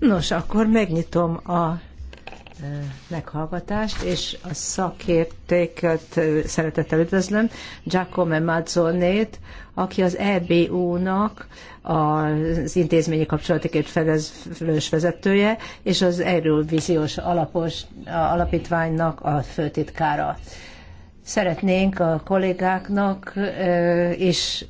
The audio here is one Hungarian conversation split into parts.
Nos, akkor megnyitom a e, meghallgatást, és a szakértőket e, szeretettel üdvözlöm, Giacomo Mazzonét, aki az EBU-nak az intézményi kapcsolatokért felelős vezetője, és az Erről Víziós Alapos Alapítványnak a főtitkára. Szeretnénk a kollégáknak is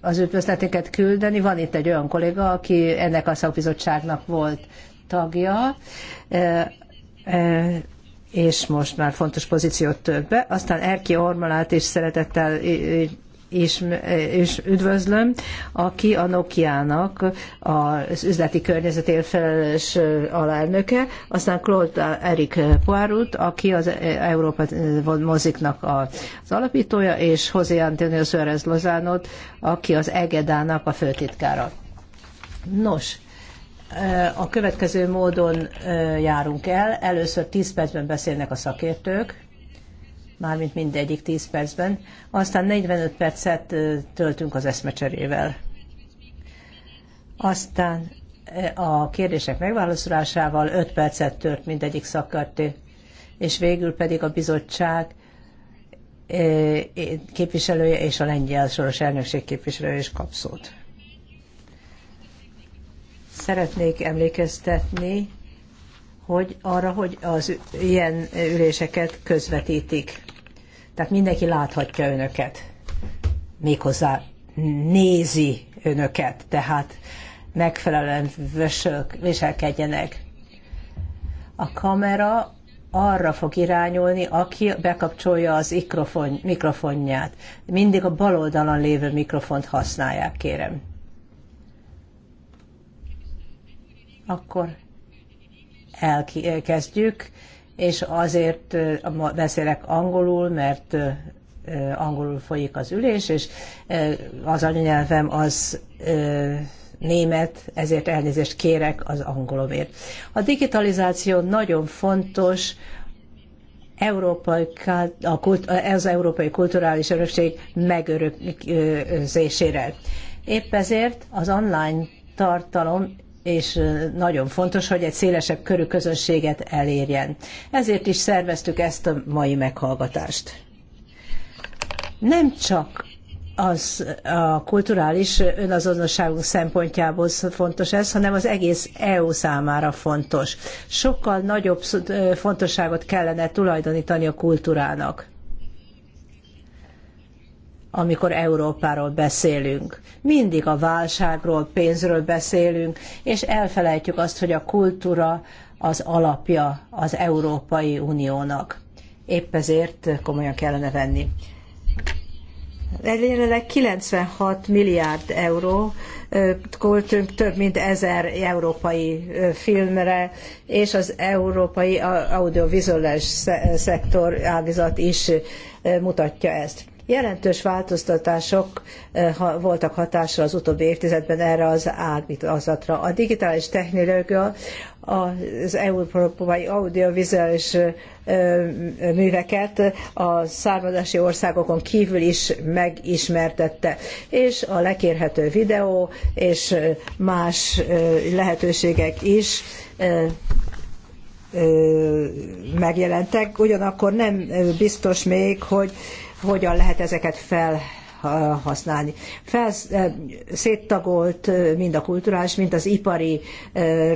az üdvözleteket küldeni. Van itt egy olyan kolléga, aki ennek a szakbizottságnak volt tagja, és most már fontos pozíciót tölt be. Aztán Erki Ormalát is szeretettel és, és üdvözlöm, aki a Nokia-nak az üzleti környezetért felelős alelnöke, aztán Claude Eric Poirot, aki az Európa moziknak az alapítója, és José Antonio Suárez Lozánot, aki az Egedának a főtitkára. Nos, a következő módon járunk el. Először 10 percben beszélnek a szakértők, mármint mindegyik 10 percben, aztán 45 percet töltünk az eszmecserével. Aztán a kérdések megválaszolásával 5 percet tört mindegyik szakkarté, és végül pedig a bizottság képviselője és a lengyel soros elnökség képviselője is kap szót. Szeretnék emlékeztetni hogy arra, hogy az ilyen üléseket közvetítik. Tehát mindenki láthatja önöket, méghozzá nézi önöket, tehát megfelelően viselkedjenek. A kamera arra fog irányulni, aki bekapcsolja az mikrofon, mikrofonját. Mindig a bal oldalon lévő mikrofont használják, kérem. Akkor elkezdjük, és azért beszélek angolul, mert angolul folyik az ülés, és az anyanyelvem az német, ezért elnézést kérek az angolomért. A digitalizáció nagyon fontos, európai, az európai kulturális örökség megörökzésére. Épp ezért az online tartalom és nagyon fontos, hogy egy szélesebb körű közönséget elérjen. Ezért is szerveztük ezt a mai meghallgatást. Nem csak az a kulturális önazonosságunk szempontjából fontos ez, hanem az egész EU számára fontos. Sokkal nagyobb fontosságot kellene tulajdonítani a kultúrának amikor Európáról beszélünk. Mindig a válságról, pénzről beszélünk, és elfelejtjük azt, hogy a kultúra az alapja az Európai Uniónak. Épp ezért komolyan kellene venni. Jelenleg 96 milliárd euró költünk több mint ezer európai filmre, és az európai audiovizuális szektor ágazat is mutatja ezt. Jelentős változtatások eh, voltak hatásra az utóbbi évtizedben erre az ágazatra. A digitális technológia az európai audiovizuális eh, eh, műveket a származási országokon kívül is megismertette, és a lekérhető videó és más lehetőségek is megjelentek, ugyanakkor nem biztos még, hogy hogyan lehet ezeket felhasználni. széttagolt mind a kulturális, mind az ipari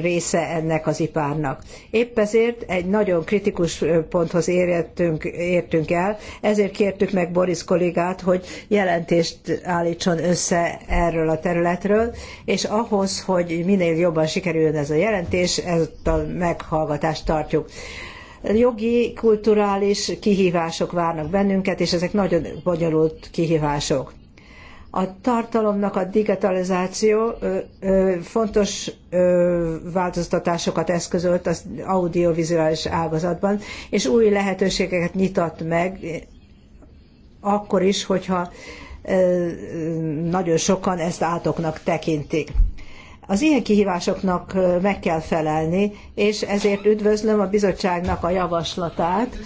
része ennek az iparnak. Épp ezért egy nagyon kritikus ponthoz értünk, értünk el, ezért kértük meg Boris kollégát, hogy jelentést állítson össze erről a területről, és ahhoz, hogy minél jobban sikerüljön ez a jelentés, ezt a meghallgatást tartjuk jogi, kulturális kihívások várnak bennünket, és ezek nagyon bonyolult kihívások. A tartalomnak a digitalizáció fontos változtatásokat eszközölt az audiovizuális ágazatban, és új lehetőségeket nyitott meg akkor is, hogyha nagyon sokan ezt átoknak tekintik. Az ilyen kihívásoknak meg kell felelni, és ezért üdvözlöm a bizottságnak a javaslatát,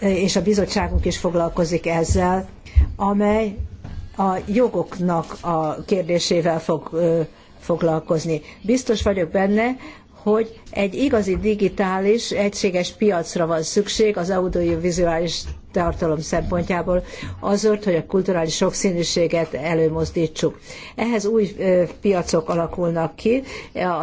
és a bizottságunk is foglalkozik ezzel, amely a jogoknak a kérdésével fog foglalkozni. Biztos vagyok benne, hogy egy igazi digitális, egységes piacra van szükség az audiovizuális tartalom szempontjából azért, hogy a kulturális sokszínűséget előmozdítsuk. Ehhez új piacok alakulnak ki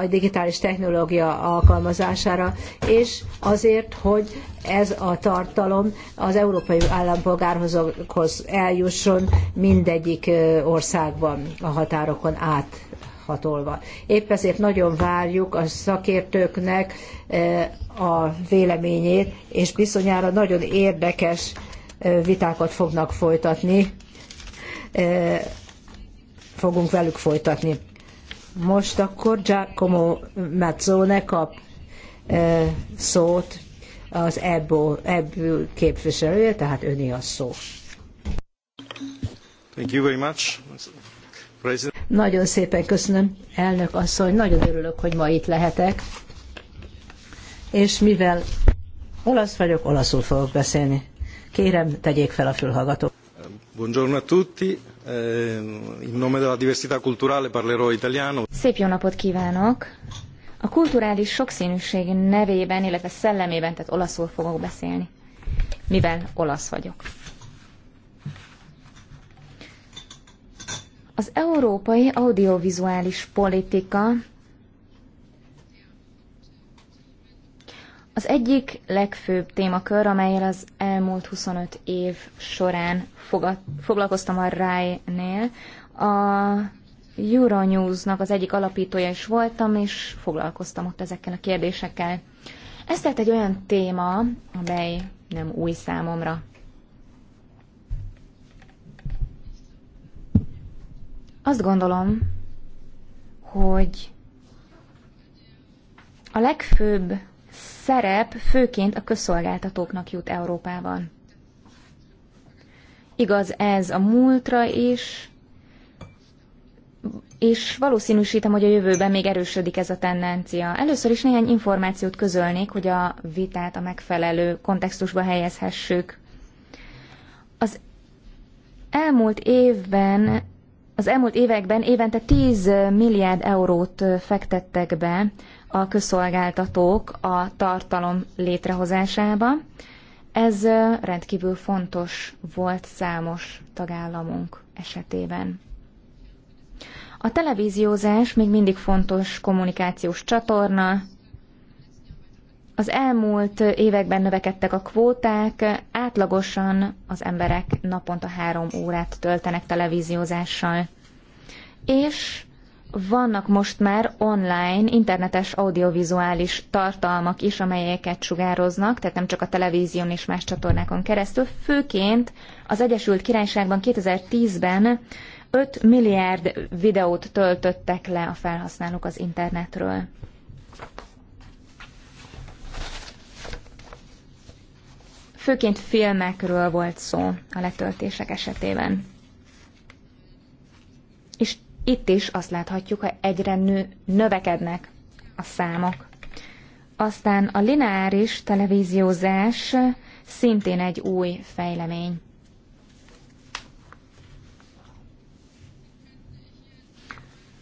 a digitális technológia alkalmazására, és azért, hogy ez a tartalom az európai állampolgárhoz eljusson mindegyik országban a határokon át hatolva. Épp ezért nagyon várjuk a szakértőknek eh, a véleményét, és bizonyára nagyon érdekes eh, vitákat fognak folytatni, eh, fogunk velük folytatni. Most akkor Giacomo Mazzone kap szót az EBO, képviselője, tehát öné a szó. Thank you very much. Nagyon szépen köszönöm, elnök asszony, nagyon örülök, hogy ma itt lehetek. És mivel olasz vagyok, olaszul fogok beszélni. Kérem, tegyék fel a fülhallgatót. Buongiorno a tutti. Eh, in nome della diversità culturale parlerò italiano. Szép jó napot kívánok! A kulturális sokszínűség nevében, illetve szellemében, tehát olaszul fogok beszélni, mivel olasz vagyok. Az európai audiovizuális politika az egyik legfőbb témakör, amelyel az elmúlt 25 év során foglalkoztam a RAI-nél. A Euronews-nak az egyik alapítója is voltam, és foglalkoztam ott ezekkel a kérdésekkel. Ez tehát egy olyan téma, amely nem új számomra. Azt gondolom, hogy a legfőbb szerep főként a közszolgáltatóknak jut Európában. Igaz ez a múltra is, és valószínűsítem, hogy a jövőben még erősödik ez a tendencia. Először is néhány információt közölnék, hogy a vitát a megfelelő kontextusba helyezhessük. Az elmúlt évben az elmúlt években évente 10 milliárd eurót fektettek be a közszolgáltatók a tartalom létrehozásába. Ez rendkívül fontos volt számos tagállamunk esetében. A televíziózás még mindig fontos kommunikációs csatorna, az elmúlt években növekedtek a kvóták, átlagosan az emberek naponta három órát töltenek televíziózással. És vannak most már online, internetes audiovizuális tartalmak is, amelyeket sugároznak, tehát nem csak a televízión és más csatornákon keresztül. Főként az Egyesült Királyságban 2010-ben 5 milliárd videót töltöttek le a felhasználók az internetről. Főként filmekről volt szó a letöltések esetében. És itt is azt láthatjuk, hogy egyre nő, növekednek a számok. Aztán a lineáris televíziózás szintén egy új fejlemény.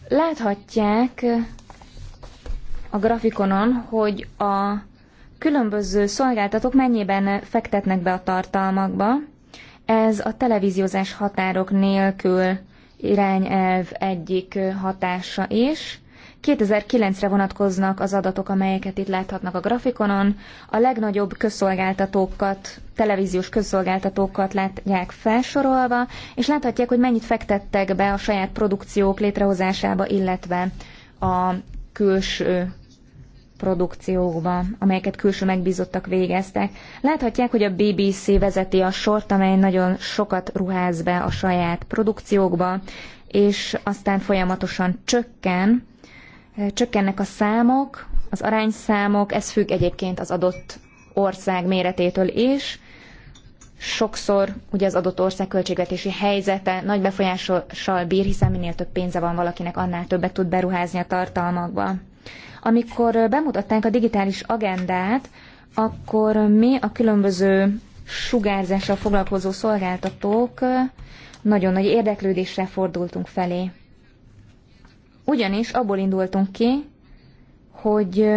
Láthatják a grafikonon, hogy a különböző szolgáltatók mennyiben fektetnek be a tartalmakba. Ez a televíziózás határok nélkül irányelv egyik hatása is. 2009-re vonatkoznak az adatok, amelyeket itt láthatnak a grafikonon. A legnagyobb közszolgáltatókat, televíziós közszolgáltatókat látják felsorolva, és láthatják, hogy mennyit fektettek be a saját produkciók létrehozásába, illetve a külső produkciókban, amelyeket külső megbízottak végeztek. Láthatják, hogy a BBC vezeti a sort, amely nagyon sokat ruház be a saját produkciókba, és aztán folyamatosan csökken, csökkennek a számok, az arányszámok, ez függ egyébként az adott ország méretétől is. Sokszor ugye az adott ország költségvetési helyzete nagy befolyással bír, hiszen minél több pénze van valakinek, annál többet tud beruházni a tartalmakba. Amikor bemutatták a digitális agendát, akkor mi a különböző sugárzással foglalkozó szolgáltatók nagyon nagy érdeklődéssel fordultunk felé. Ugyanis abból indultunk ki, hogy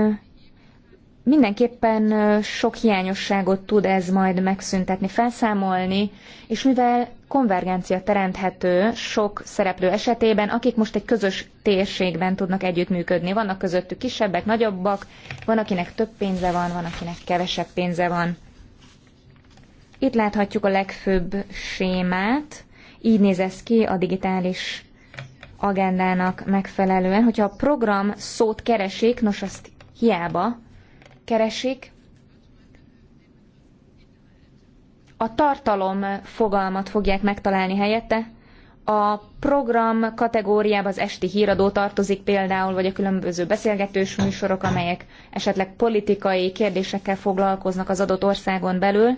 mindenképpen sok hiányosságot tud ez majd megszüntetni, felszámolni, és mivel konvergencia teremthető sok szereplő esetében, akik most egy közös térségben tudnak együttműködni. Vannak közöttük kisebbek, nagyobbak, van akinek több pénze van, van akinek kevesebb pénze van. Itt láthatjuk a legfőbb sémát, így néz ez ki a digitális agendának megfelelően. Hogyha a program szót keresik, nos azt hiába, keresik. A tartalom fogalmat fogják megtalálni helyette. A program kategóriába az esti híradó tartozik például, vagy a különböző beszélgetős műsorok, amelyek esetleg politikai kérdésekkel foglalkoznak az adott országon belül.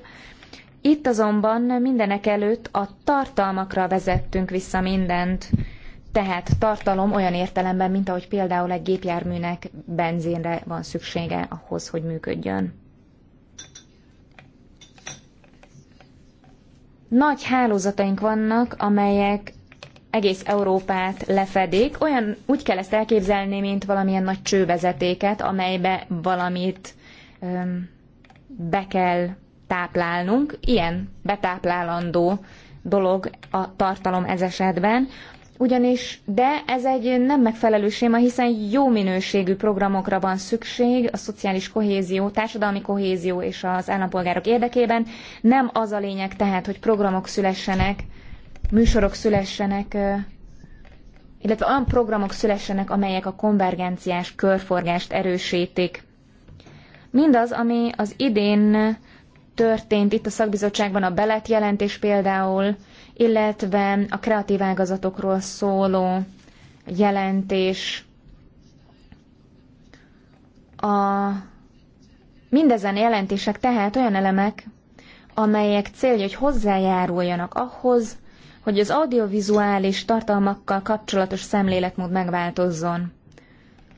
Itt azonban mindenek előtt a tartalmakra vezettünk vissza mindent tehát tartalom olyan értelemben, mint ahogy például egy gépjárműnek benzinre van szüksége ahhoz, hogy működjön. Nagy hálózataink vannak, amelyek egész Európát lefedik. Olyan, úgy kell ezt elképzelni, mint valamilyen nagy csővezetéket, amelybe valamit öm, be kell táplálnunk. Ilyen betáplálandó dolog a tartalom ez esetben ugyanis, de ez egy nem megfelelő séma, hiszen jó minőségű programokra van szükség a szociális kohézió, társadalmi kohézió és az állampolgárok érdekében. Nem az a lényeg tehát, hogy programok szülessenek, műsorok szülessenek, illetve olyan programok szülessenek, amelyek a konvergenciás körforgást erősítik. Mindaz, ami az idén történt itt a szakbizottságban, a belet jelentés például, illetve a kreatív ágazatokról szóló jelentés. A mindezen jelentések tehát olyan elemek, amelyek célja, hogy hozzájáruljanak ahhoz, hogy az audiovizuális tartalmakkal kapcsolatos szemléletmód megváltozzon.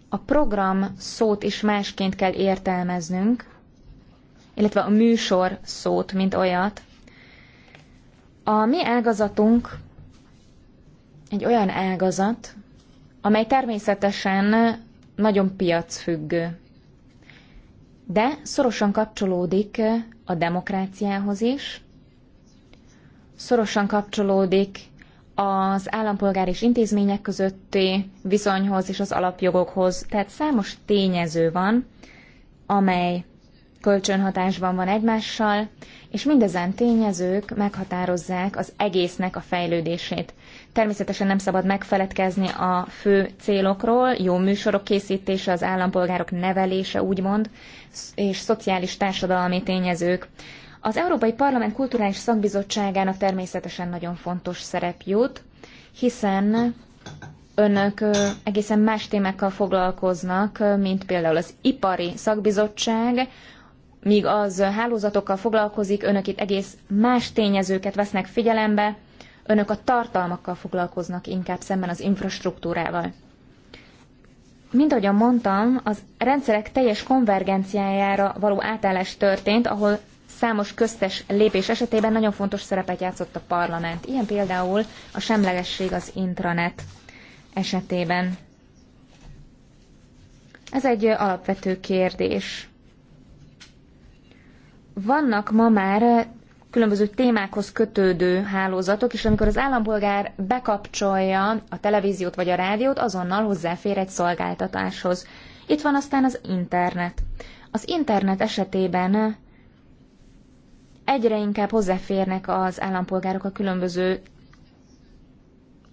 A program szót is másként kell értelmeznünk, illetve a műsor szót, mint olyat, a mi ágazatunk egy olyan ágazat, amely természetesen nagyon piacfüggő, de szorosan kapcsolódik a demokráciához is, szorosan kapcsolódik az állampolgár és intézmények közötti viszonyhoz és az alapjogokhoz. Tehát számos tényező van, amely kölcsönhatásban van egymással, és mindezen tényezők meghatározzák az egésznek a fejlődését. Természetesen nem szabad megfeledkezni a fő célokról, jó műsorok készítése, az állampolgárok nevelése, úgymond, és szociális társadalmi tényezők. Az Európai Parlament Kulturális Szakbizottságának természetesen nagyon fontos szerep jut, hiszen önök egészen más témákkal foglalkoznak, mint például az Ipari Szakbizottság, míg az hálózatokkal foglalkozik, önök itt egész más tényezőket vesznek figyelembe, önök a tartalmakkal foglalkoznak inkább szemben az infrastruktúrával. Mint ahogyan mondtam, az rendszerek teljes konvergenciájára való átállás történt, ahol számos köztes lépés esetében nagyon fontos szerepet játszott a parlament. Ilyen például a semlegesség az intranet esetében. Ez egy alapvető kérdés. Vannak ma már eh, különböző témákhoz kötődő hálózatok, és amikor az állampolgár bekapcsolja a televíziót vagy a rádiót, azonnal hozzáfér egy szolgáltatáshoz. Itt van aztán az internet. Az internet esetében eh, egyre inkább hozzáférnek az állampolgárok a különböző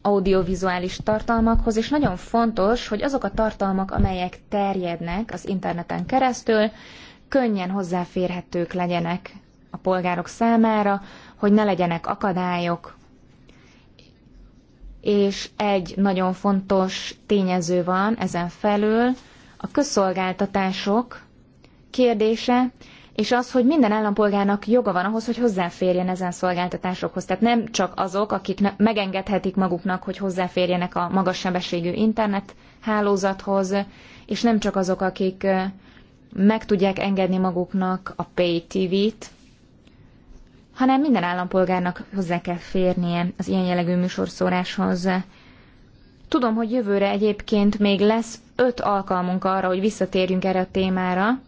audiovizuális tartalmakhoz, és nagyon fontos, hogy azok a tartalmak, amelyek terjednek az interneten keresztül, könnyen hozzáférhetők legyenek a polgárok számára, hogy ne legyenek akadályok. És egy nagyon fontos tényező van ezen felül, a közszolgáltatások kérdése, és az, hogy minden állampolgárnak joga van ahhoz, hogy hozzáférjen ezen szolgáltatásokhoz. Tehát nem csak azok, akik megengedhetik maguknak, hogy hozzáférjenek a magas sebességű internet hálózathoz, és nem csak azok, akik meg tudják engedni maguknak a pay TV-t, hanem minden állampolgárnak hozzá kell férnie az ilyen jellegű műsorszóráshoz. Tudom, hogy jövőre egyébként még lesz öt alkalmunk arra, hogy visszatérjünk erre a témára,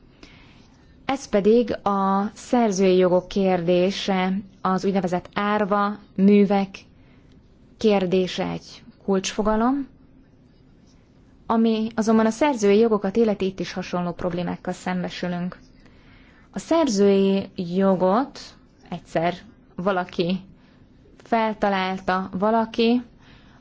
ez pedig a szerzői jogok kérdése, az úgynevezett árva, művek kérdése egy kulcsfogalom. Ami azonban a szerzői jogokat életi itt is hasonló problémákkal szembesülünk. A szerzői jogot egyszer valaki feltalálta valaki,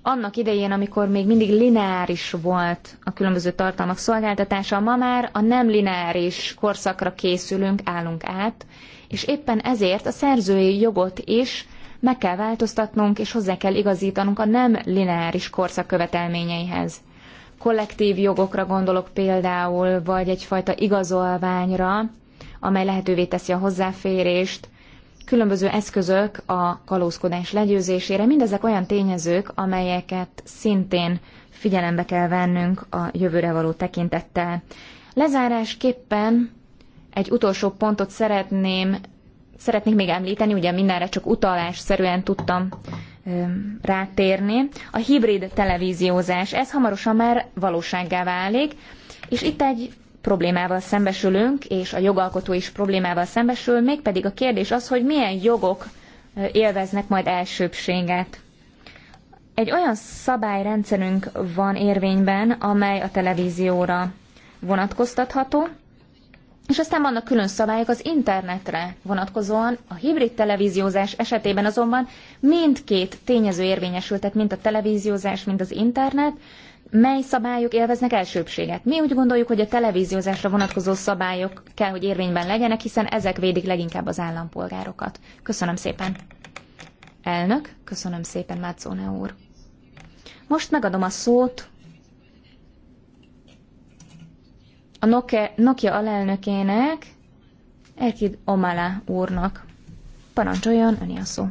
annak idején, amikor még mindig lineáris volt a különböző tartalmak szolgáltatása, ma már a nem lineáris korszakra készülünk, állunk át, és éppen ezért a szerzői jogot is meg kell változtatnunk, és hozzá kell igazítanunk a nem lineáris korszak követelményeihez kollektív jogokra gondolok például, vagy egyfajta igazolványra, amely lehetővé teszi a hozzáférést, különböző eszközök a kalózkodás legyőzésére, mindezek olyan tényezők, amelyeket szintén figyelembe kell vennünk a jövőre való tekintettel. Lezárásképpen egy utolsó pontot szeretném, szeretnék még említeni, ugye mindenre csak utalásszerűen tudtam rátérni. A hibrid televíziózás, ez hamarosan már valósággá válik, és itt egy problémával szembesülünk, és a jogalkotó is problémával szembesül, mégpedig a kérdés az, hogy milyen jogok élveznek majd elsőbséget. Egy olyan szabályrendszerünk van érvényben, amely a televízióra vonatkoztatható, és aztán vannak külön szabályok az internetre vonatkozóan, a hibrid televíziózás esetében azonban mindkét tényező érvényesült, tehát mind a televíziózás, mind az internet, mely szabályok élveznek elsőbséget. Mi úgy gondoljuk, hogy a televíziózásra vonatkozó szabályok kell, hogy érvényben legyenek, hiszen ezek védik leginkább az állampolgárokat. Köszönöm szépen. Elnök, köszönöm szépen, Mácóne úr. Most megadom a szót a Nokia alelnökének, Erkid Omala úrnak. Parancsoljon, ön a szó.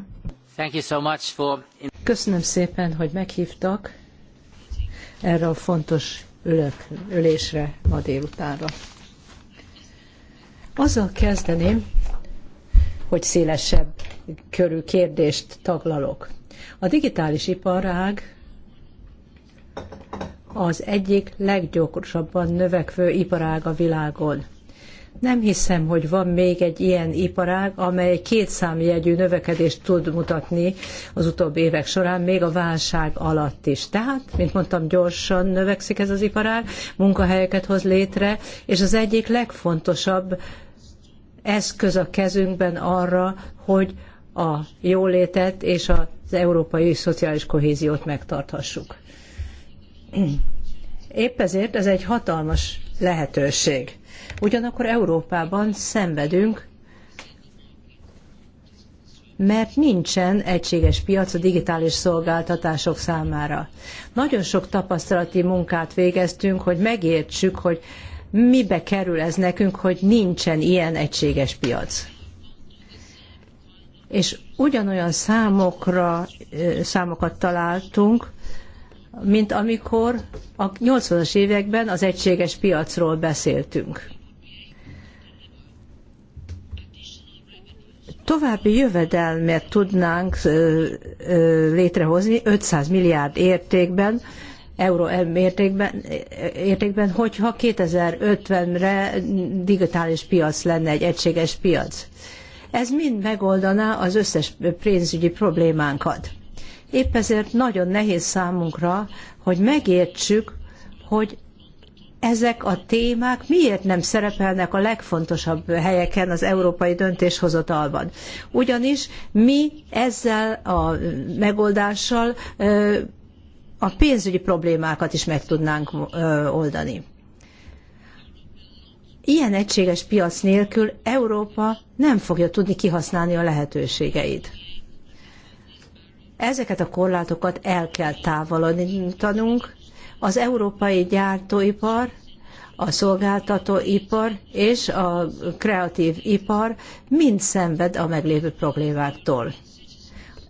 Thank you so much for... Köszönöm szépen, hogy meghívtak erre a fontos ülök, ülésre ma délutánra. Azzal kezdeném, hogy szélesebb körű kérdést taglalok. A digitális iparág az egyik leggyorsabban növekvő iparág a világon. Nem hiszem, hogy van még egy ilyen iparág, amely két számjegyű növekedést tud mutatni az utóbbi évek során, még a válság alatt is. Tehát, mint mondtam, gyorsan növekszik ez az iparág, munkahelyeket hoz létre, és az egyik legfontosabb eszköz a kezünkben arra, hogy a jólétet és az európai szociális kohéziót megtarthassuk. Épp ezért ez egy hatalmas lehetőség. Ugyanakkor Európában szenvedünk, mert nincsen egységes piac a digitális szolgáltatások számára. Nagyon sok tapasztalati munkát végeztünk, hogy megértsük, hogy mibe kerül ez nekünk, hogy nincsen ilyen egységes piac. És ugyanolyan számokra, számokat találtunk, mint amikor a 80-as években az egységes piacról beszéltünk. További jövedelmet tudnánk létrehozni 500 milliárd értékben, euró értékben, értékben hogyha 2050-re digitális piac lenne, egy egységes piac. Ez mind megoldaná az összes pénzügyi problémánkat. Épp ezért nagyon nehéz számunkra, hogy megértsük, hogy ezek a témák miért nem szerepelnek a legfontosabb helyeken az európai döntéshozatalban. Ugyanis mi ezzel a megoldással a pénzügyi problémákat is meg tudnánk oldani. Ilyen egységes piac nélkül Európa nem fogja tudni kihasználni a lehetőségeit. Ezeket a korlátokat el kell távolítanunk. Az európai gyártóipar, a szolgáltatóipar és a kreatív ipar mind szenved a meglévő problémáktól.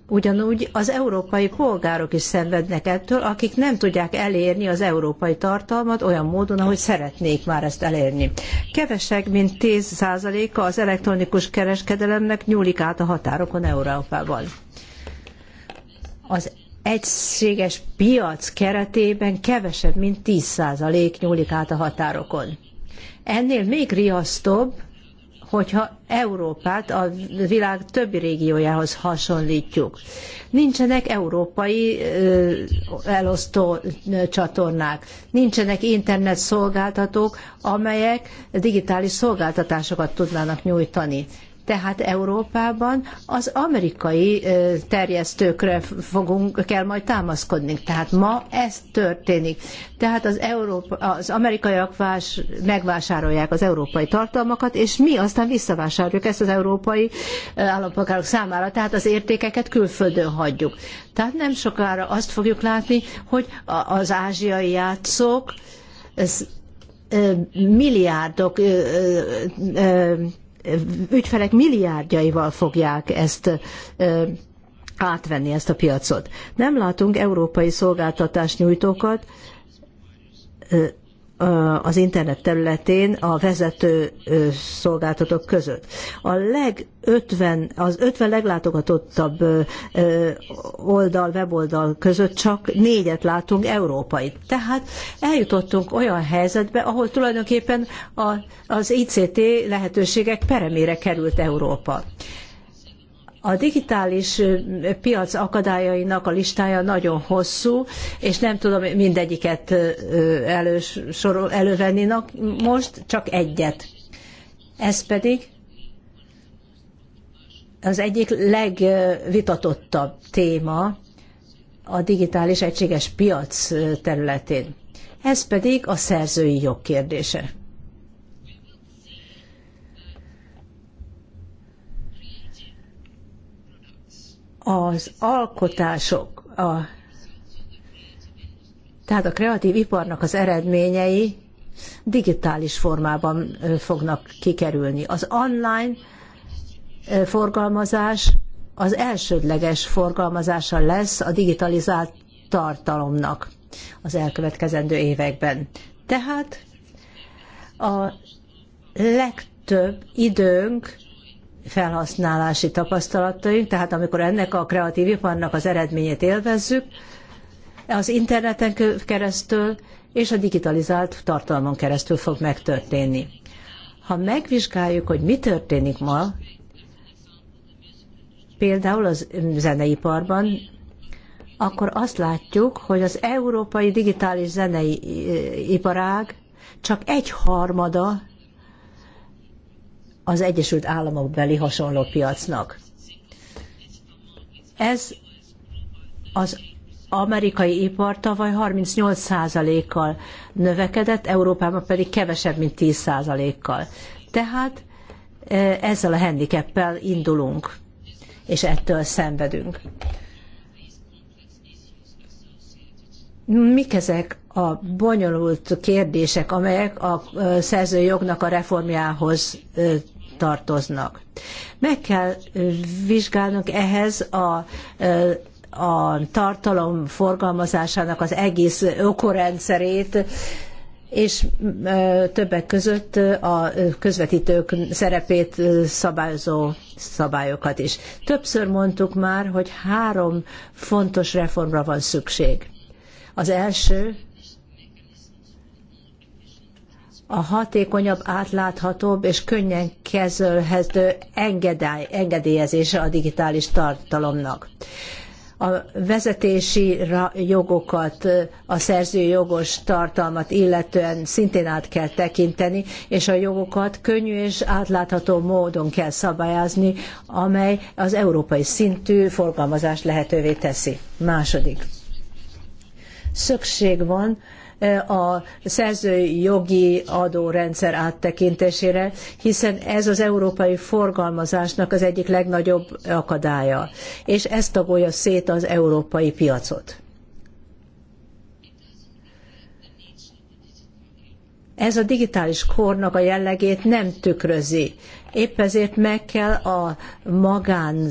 Ugyanúgy az európai polgárok is szenvednek ettől, akik nem tudják elérni az európai tartalmat olyan módon, ahogy szeretnék már ezt elérni. Kevesebb, mint 10%-a az elektronikus kereskedelemnek nyúlik át a határokon Európában az egységes piac keretében kevesebb, mint 10% nyúlik át a határokon. Ennél még riasztóbb, hogyha Európát a világ többi régiójához hasonlítjuk. Nincsenek európai elosztó csatornák, nincsenek internet szolgáltatók, amelyek digitális szolgáltatásokat tudnának nyújtani tehát Európában az amerikai terjesztőkre fogunk, kell majd támaszkodni. Tehát ma ez történik. Tehát az, Európa, az amerikaiak vás, megvásárolják az európai tartalmakat, és mi aztán visszavásároljuk ezt az európai állampolgárok számára, tehát az értékeket külföldön hagyjuk. Tehát nem sokára azt fogjuk látni, hogy az ázsiai játszók milliárdok ügyfelek milliárdjaival fogják ezt átvenni ezt a piacot. Nem látunk európai szolgáltatásnyújtókat, az internet területén a vezető szolgáltatók között. A leg 50, az 50 leglátogatottabb oldal, weboldal között csak négyet látunk európai. Tehát eljutottunk olyan helyzetbe, ahol tulajdonképpen a, az ICT lehetőségek peremére került Európa. A digitális piac akadályainak a listája nagyon hosszú, és nem tudom mindegyiket elős, sorol, elővenni most, csak egyet. Ez pedig az egyik legvitatottabb téma a digitális egységes piac területén. Ez pedig a szerzői jog kérdése. az alkotások, a, tehát a kreatív iparnak az eredményei digitális formában fognak kikerülni. Az online forgalmazás az elsődleges forgalmazása lesz a digitalizált tartalomnak az elkövetkezendő években. Tehát a legtöbb időnk felhasználási tapasztalataink, tehát amikor ennek a kreatív iparnak az eredményét élvezzük, az interneten keresztül és a digitalizált tartalmon keresztül fog megtörténni. Ha megvizsgáljuk, hogy mi történik ma, például az zeneiparban, akkor azt látjuk, hogy az európai digitális zenei eh, iparág csak egy harmada az Egyesült Államok beli hasonló piacnak. Ez az amerikai ipar tavaly 38%-kal növekedett, Európában pedig kevesebb, mint 10%-kal. Tehát e, ezzel a handicappel indulunk, és ettől szenvedünk. Mik ezek a bonyolult kérdések, amelyek a jognak a reformjához tartoznak. Meg kell vizsgálnunk ehhez a a tartalom forgalmazásának az egész ökorendszerét, és többek között a közvetítők szerepét szabályozó szabályokat is. Többször mondtuk már, hogy három fontos reformra van szükség. Az első a hatékonyabb, átláthatóbb és könnyen kezelhető engedély, engedélyezése a digitális tartalomnak. A vezetési jogokat, a szerzői jogos tartalmat illetően szintén át kell tekinteni, és a jogokat könnyű és átlátható módon kell szabályozni, amely az európai szintű forgalmazást lehetővé teszi. Második. Szükség van a szerzői jogi adórendszer áttekintésére, hiszen ez az európai forgalmazásnak az egyik legnagyobb akadálya, és ez tagolja szét az európai piacot. Ez a digitális kornak a jellegét nem tükrözi Épp ezért meg kell a magán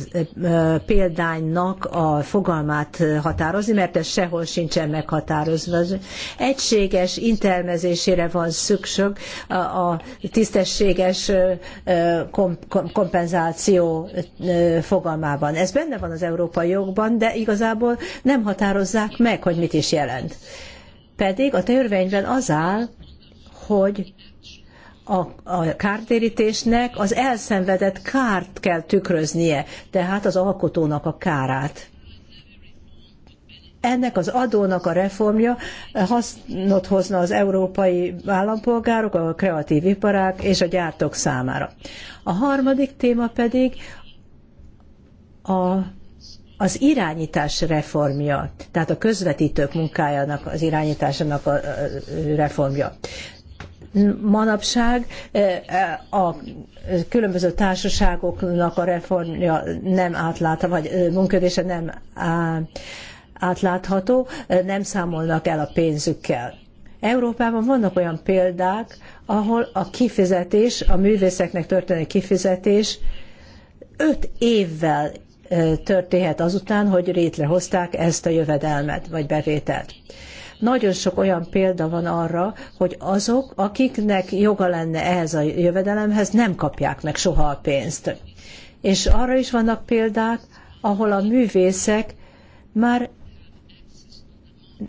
példánynak a fogalmát határozni, mert ez sehol sincsen meghatározva. Egységes intermezésére van szükség a tisztességes kompenzáció fogalmában. Ez benne van az európai jogban, de igazából nem határozzák meg, hogy mit is jelent. Pedig a törvényben az áll, hogy a, a kártérítésnek az elszenvedett kárt kell tükröznie, tehát az alkotónak a kárát. Ennek az adónak a reformja hasznot hozna az európai állampolgárok, a kreatív iparák és a gyártók számára. A harmadik téma pedig a az irányítás reformja, tehát a közvetítők munkájának, az irányításának a reformja manapság eh, eh, a különböző társaságoknak a reformja nem átlátható, vagy eh, működése nem átlátható, nem számolnak el a pénzükkel. Európában vannak olyan példák, ahol a kifizetés, a művészeknek történő kifizetés öt évvel történhet azután, hogy létrehozták ezt a jövedelmet vagy bevételt. Nagyon sok olyan példa van arra, hogy azok, akiknek joga lenne ehhez a jövedelemhez, nem kapják meg soha a pénzt. És arra is vannak példák, ahol a művészek már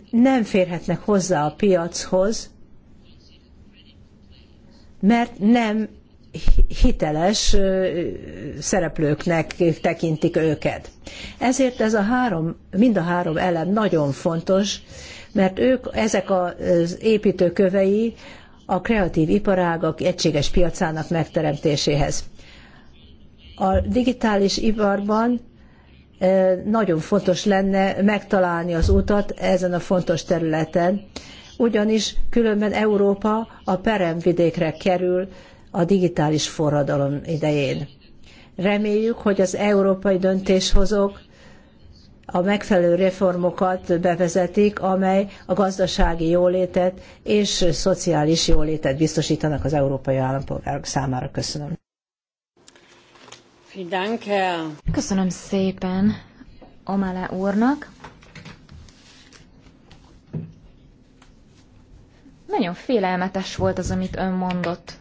nem férhetnek hozzá a piachoz, mert nem hiteles szereplőknek tekintik őket. Ezért ez a három, mind a három elem nagyon fontos, mert ők ezek az építőkövei a kreatív iparágak egységes piacának megteremtéséhez. A digitális iparban e, nagyon fontos lenne megtalálni az utat ezen a fontos területen, ugyanis különben Európa a peremvidékre kerül a digitális forradalom idején. Reméljük, hogy az európai döntéshozók a megfelelő reformokat bevezetik, amely a gazdasági jólétet és szociális jólétet biztosítanak az európai állampolgárok számára. Köszönöm. Köszönöm szépen Amale úrnak. Nagyon félelmetes volt az, amit ön mondott.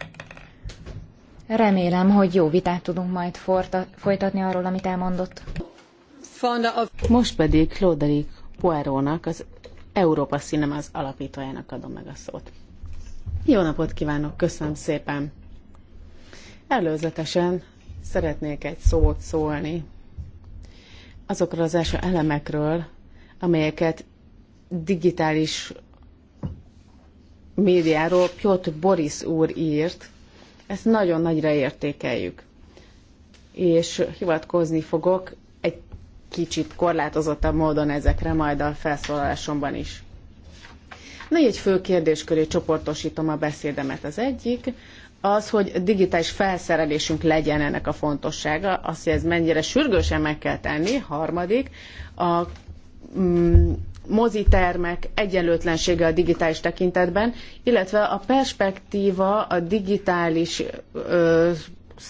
Remélem, hogy jó vitát tudunk majd folytatni arról, amit elmondott. Most pedig Claudelik Poirónak, az Európa Cinemas alapítójának adom meg a szót. Jó napot kívánok, köszönöm szépen! Előzetesen szeretnék egy szót szólni azokról az első elemekről, amelyeket digitális médiáról Piotr Boris úr írt. Ezt nagyon nagyra értékeljük. És hivatkozni fogok kicsit korlátozottabb módon ezekre majd a felszólalásomban is. Négy fő kérdés köré csoportosítom a beszédemet. Az egyik az, hogy digitális felszerelésünk legyen ennek a fontossága, az, hogy ez mennyire sürgősen meg kell tenni. Harmadik, a mm, mozitermek egyenlőtlensége a digitális tekintetben, illetve a perspektíva a digitális ö,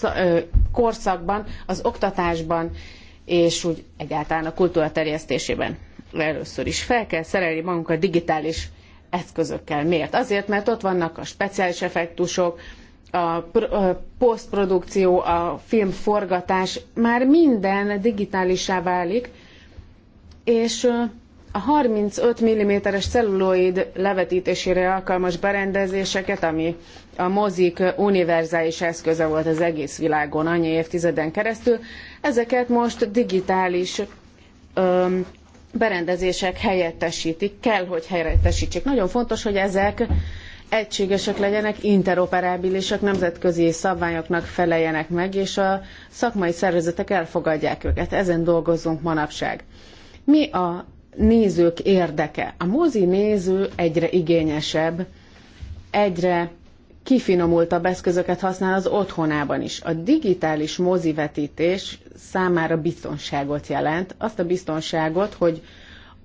ö, korszakban, az oktatásban és úgy egyáltalán a kultúra terjesztésében először is fel kell szerelni magunkat digitális eszközökkel. Miért? Azért, mert ott vannak a speciális effektusok, a, pr- a posztprodukció, a filmforgatás, már minden digitálisá válik, és a 35 mm-es celluloid levetítésére alkalmas berendezéseket, ami a mozik univerzális eszköze volt az egész világon annyi évtizeden keresztül, Ezeket most digitális öm, berendezések helyettesítik, kell, hogy helyettesítsék. Nagyon fontos, hogy ezek egységesek legyenek, interoperábilisek, nemzetközi szabványoknak feleljenek meg, és a szakmai szervezetek elfogadják őket. Ezen dolgozunk manapság. Mi a nézők érdeke? A mozi néző egyre igényesebb, egyre kifinomultabb eszközöket használ az otthonában is. A digitális mozivetítés számára biztonságot jelent. Azt a biztonságot, hogy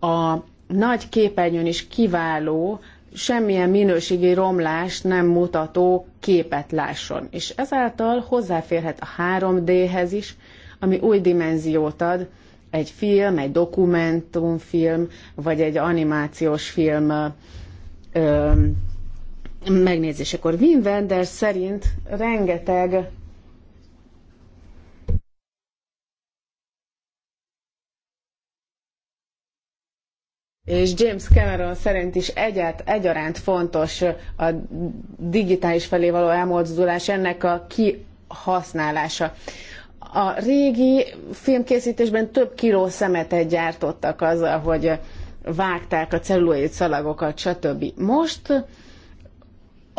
a nagy képernyőn is kiváló, semmilyen minőségi romlást nem mutató képet lásson. És ezáltal hozzáférhet a 3D-hez is, ami új dimenziót ad, egy film, egy dokumentumfilm, vagy egy animációs film ö, megnézésekor. Wim Wenders szerint rengeteg és James Cameron szerint is egyet, egyaránt fontos a digitális felé való elmozdulás, ennek a kihasználása. A régi filmkészítésben több kiló szemetet gyártottak azzal, hogy vágták a celluloid szalagokat, stb. Most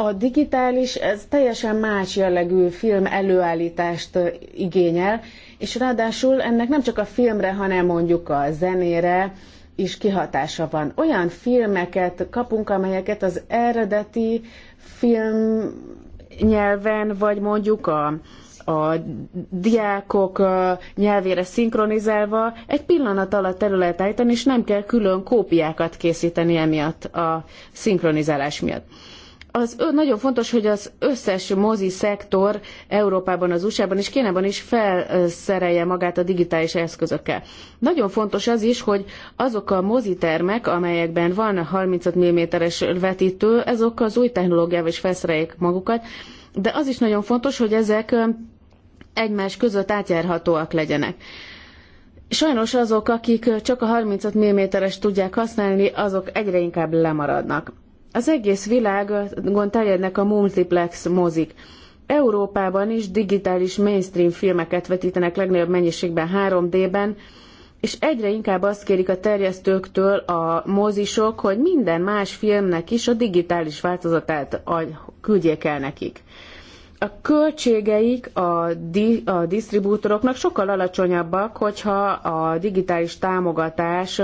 a digitális, ez teljesen más jellegű film előállítást igényel, és ráadásul ennek nem csak a filmre, hanem mondjuk a zenére is kihatása van. Olyan filmeket kapunk, amelyeket az eredeti film nyelven, vagy mondjuk a, a diákok nyelvére szinkronizálva egy pillanat alatt területállítani, és nem kell külön kópiákat készíteni emiatt a szinkronizálás miatt. Az nagyon fontos, hogy az összes mozi szektor Európában, az USA-ban és Kínában is felszerelje magát a digitális eszközökkel. Nagyon fontos az is, hogy azok a mozitermek, amelyekben van a 35 mm-es vetítő, azok az új technológiával is felszereljék magukat, de az is nagyon fontos, hogy ezek egymás között átjárhatóak legyenek. Sajnos azok, akik csak a 35 mm-es tudják használni, azok egyre inkább lemaradnak. Az egész világon terjednek a multiplex mozik. Európában is digitális mainstream filmeket vetítenek legnagyobb mennyiségben 3D-ben, és egyre inkább azt kérik a terjesztőktől a mozisok, hogy minden más filmnek is a digitális változatát küldjék el nekik. A költségeik a, di- a disztribútoroknak sokkal alacsonyabbak, hogyha a digitális támogatás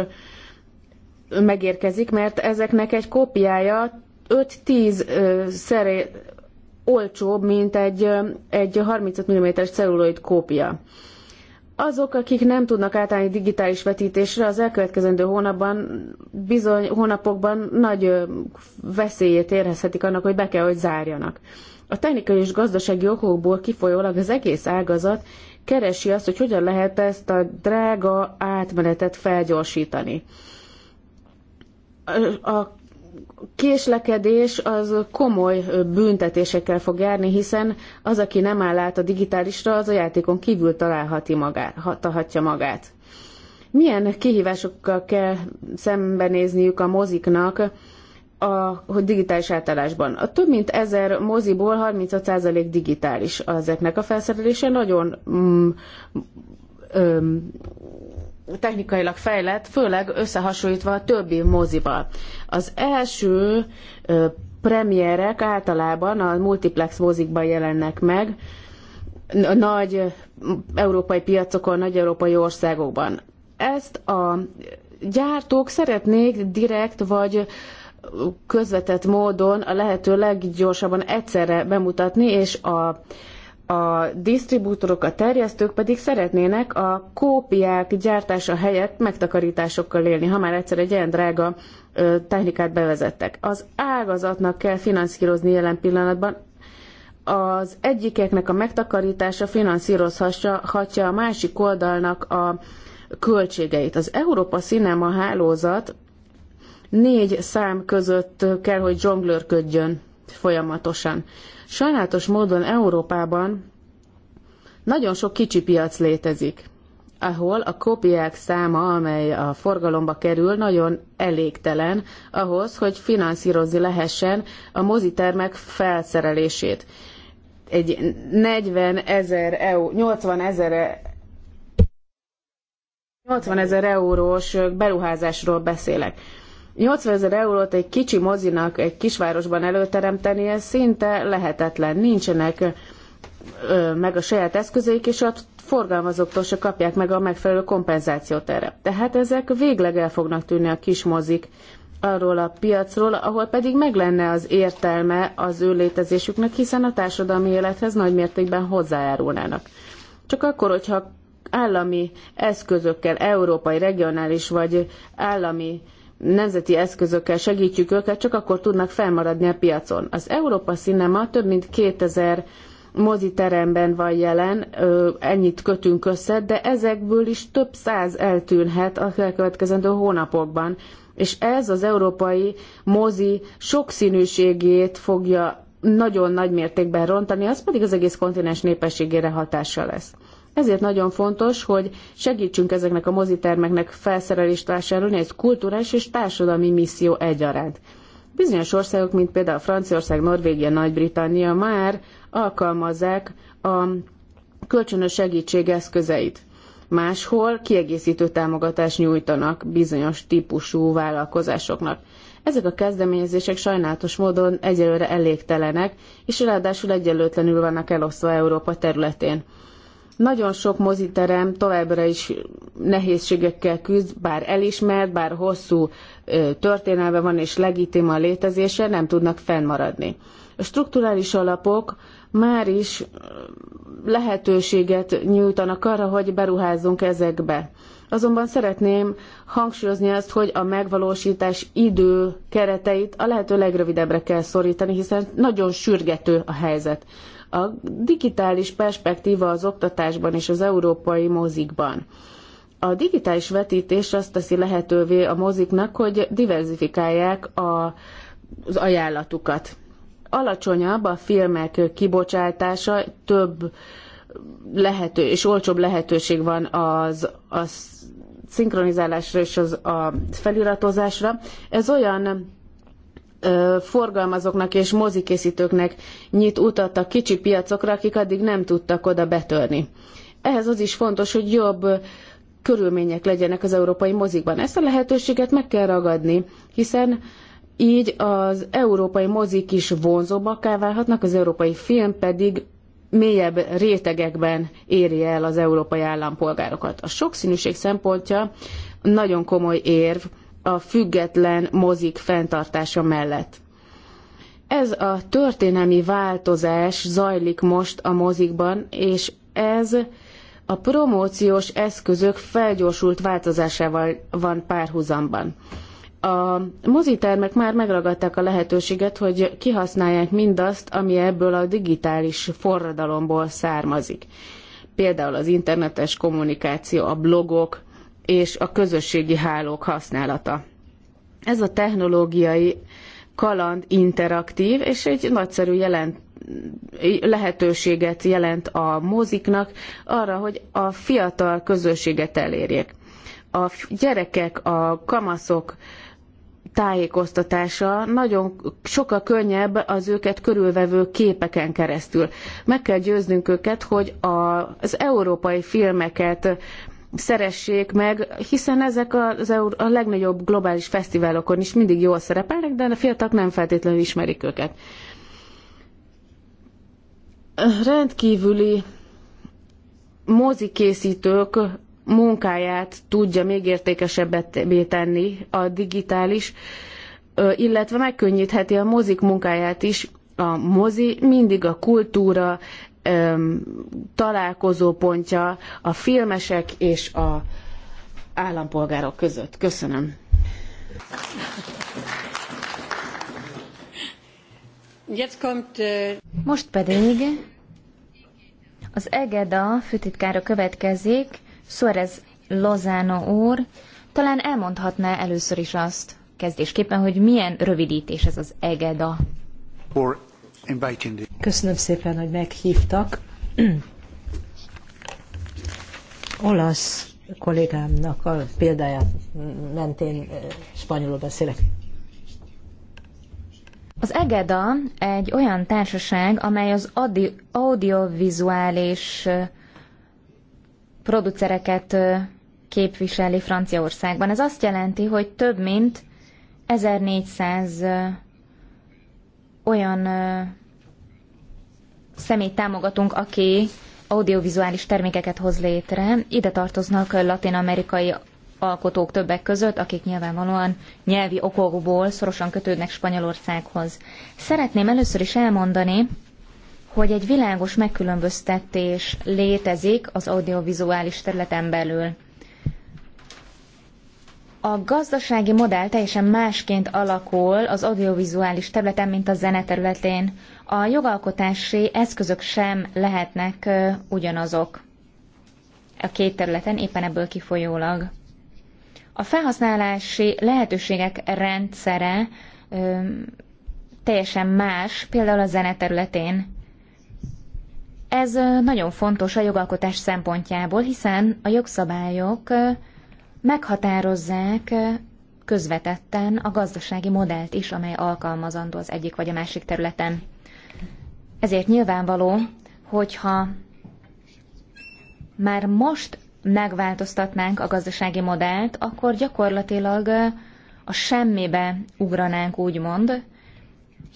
megérkezik, mert ezeknek egy kópiája 5-10 szeré olcsóbb, mint egy, egy 35 mm-es celluloid kópia. Azok, akik nem tudnak átállni digitális vetítésre, az elkövetkezendő hónapban, bizony hónapokban nagy veszélyét érezhetik annak, hogy be kell, hogy zárjanak. A technikai és gazdasági okokból kifolyólag az egész ágazat keresi azt, hogy hogyan lehet ezt a drága átmenetet felgyorsítani a késlekedés az komoly büntetésekkel fog járni, hiszen az, aki nem áll át a digitálisra, az a játékon kívül találhatja magát, magát. Milyen kihívásokkal kell szembenézniük a moziknak, a, hogy digitális átállásban. A több mint ezer moziból 35% digitális ezeknek a felszerelése. Nagyon mm, öm, technikailag fejlett, főleg összehasonlítva a többi mozival. Az első premierek általában a multiplex mozikban jelennek meg, nagy európai piacokon, nagy európai országokban. Ezt a gyártók szeretnék direkt vagy közvetett módon a lehető leggyorsabban egyszerre bemutatni, és a a disztribútorok, a terjesztők pedig szeretnének a kópiák gyártása helyett megtakarításokkal élni, ha már egyszer egy ilyen drága technikát bevezettek. Az ágazatnak kell finanszírozni jelen pillanatban, az egyikeknek a megtakarítása finanszírozhatja a másik oldalnak a költségeit. Az Európa Cinema hálózat négy szám között kell, hogy zsonglőrködjön folyamatosan. Sajnálatos módon Európában nagyon sok kicsi piac létezik, ahol a kópiák száma, amely a forgalomba kerül, nagyon elégtelen ahhoz, hogy finanszírozni lehessen a mozitermek felszerelését. Egy 40 ezer EU, 80 ezer 80 e- ezer eurós beruházásról beszélek. 80 ezer eurót egy kicsi mozinak egy kisvárosban előteremteni, ez szinte lehetetlen. Nincsenek ö, meg a saját eszközeik, és a forgalmazóktól se kapják meg a megfelelő kompenzációt erre. Tehát ezek végleg el fognak tűnni a kis mozik arról a piacról, ahol pedig meg lenne az értelme az ő létezésüknek, hiszen a társadalmi élethez nagy mértékben hozzájárulnának. Csak akkor, hogyha állami eszközökkel, európai, regionális vagy állami nemzeti eszközökkel segítjük őket, csak akkor tudnak felmaradni a piacon. Az Európa Cinema több mint 2000 moziteremben van jelen, ennyit kötünk össze, de ezekből is több száz eltűnhet a következő hónapokban. És ez az európai mozi sokszínűségét fogja nagyon nagy mértékben rontani, az pedig az egész kontinens népességére hatással lesz. Ezért nagyon fontos, hogy segítsünk ezeknek a mozitermeknek felszerelést vásárolni, ez kulturális és társadalmi misszió egyaránt. Bizonyos országok, mint például Franciaország, Norvégia, Nagy-Britannia már alkalmazzák a kölcsönös segítség eszközeit. Máshol kiegészítő támogatást nyújtanak bizonyos típusú vállalkozásoknak. Ezek a kezdeményezések sajnálatos módon egyelőre elégtelenek, és ráadásul egyenlőtlenül vannak elosztva Európa területén. Nagyon sok moziterem továbbra is nehézségekkel küzd, bár elismert, bár hosszú történelme van és legitim a létezése, nem tudnak fennmaradni. A strukturális alapok már is lehetőséget nyújtanak arra, hogy beruházzunk ezekbe. Azonban szeretném hangsúlyozni azt, hogy a megvalósítás idő kereteit a lehető legrövidebbre kell szorítani, hiszen nagyon sürgető a helyzet a digitális perspektíva az oktatásban és az európai mozikban. A digitális vetítés azt teszi lehetővé a moziknak, hogy diverzifikálják a, az ajánlatukat. Alacsonyabb a filmek kibocsátása, több lehető és olcsóbb lehetőség van az, az szinkronizálásra és az, a feliratozásra. Ez olyan forgalmazóknak és mozikészítőknek nyit utat a kicsi piacokra, akik addig nem tudtak oda betörni. Ehhez az is fontos, hogy jobb körülmények legyenek az európai mozikban. Ezt a lehetőséget meg kell ragadni, hiszen így az európai mozik is vonzóbbakká válhatnak, az európai film pedig mélyebb rétegekben éri el az európai állampolgárokat. A sokszínűség szempontja nagyon komoly érv, a független mozik fenntartása mellett. Ez a történelmi változás zajlik most a mozikban, és ez a promóciós eszközök felgyorsult változásával van párhuzamban. A mozitermek már megragadták a lehetőséget, hogy kihasználják mindazt, ami ebből a digitális forradalomból származik. Például az internetes kommunikáció, a blogok, és a közösségi hálók használata. Ez a technológiai kaland interaktív, és egy nagyszerű jelent, lehetőséget jelent a moziknak arra, hogy a fiatal közösséget elérjék. A gyerekek, a kamaszok tájékoztatása nagyon sokkal könnyebb az őket körülvevő képeken keresztül. Meg kell győznünk őket, hogy az európai filmeket szeressék meg, hiszen ezek az a legnagyobb globális fesztiválokon is mindig jól szerepelnek, de a fiatalok nem feltétlenül ismerik őket. Rendkívüli mozikészítők munkáját tudja még értékesebbé tenni a digitális, illetve megkönnyítheti a mozik munkáját is. A mozi mindig a kultúra, találkozópontja a filmesek és a állampolgárok között. Köszönöm. Most pedig az EGEDA főtitkára következik, Suarez Lozano úr. Talán elmondhatná először is azt kezdésképpen, hogy milyen rövidítés ez az EGEDA. For Köszönöm szépen, hogy meghívtak. Olasz kollégámnak a példáját mentén eh, spanyolul beszélek. Az EGEDA egy olyan társaság, amely az audi- audiovizuális eh, producereket eh, képviseli Franciaországban. Ez azt jelenti, hogy több mint 1400 olyan személyt támogatunk, aki audiovizuális termékeket hoz létre. Ide tartoznak latin-amerikai alkotók többek között, akik nyilvánvalóan nyelvi okokból szorosan kötődnek Spanyolországhoz. Szeretném először is elmondani, hogy egy világos megkülönböztetés létezik az audiovizuális területen belül a gazdasági modell teljesen másként alakul az audiovizuális területen, mint a zene területén. A jogalkotási eszközök sem lehetnek ugyanazok a két területen, éppen ebből kifolyólag. A felhasználási lehetőségek rendszere ö, teljesen más, például a zene területén. Ez nagyon fontos a jogalkotás szempontjából, hiszen a jogszabályok meghatározzák közvetetten a gazdasági modellt is, amely alkalmazandó az egyik vagy a másik területen. Ezért nyilvánvaló, hogyha már most megváltoztatnánk a gazdasági modellt, akkor gyakorlatilag a semmibe ugranánk, úgymond,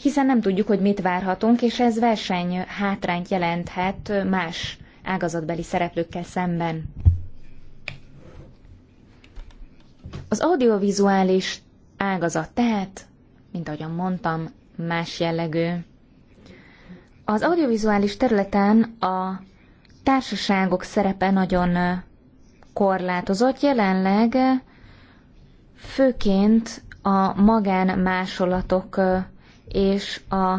hiszen nem tudjuk, hogy mit várhatunk, és ez verseny hátrányt jelenthet más ágazatbeli szereplőkkel szemben. Az audiovizuális ágazat tehát, mint ahogyan mondtam, más jellegű. Az audiovizuális területen a társaságok szerepe nagyon korlátozott. Jelenleg főként a magánmásolatok és a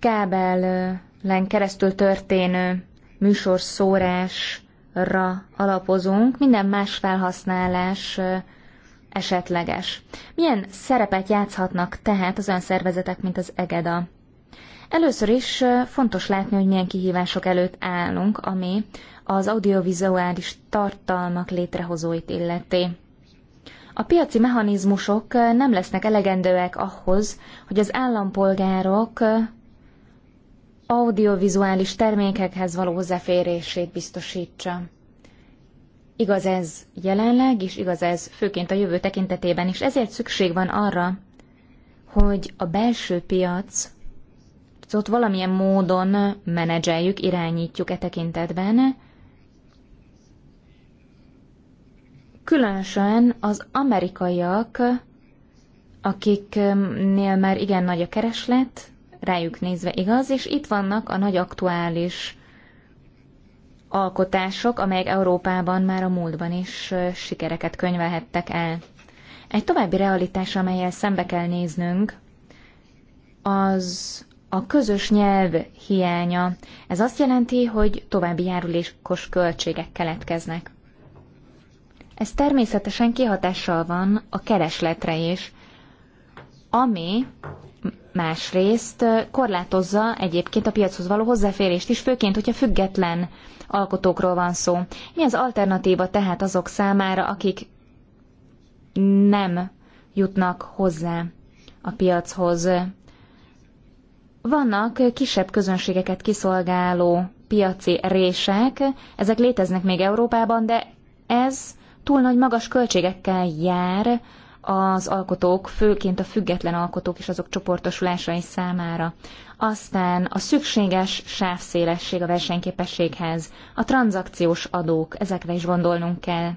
kábelen keresztül történő műsorszórás ra alapozunk, minden más felhasználás esetleges. Milyen szerepet játszhatnak tehát az olyan szervezetek, mint az EGEDA? Először is fontos látni, hogy milyen kihívások előtt állunk, ami az audiovizuális tartalmak létrehozóit illeti. A piaci mechanizmusok nem lesznek elegendőek ahhoz, hogy az állampolgárok audiovizuális termékekhez való hozzáférését biztosítsa. Igaz ez jelenleg, és igaz ez főként a jövő tekintetében is. Ezért szükség van arra, hogy a belső piac ott valamilyen módon menedzseljük, irányítjuk e tekintetben, különösen az amerikaiak, akiknél már igen nagy a kereslet, rájuk nézve igaz, és itt vannak a nagy aktuális alkotások, amelyek Európában már a múltban is sikereket könyvelhettek el. Egy további realitás, amelyel szembe kell néznünk, az a közös nyelv hiánya. Ez azt jelenti, hogy további járulékos költségek keletkeznek. Ez természetesen kihatással van a keresletre is, ami Másrészt korlátozza egyébként a piachoz való hozzáférést is, főként, hogyha független alkotókról van szó. Mi az alternatíva tehát azok számára, akik nem jutnak hozzá a piachoz? Vannak kisebb közönségeket kiszolgáló piaci rések, ezek léteznek még Európában, de ez túl nagy magas költségekkel jár, az alkotók, főként a független alkotók és azok csoportosulásai számára. Aztán a szükséges sávszélesség a versenyképességhez, a tranzakciós adók, ezekre is gondolnunk kell.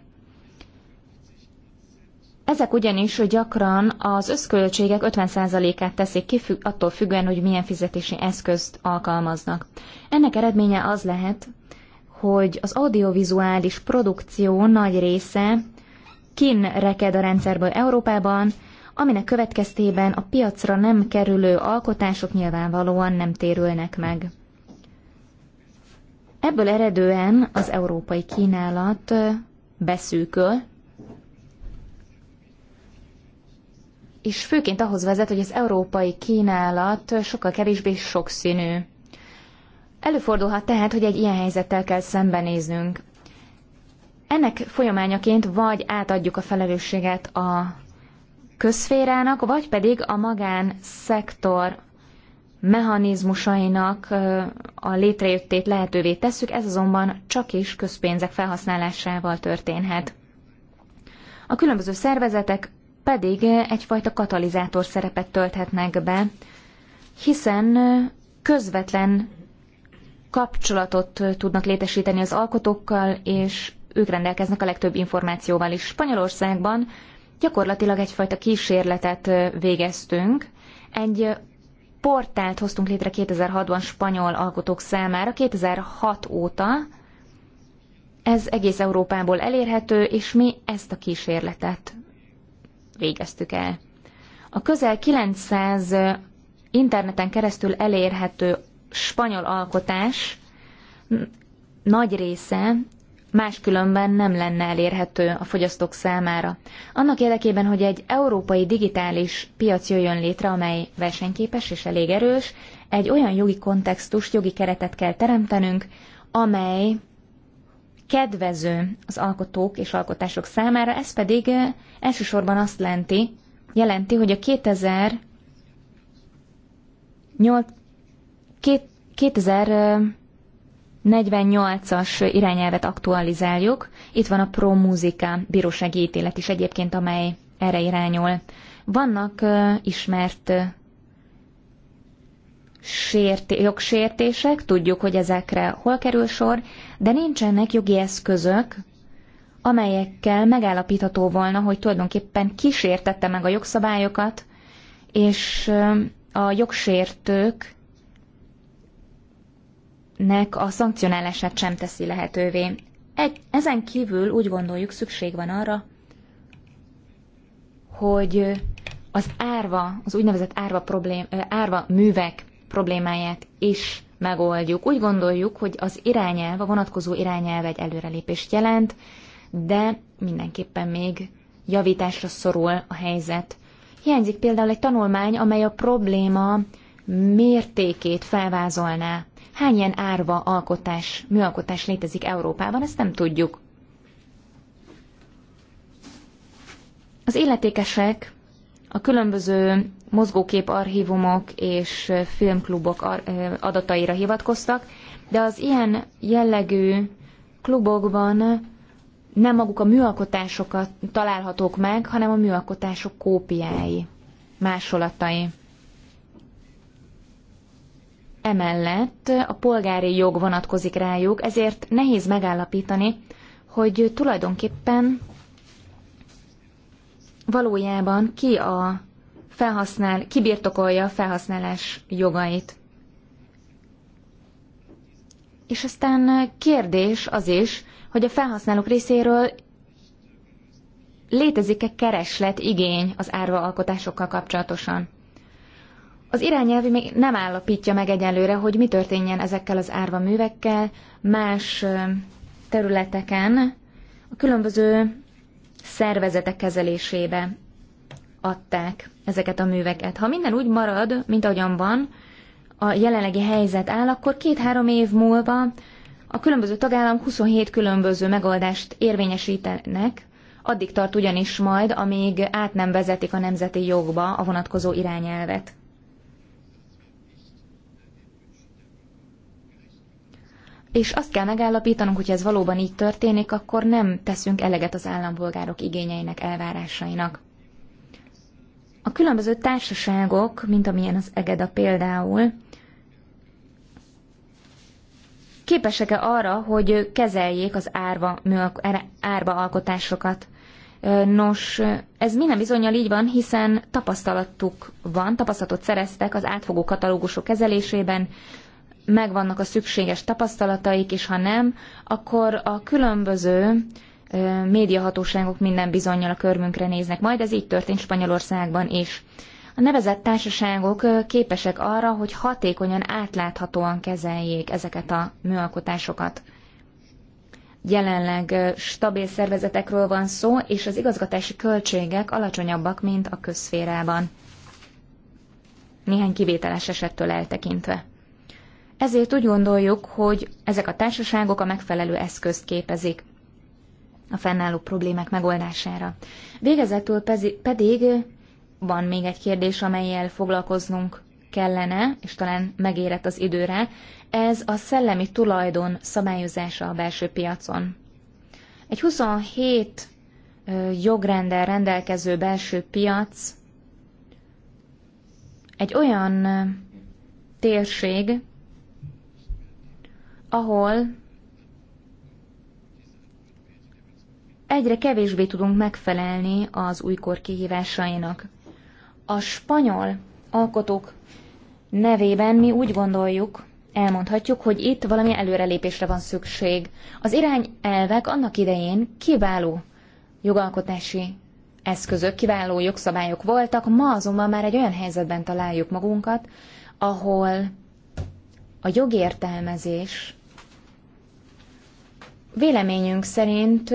Ezek ugyanis gyakran az összköltségek 50%-át teszik ki attól függően, hogy milyen fizetési eszközt alkalmaznak. Ennek eredménye az lehet, hogy az audiovizuális produkció nagy része kin reked a rendszerből Európában, aminek következtében a piacra nem kerülő alkotások nyilvánvalóan nem térülnek meg. Ebből eredően az európai kínálat beszűköl, és főként ahhoz vezet, hogy az európai kínálat sokkal kevésbé sokszínű. Előfordulhat tehát, hogy egy ilyen helyzettel kell szembenéznünk. Ennek folyamányaként vagy átadjuk a felelősséget a közférának, vagy pedig a szektor mechanizmusainak a létrejöttét lehetővé tesszük, ez azonban csak is közpénzek felhasználásával történhet. A különböző szervezetek pedig egyfajta katalizátor szerepet tölthetnek be, hiszen közvetlen kapcsolatot tudnak létesíteni az alkotókkal és ők rendelkeznek a legtöbb információval is. Spanyolországban gyakorlatilag egyfajta kísérletet végeztünk. Egy portált hoztunk létre 2006-ban spanyol alkotók számára, 2006 óta ez egész Európából elérhető, és mi ezt a kísérletet végeztük el. A közel 900 interneten keresztül elérhető spanyol alkotás nagy része máskülönben nem lenne elérhető a fogyasztók számára. Annak érdekében, hogy egy európai digitális piac jöjjön létre, amely versenyképes és elég erős, egy olyan jogi kontextust, jogi keretet kell teremtenünk, amely kedvező az alkotók és alkotások számára, ez pedig eh, elsősorban azt jelenti, jelenti hogy a 2008, 2000 48-as irányelvet aktualizáljuk. Itt van a Pro Musica bírósági ítélet is egyébként, amely erre irányul. Vannak ismert sérté, jogsértések, tudjuk, hogy ezekre hol kerül sor, de nincsenek jogi eszközök, amelyekkel megállapítható volna, hogy tulajdonképpen kisértette meg a jogszabályokat, és a jogsértők nek a szankcionálását sem teszi lehetővé. Egy, ezen kívül úgy gondoljuk, szükség van arra, hogy az árva, az úgynevezett árva, problém, árva művek problémáját is megoldjuk. Úgy gondoljuk, hogy az irányelv, a vonatkozó irányelv egy előrelépést jelent, de mindenképpen még javításra szorul a helyzet. Hiányzik például egy tanulmány, amely a probléma mértékét felvázolná. Hány ilyen árva alkotás, műalkotás létezik Európában, ezt nem tudjuk. Az illetékesek a különböző mozgókép archívumok és filmklubok adataira hivatkoztak, de az ilyen jellegű klubokban nem maguk a műalkotásokat találhatók meg, hanem a műalkotások kópiái, másolatai. Emellett a polgári jog vonatkozik rájuk, ezért nehéz megállapítani, hogy tulajdonképpen valójában ki a felhasznál, ki birtokolja a felhasználás jogait. És aztán kérdés az is, hogy a felhasználók részéről létezik-e kereslet, igény az árva alkotásokkal kapcsolatosan. Az irányelv még nem állapítja meg egyelőre, hogy mi történjen ezekkel az árva művekkel más területeken, a különböző szervezetek kezelésébe adták ezeket a műveket. Ha minden úgy marad, mint ahogyan van, a jelenlegi helyzet áll, akkor két-három év múlva a különböző tagállam 27 különböző megoldást érvényesítenek, addig tart ugyanis majd, amíg át nem vezetik a nemzeti jogba a vonatkozó irányelvet. és azt kell megállapítanunk, hogy ez valóban így történik, akkor nem teszünk eleget az állampolgárok igényeinek, elvárásainak. A különböző társaságok, mint amilyen az EGEDA például, képesek-e arra, hogy kezeljék az árva, er- árva alkotásokat? Nos, ez minden bizonyal így van, hiszen tapasztalatuk van, tapasztalatot szereztek az átfogó katalógusok kezelésében, megvannak a szükséges tapasztalataik, és ha nem, akkor a különböző médiahatóságok minden bizonyal a körmünkre néznek. Majd ez így történt Spanyolországban is. A nevezett társaságok képesek arra, hogy hatékonyan, átláthatóan kezeljék ezeket a műalkotásokat. Jelenleg stabil szervezetekről van szó, és az igazgatási költségek alacsonyabbak, mint a közszférában. Néhány kivételes esettől eltekintve. Ezért úgy gondoljuk, hogy ezek a társaságok a megfelelő eszközt képezik a fennálló problémák megoldására. Végezetül pedig van még egy kérdés, amelyel foglalkoznunk kellene, és talán megérett az időre, ez a szellemi tulajdon szabályozása a belső piacon. Egy 27 jogrendel rendelkező belső piac egy olyan térség, ahol egyre kevésbé tudunk megfelelni az újkor kihívásainak. A spanyol alkotók nevében mi úgy gondoljuk, elmondhatjuk, hogy itt valami előrelépésre van szükség. Az irányelvek annak idején kiváló jogalkotási eszközök, kiváló jogszabályok voltak, ma azonban már egy olyan helyzetben találjuk magunkat, ahol a jogértelmezés Véleményünk szerint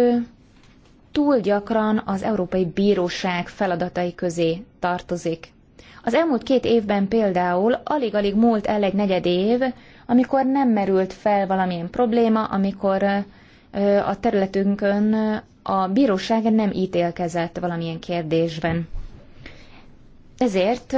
túl gyakran az Európai Bíróság feladatai közé tartozik. Az elmúlt két évben például alig-alig múlt el egy negyed év, amikor nem merült fel valamilyen probléma, amikor a területünkön a bíróság nem ítélkezett valamilyen kérdésben. Ezért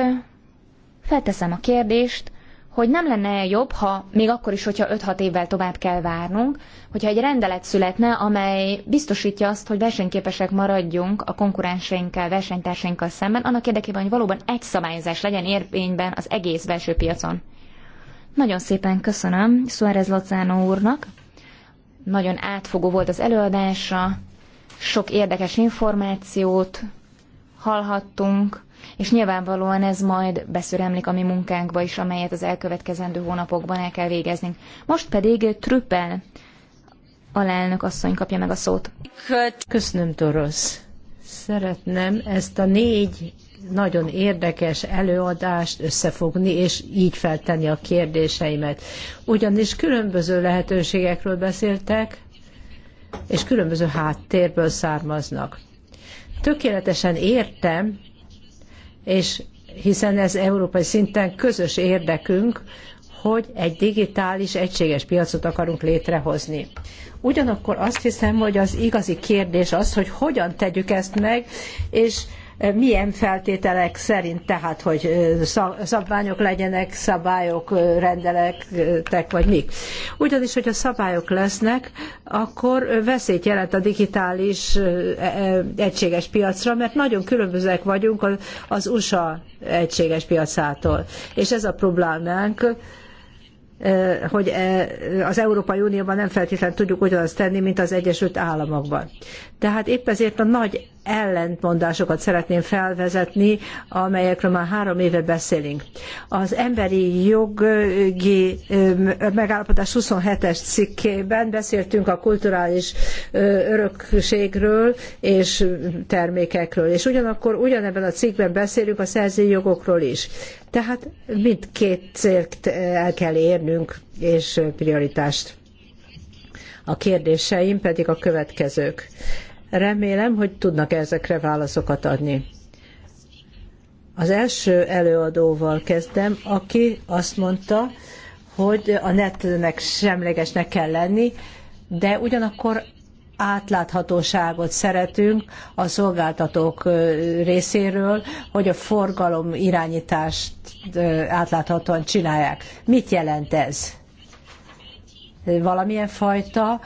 felteszem a kérdést, hogy nem lenne -e jobb, ha még akkor is, hogyha 5-6 évvel tovább kell várnunk, hogyha egy rendelet születne, amely biztosítja azt, hogy versenyképesek maradjunk a konkurenseinkkel, versenytársainkkal szemben, annak érdekében, hogy valóban egy szabályozás legyen érvényben az egész belső piacon. Nagyon szépen köszönöm Suárez Lozano úrnak. Nagyon átfogó volt az előadása, sok érdekes információt hallhattunk, és nyilvánvalóan ez majd beszüremlik a mi munkánkba is, amelyet az elkövetkezendő hónapokban el kell végeznünk. Most pedig Trüppel alelnök asszony kapja meg a szót. Köszönöm, Torosz. Szeretném ezt a négy nagyon érdekes előadást összefogni, és így feltenni a kérdéseimet. Ugyanis különböző lehetőségekről beszéltek, és különböző háttérből származnak. Tökéletesen értem, és hiszen ez európai szinten közös érdekünk, hogy egy digitális, egységes piacot akarunk létrehozni. Ugyanakkor azt hiszem, hogy az igazi kérdés az, hogy hogyan tegyük ezt meg, és milyen feltételek szerint, tehát hogy szabványok legyenek, szabályok, rendeletek, vagy mik. Ugyanis, hogyha szabályok lesznek, akkor veszélyt jelent a digitális e, e, egységes piacra, mert nagyon különbözőek vagyunk az USA egységes piacától. És ez a problémánk, hogy e, az Európai Unióban nem feltétlenül tudjuk ugyanazt tenni, mint az Egyesült Államokban. Tehát épp ezért a nagy ellentmondásokat szeretném felvezetni, amelyekről már három éve beszélünk. Az emberi jogi megállapodás 27-es cikkében beszéltünk a kulturális örökségről és termékekről, és ugyanakkor ugyanebben a cikkben beszélünk a szerzői jogokról is. Tehát mindkét célt el kell érnünk, és prioritást. A kérdéseim pedig a következők Remélem, hogy tudnak ezekre válaszokat adni. Az első előadóval kezdem, aki azt mondta, hogy a netnek semlegesnek kell lenni, de ugyanakkor átláthatóságot szeretünk a szolgáltatók részéről, hogy a forgalom irányítást átláthatóan csinálják. Mit jelent ez? valamilyen fajta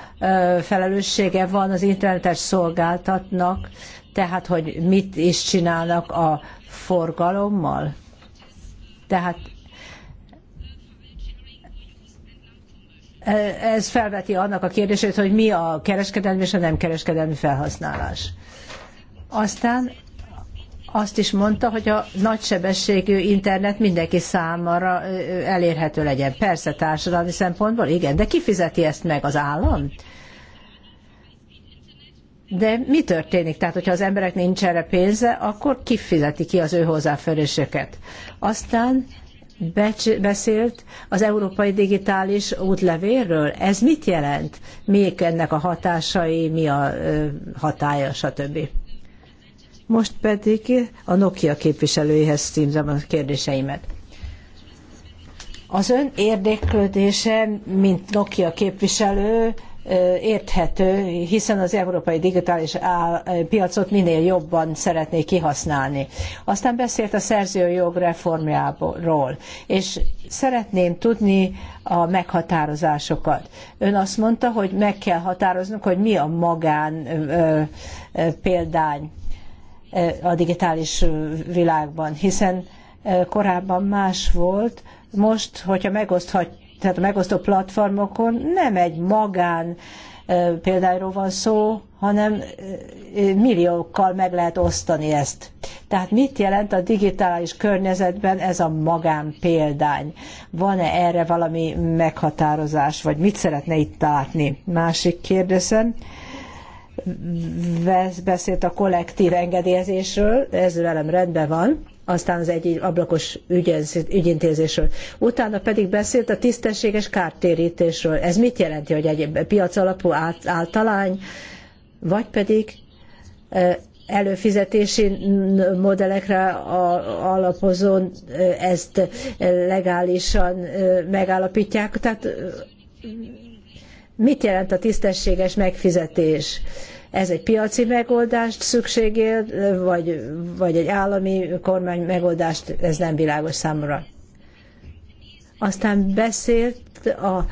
felelőssége van az internetes szolgáltatnak, tehát hogy mit is csinálnak a forgalommal. Tehát ez felveti annak a kérdését, hogy mi a kereskedelmi és a nem kereskedelmi felhasználás. Aztán azt is mondta, hogy a nagysebességű internet mindenki számára elérhető legyen. Persze társadalmi szempontból, igen, de ki fizeti ezt meg az állam? De mi történik? Tehát, hogyha az emberek nincs erre pénze, akkor ki fizeti ki az ő hozzáféréseket? Aztán beszélt az európai digitális útlevérről. Ez mit jelent? Mik ennek a hatásai, mi a hatája, stb. Most pedig a Nokia képviselőihez címzem a kérdéseimet. Az ön érdeklődése, mint Nokia képviselő, érthető, hiszen az európai digitális piacot minél jobban szeretné kihasználni. Aztán beszélt a szerzőjog reformjáról, és szeretném tudni a meghatározásokat. Ön azt mondta, hogy meg kell határoznunk, hogy mi a magán példány E, a digitális világban, hiszen e, korábban más volt, most, hogyha megoszthat, tehát a megosztó platformokon nem egy magán e, példáról van szó, hanem milliókkal meg lehet osztani ezt. Tehát mit jelent a digitális környezetben ez a magán példány? Van-e erre valami meghatározás, vagy mit szeretne itt látni? Másik kérdésem, beszélt a kollektív engedélyezésről, ez velem rendben van, aztán az egy ablakos ügyintézésről. Utána pedig beszélt a tisztességes kártérítésről. Ez mit jelenti, hogy egy piac alapú általány, vagy pedig előfizetési modellekre alapozón ezt legálisan megállapítják. Tehát mit jelent a tisztességes megfizetés? Ez egy piaci megoldást szükségél, vagy, vagy egy állami kormány megoldást, ez nem világos számomra. Aztán beszélt a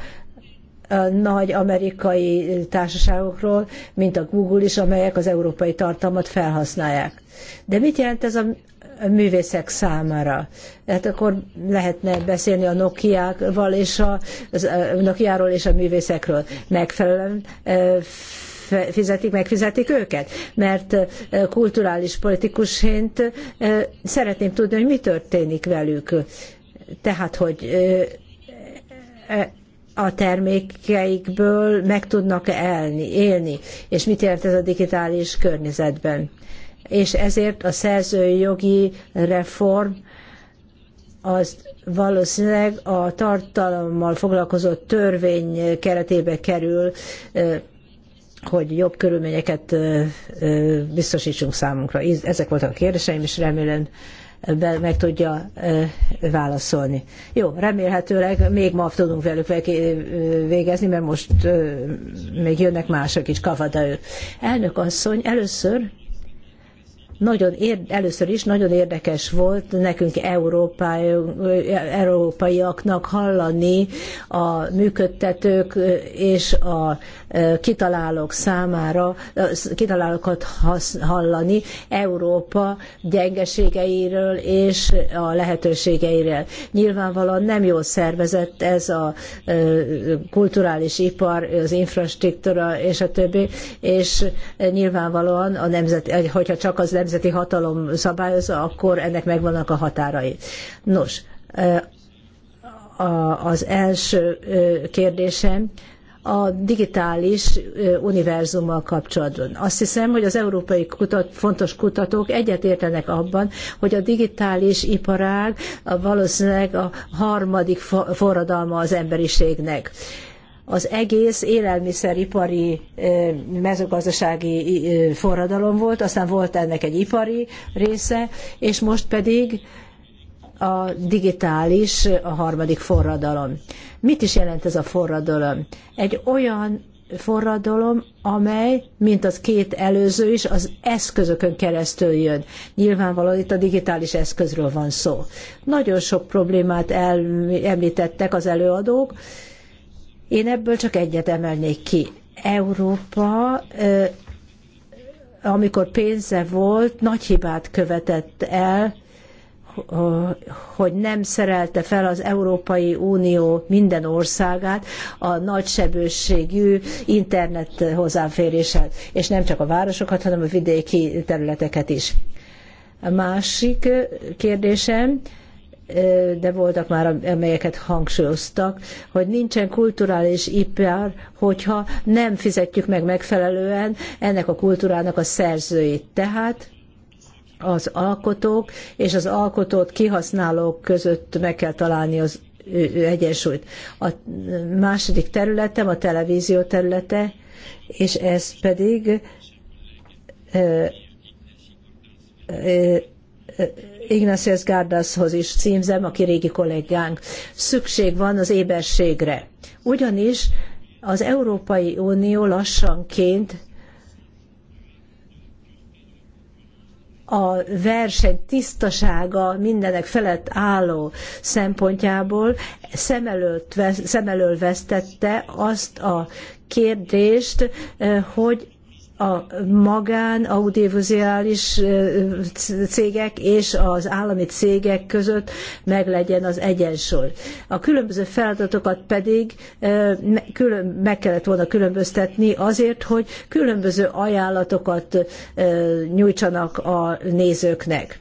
a nagy amerikai társaságokról, mint a Google is, amelyek az európai tartalmat felhasználják. De mit jelent ez a művészek számára? Hát akkor lehetne beszélni a Nokia-val és a, az, a Nokia-ról és a művészekről. Megfelelően fizetik, megfizetik őket, mert kulturális politikusként szeretném tudni, hogy mi történik velük. Tehát, hogy a termékeikből meg tudnak elni, élni, és mit jelent ez a digitális környezetben. És ezért a szerzői jogi reform az valószínűleg a tartalommal foglalkozó törvény keretébe kerül hogy jobb körülményeket biztosítsunk számunkra. Ezek voltak a kérdéseim, és remélem meg tudja válaszolni. Jó, remélhetőleg még ma tudunk velük végezni, mert most még jönnek mások is, Kavada ő. Elnök asszony, először nagyon először is nagyon érdekes volt nekünk európai, európaiaknak hallani a működtetők és a kitalálók számára, kitalálókat hallani Európa gyengeségeiről és a lehetőségeiről. Nyilvánvalóan nem jól szervezett ez a kulturális ipar, az infrastruktúra és a többi, és nyilvánvalóan a nemzet, hogyha csak az nemzeti hatalom szabályozza, akkor ennek megvannak a határai. Nos, az első kérdésem, a digitális univerzummal kapcsolatban. Azt hiszem, hogy az európai kutat, fontos kutatók egyetértenek abban, hogy a digitális iparág a valószínűleg a harmadik forradalma az emberiségnek az egész élelmiszeripari mezőgazdasági forradalom volt, aztán volt ennek egy ipari része, és most pedig a digitális, a harmadik forradalom. Mit is jelent ez a forradalom? Egy olyan forradalom, amely, mint az két előző is, az eszközökön keresztül jön. Nyilvánvalóan itt a digitális eszközről van szó. Nagyon sok problémát el, említettek az előadók, én ebből csak egyet emelnék ki. Európa, amikor pénze volt, nagy hibát követett el, hogy nem szerelte fel az Európai Unió minden országát a nagysebősségű internet hozzáféréssel, és nem csak a városokat, hanem a vidéki területeket is. A másik kérdésem, de voltak már, amelyeket hangsúlyoztak, hogy nincsen kulturális ipar, hogyha nem fizetjük meg megfelelően ennek a kultúrának a szerzőit. Tehát az alkotók és az alkotót kihasználók között meg kell találni az egyensúlyt. A második területem a televízió területe, és ez pedig ö, ö, ö, Ignatius Gárdaszhoz is címzem, aki régi kollégánk. Szükség van az éberségre. Ugyanis az Európai Unió lassanként a verseny tisztasága mindenek felett álló szempontjából szem, előtt, szem elől vesztette azt a kérdést, eh, hogy a magán audiovizuális cégek és az állami cégek között meglegyen az egyensúly. A különböző feladatokat pedig meg kellett volna különböztetni azért, hogy különböző ajánlatokat nyújtsanak a nézőknek.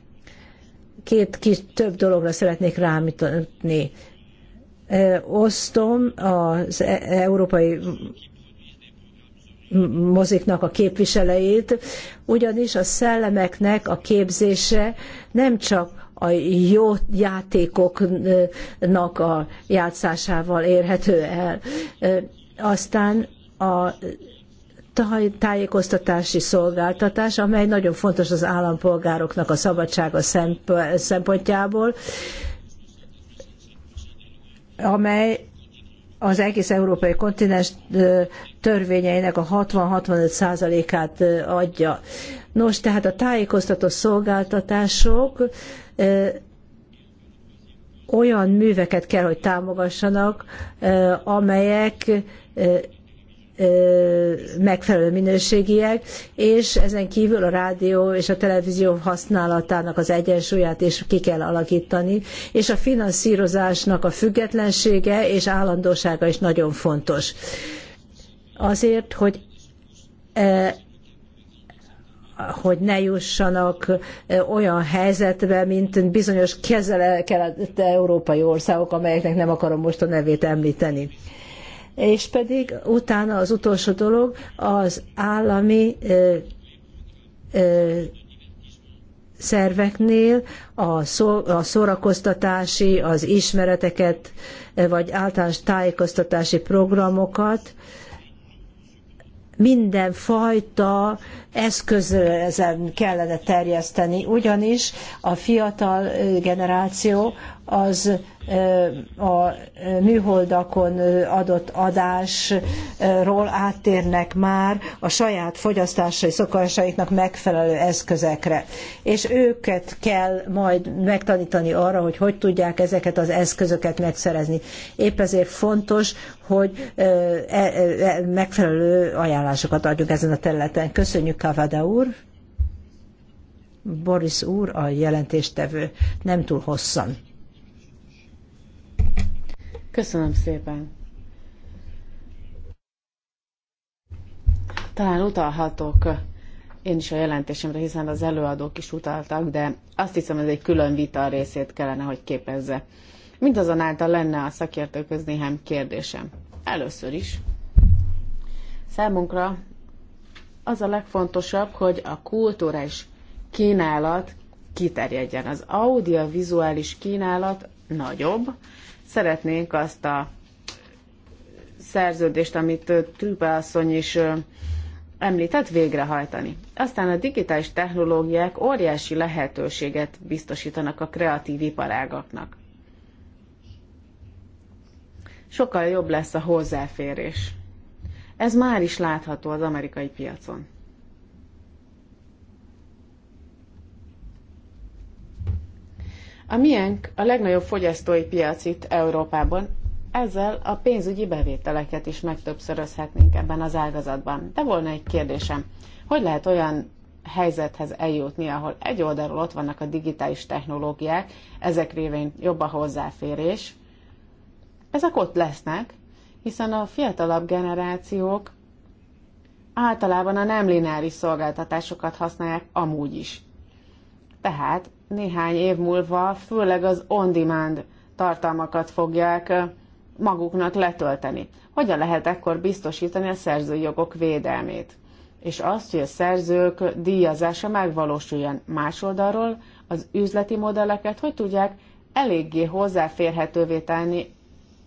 Két kis több dologra szeretnék rámutatni. Osztom az e-, Európai moziknak a képviseleit, ugyanis a szellemeknek a képzése nem csak a jó játékoknak a játszásával érhető el. Aztán a tájékoztatási szolgáltatás, amely nagyon fontos az állampolgároknak a szabadsága szempontjából, amely az egész európai kontinens törvényeinek a 60-65 százalékát adja. Nos, tehát a tájékoztató szolgáltatások olyan műveket kell, hogy támogassanak, amelyek megfelelő minőségiek, és ezen kívül a rádió és a televízió használatának az egyensúlyát is ki kell alakítani, és a finanszírozásnak a függetlensége és állandósága is nagyon fontos. Azért, hogy hogy ne jussanak olyan helyzetbe, mint bizonyos kelet-európai országok, amelyeknek nem akarom most a nevét említeni és pedig utána az utolsó dolog az állami ö, ö, szerveknél a, szó, a szórakoztatási, az ismereteket, vagy általános tájékoztatási programokat, mindenfajta eszközön kellene terjeszteni, ugyanis a fiatal generáció az a műholdakon adott adásról áttérnek már a saját fogyasztásai szokásaiknak megfelelő eszközekre. És őket kell majd megtanítani arra, hogy hogy tudják ezeket az eszközöket megszerezni. Épp ezért fontos, hogy e, e, e, megfelelő ajánlásokat adjunk ezen a területen. Köszönjük Kavada úr, Boris úr a jelentéstevő, nem túl hosszan. Köszönöm szépen. Talán utalhatok én is a jelentésemre, hiszen az előadók is utaltak, de azt hiszem, ez egy külön vita részét kellene, hogy képezze. Mindazonáltal lenne a szakértőköz néhány kérdésem. Először is. Számunkra az a legfontosabb, hogy a kulturális kínálat kiterjedjen. Az audiovizuális kínálat nagyobb. Szeretnénk azt a szerződést, amit Trübe asszony is említett, végrehajtani. Aztán a digitális technológiák óriási lehetőséget biztosítanak a kreatív iparágaknak. Sokkal jobb lesz a hozzáférés. Ez már is látható az amerikai piacon. A miénk a legnagyobb fogyasztói piac itt Európában, ezzel a pénzügyi bevételeket is megtöbbszörözhetnénk ebben az ágazatban. De volna egy kérdésem, hogy lehet olyan helyzethez eljutni, ahol egy oldalról ott vannak a digitális technológiák, ezek révén jobb a hozzáférés, ezek ott lesznek, hiszen a fiatalabb generációk általában a nem lineáris szolgáltatásokat használják amúgy is. Tehát néhány év múlva főleg az on-demand tartalmakat fogják maguknak letölteni. Hogyan lehet ekkor biztosítani a szerzőjogok védelmét? És azt, hogy a szerzők díjazása megvalósuljon oldalról, az üzleti modelleket hogy tudják eléggé hozzáférhetővé tenni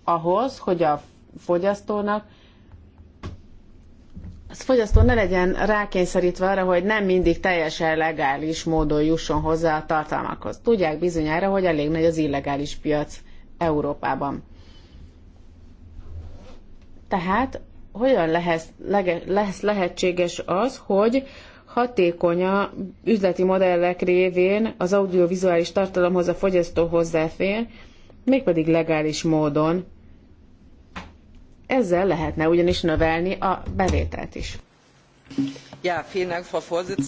ahhoz, hogy a fogyasztónak, az fogyasztó ne legyen rákényszerítve arra, hogy nem mindig teljesen legális módon jusson hozzá a tartalmakhoz. Tudják bizonyára, hogy elég nagy az illegális piac Európában. Tehát hogyan lehet lesz lehetséges az, hogy hatékony üzleti modellek révén az audiovizuális tartalomhoz a fogyasztó hozzáfér, mégpedig legális módon, ezzel lehetne ugyanis növelni a bevételt is. Ja,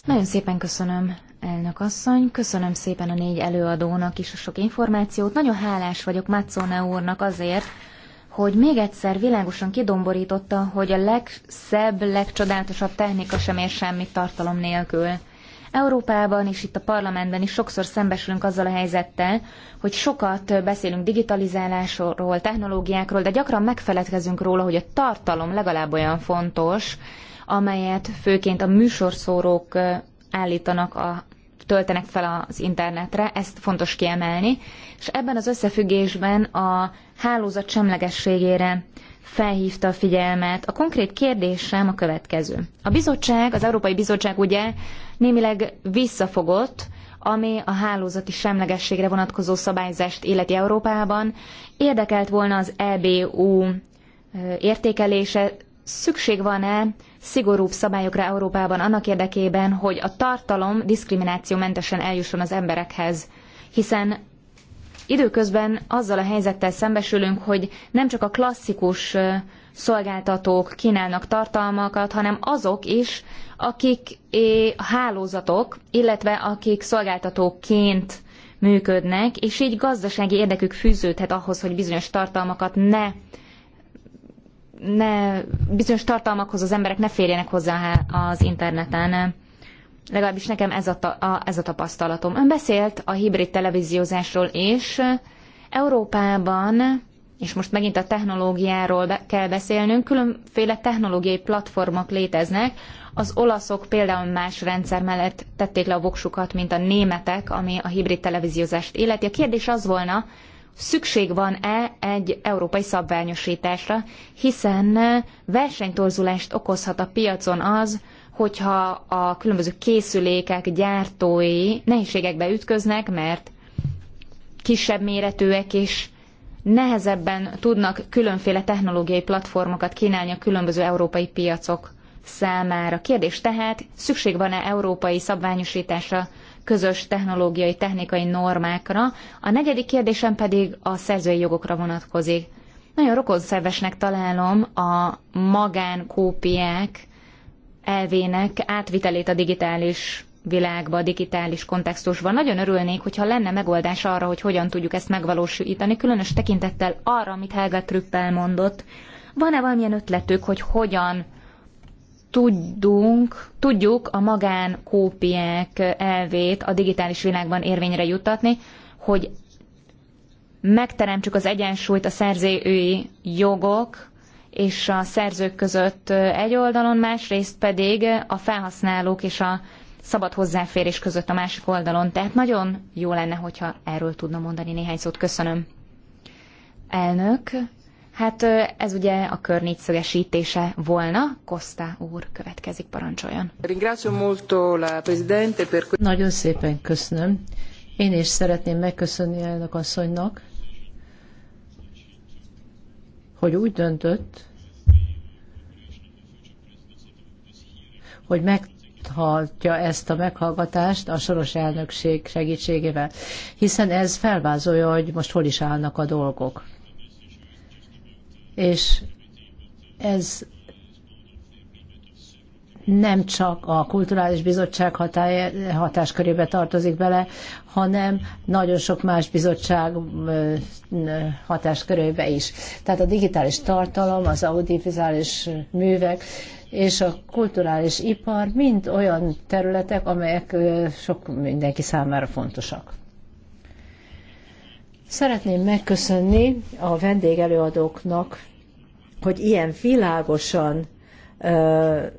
Nagyon szépen köszönöm, elnök asszony. Köszönöm szépen a négy előadónak is a sok információt. Nagyon hálás vagyok Mazzone úrnak azért, hogy még egyszer világosan kidomborította, hogy a legszebb, legcsodálatosabb technika sem ér semmit tartalom nélkül. Európában és itt a parlamentben is sokszor szembesülünk azzal a helyzettel, hogy sokat beszélünk digitalizálásról, technológiákról, de gyakran megfeledkezünk róla, hogy a tartalom legalább olyan fontos, amelyet főként a műsorszórók állítanak a töltenek fel az internetre, ezt fontos kiemelni, és ebben az összefüggésben a hálózat semlegességére felhívta a figyelmet. A konkrét kérdésem a következő. A bizottság, az Európai Bizottság ugye némileg visszafogott, ami a hálózati semlegességre vonatkozó szabályzást illeti Európában. Érdekelt volna az EBU értékelése, szükség van-e szigorúbb szabályokra Európában annak érdekében, hogy a tartalom diszkriminációmentesen eljusson az emberekhez, hiszen Időközben azzal a helyzettel szembesülünk, hogy nem csak a klasszikus szolgáltatók kínálnak tartalmakat, hanem azok is, akik hálózatok, illetve akik szolgáltatóként működnek, és így gazdasági érdekük fűződhet ahhoz, hogy bizonyos tartalmakat ne ne, bizonyos tartalmakhoz az emberek ne férjenek hozzá az interneten. Legalábbis nekem ez a, a, ez a tapasztalatom. Ön beszélt a hibrid televíziózásról és Európában, és most megint a technológiáról be, kell beszélnünk, különféle technológiai platformok léteznek. Az olaszok például más rendszer mellett tették le a voksukat, mint a németek, ami a hibrid televíziózást illeti. A kérdés az volna, szükség van-e egy európai szabványosításra, hiszen versenytorzulást okozhat a piacon az, hogyha a különböző készülékek gyártói nehézségekbe ütköznek, mert kisebb méretűek is nehezebben tudnak különféle technológiai platformokat kínálni a különböző európai piacok számára. Kérdés tehát, szükség van-e európai szabványosításra, közös technológiai, technikai normákra? A negyedik kérdésem pedig a szerzői jogokra vonatkozik. Nagyon rokonszervesnek találom a magánkópiák elvének átvitelét a digitális világba, a digitális kontextusban. Nagyon örülnék, hogyha lenne megoldás arra, hogy hogyan tudjuk ezt megvalósítani, különös tekintettel arra, amit Helga Trüppel mondott. Van-e valamilyen ötletük, hogy hogyan tudunk, tudjuk a magánkópiák elvét a digitális világban érvényre juttatni, hogy megteremtsük az egyensúlyt a szerzői jogok, és a szerzők között egy oldalon, másrészt pedig a felhasználók és a szabad hozzáférés között a másik oldalon. Tehát nagyon jó lenne, hogyha erről tudna mondani néhány szót. Köszönöm. Elnök, hát ez ugye a kör négyszögesítése volna. Kosta úr következik, parancsoljon. Nagyon szépen köszönöm. Én is szeretném megköszönni elnök asszonynak, hogy úgy döntött, hogy megtartja ezt a meghallgatást a soros elnökség segítségével, hiszen ez felvázolja, hogy most hol is állnak a dolgok. És ez nem csak a Kulturális Bizottság hatály, hatáskörébe tartozik bele, hanem nagyon sok más bizottság hatáskörébe is. Tehát a digitális tartalom, az audiovizuális művek és a kulturális ipar mind olyan területek, amelyek sok mindenki számára fontosak. Szeretném megköszönni a vendégelőadóknak, hogy ilyen világosan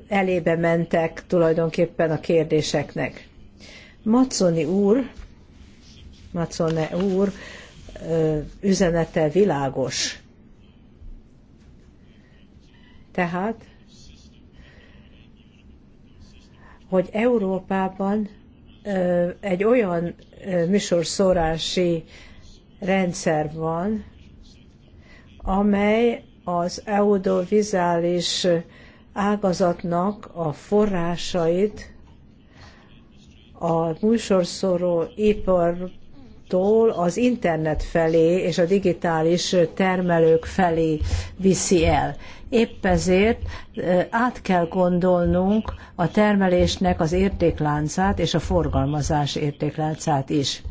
elébe mentek tulajdonképpen a kérdéseknek. Maconi úr, Macone úr üzenete világos. Tehát, hogy Európában egy olyan műsorszórási rendszer van, amely az audiovizuális ágazatnak a forrásait a műsorszóró ipartól az internet felé és a digitális termelők felé viszi el. Épp ezért át kell gondolnunk a termelésnek az értékláncát és a forgalmazás értékláncát is.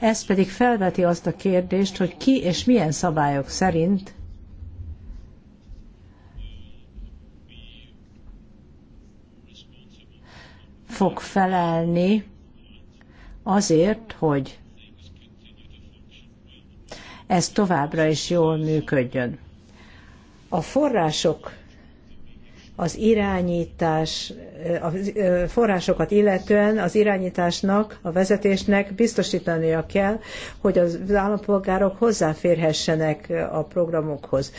Ez pedig felveti azt a kérdést, hogy ki és milyen szabályok szerint fog felelni azért, hogy ez továbbra is jól működjön. A források, az irányítás, a forrásokat illetően az irányításnak, a vezetésnek biztosítania kell, hogy az állampolgárok hozzáférhessenek a programokhoz.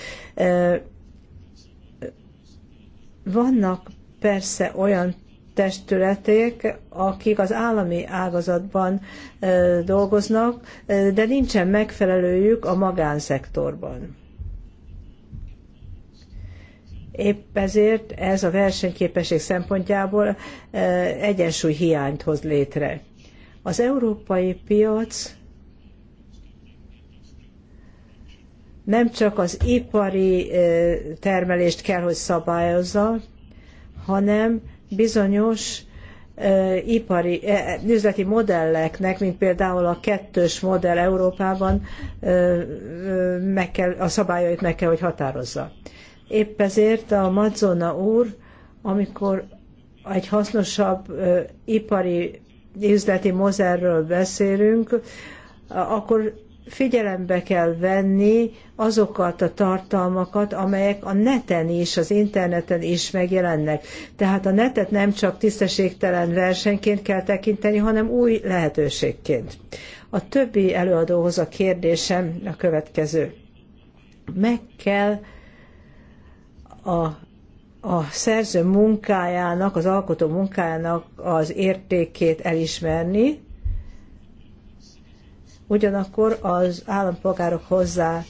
Vannak persze olyan testületek, akik az állami ágazatban dolgoznak, de nincsen megfelelőjük a magánszektorban. Épp ezért ez a versenyképesség szempontjából egyensúly hiányt hoz létre. Az európai piac nem csak az ipari termelést kell, hogy szabályozza, hanem bizonyos ipari, üzleti modelleknek, mint például a kettős modell Európában meg kell, a szabályait meg kell, hogy határozza. Épp ezért a Madzona úr, amikor egy hasznosabb ipari üzleti mozerről beszélünk, akkor figyelembe kell venni azokat a tartalmakat, amelyek a neten is, az interneten is megjelennek. Tehát a netet nem csak tisztességtelen versenyként kell tekinteni, hanem új lehetőségként. A többi előadóhoz a kérdésem a következő. Meg kell a a szerző munkájának, az alkotó munkájának az értékét elismerni, ugyanakkor az állampolgárok hozzá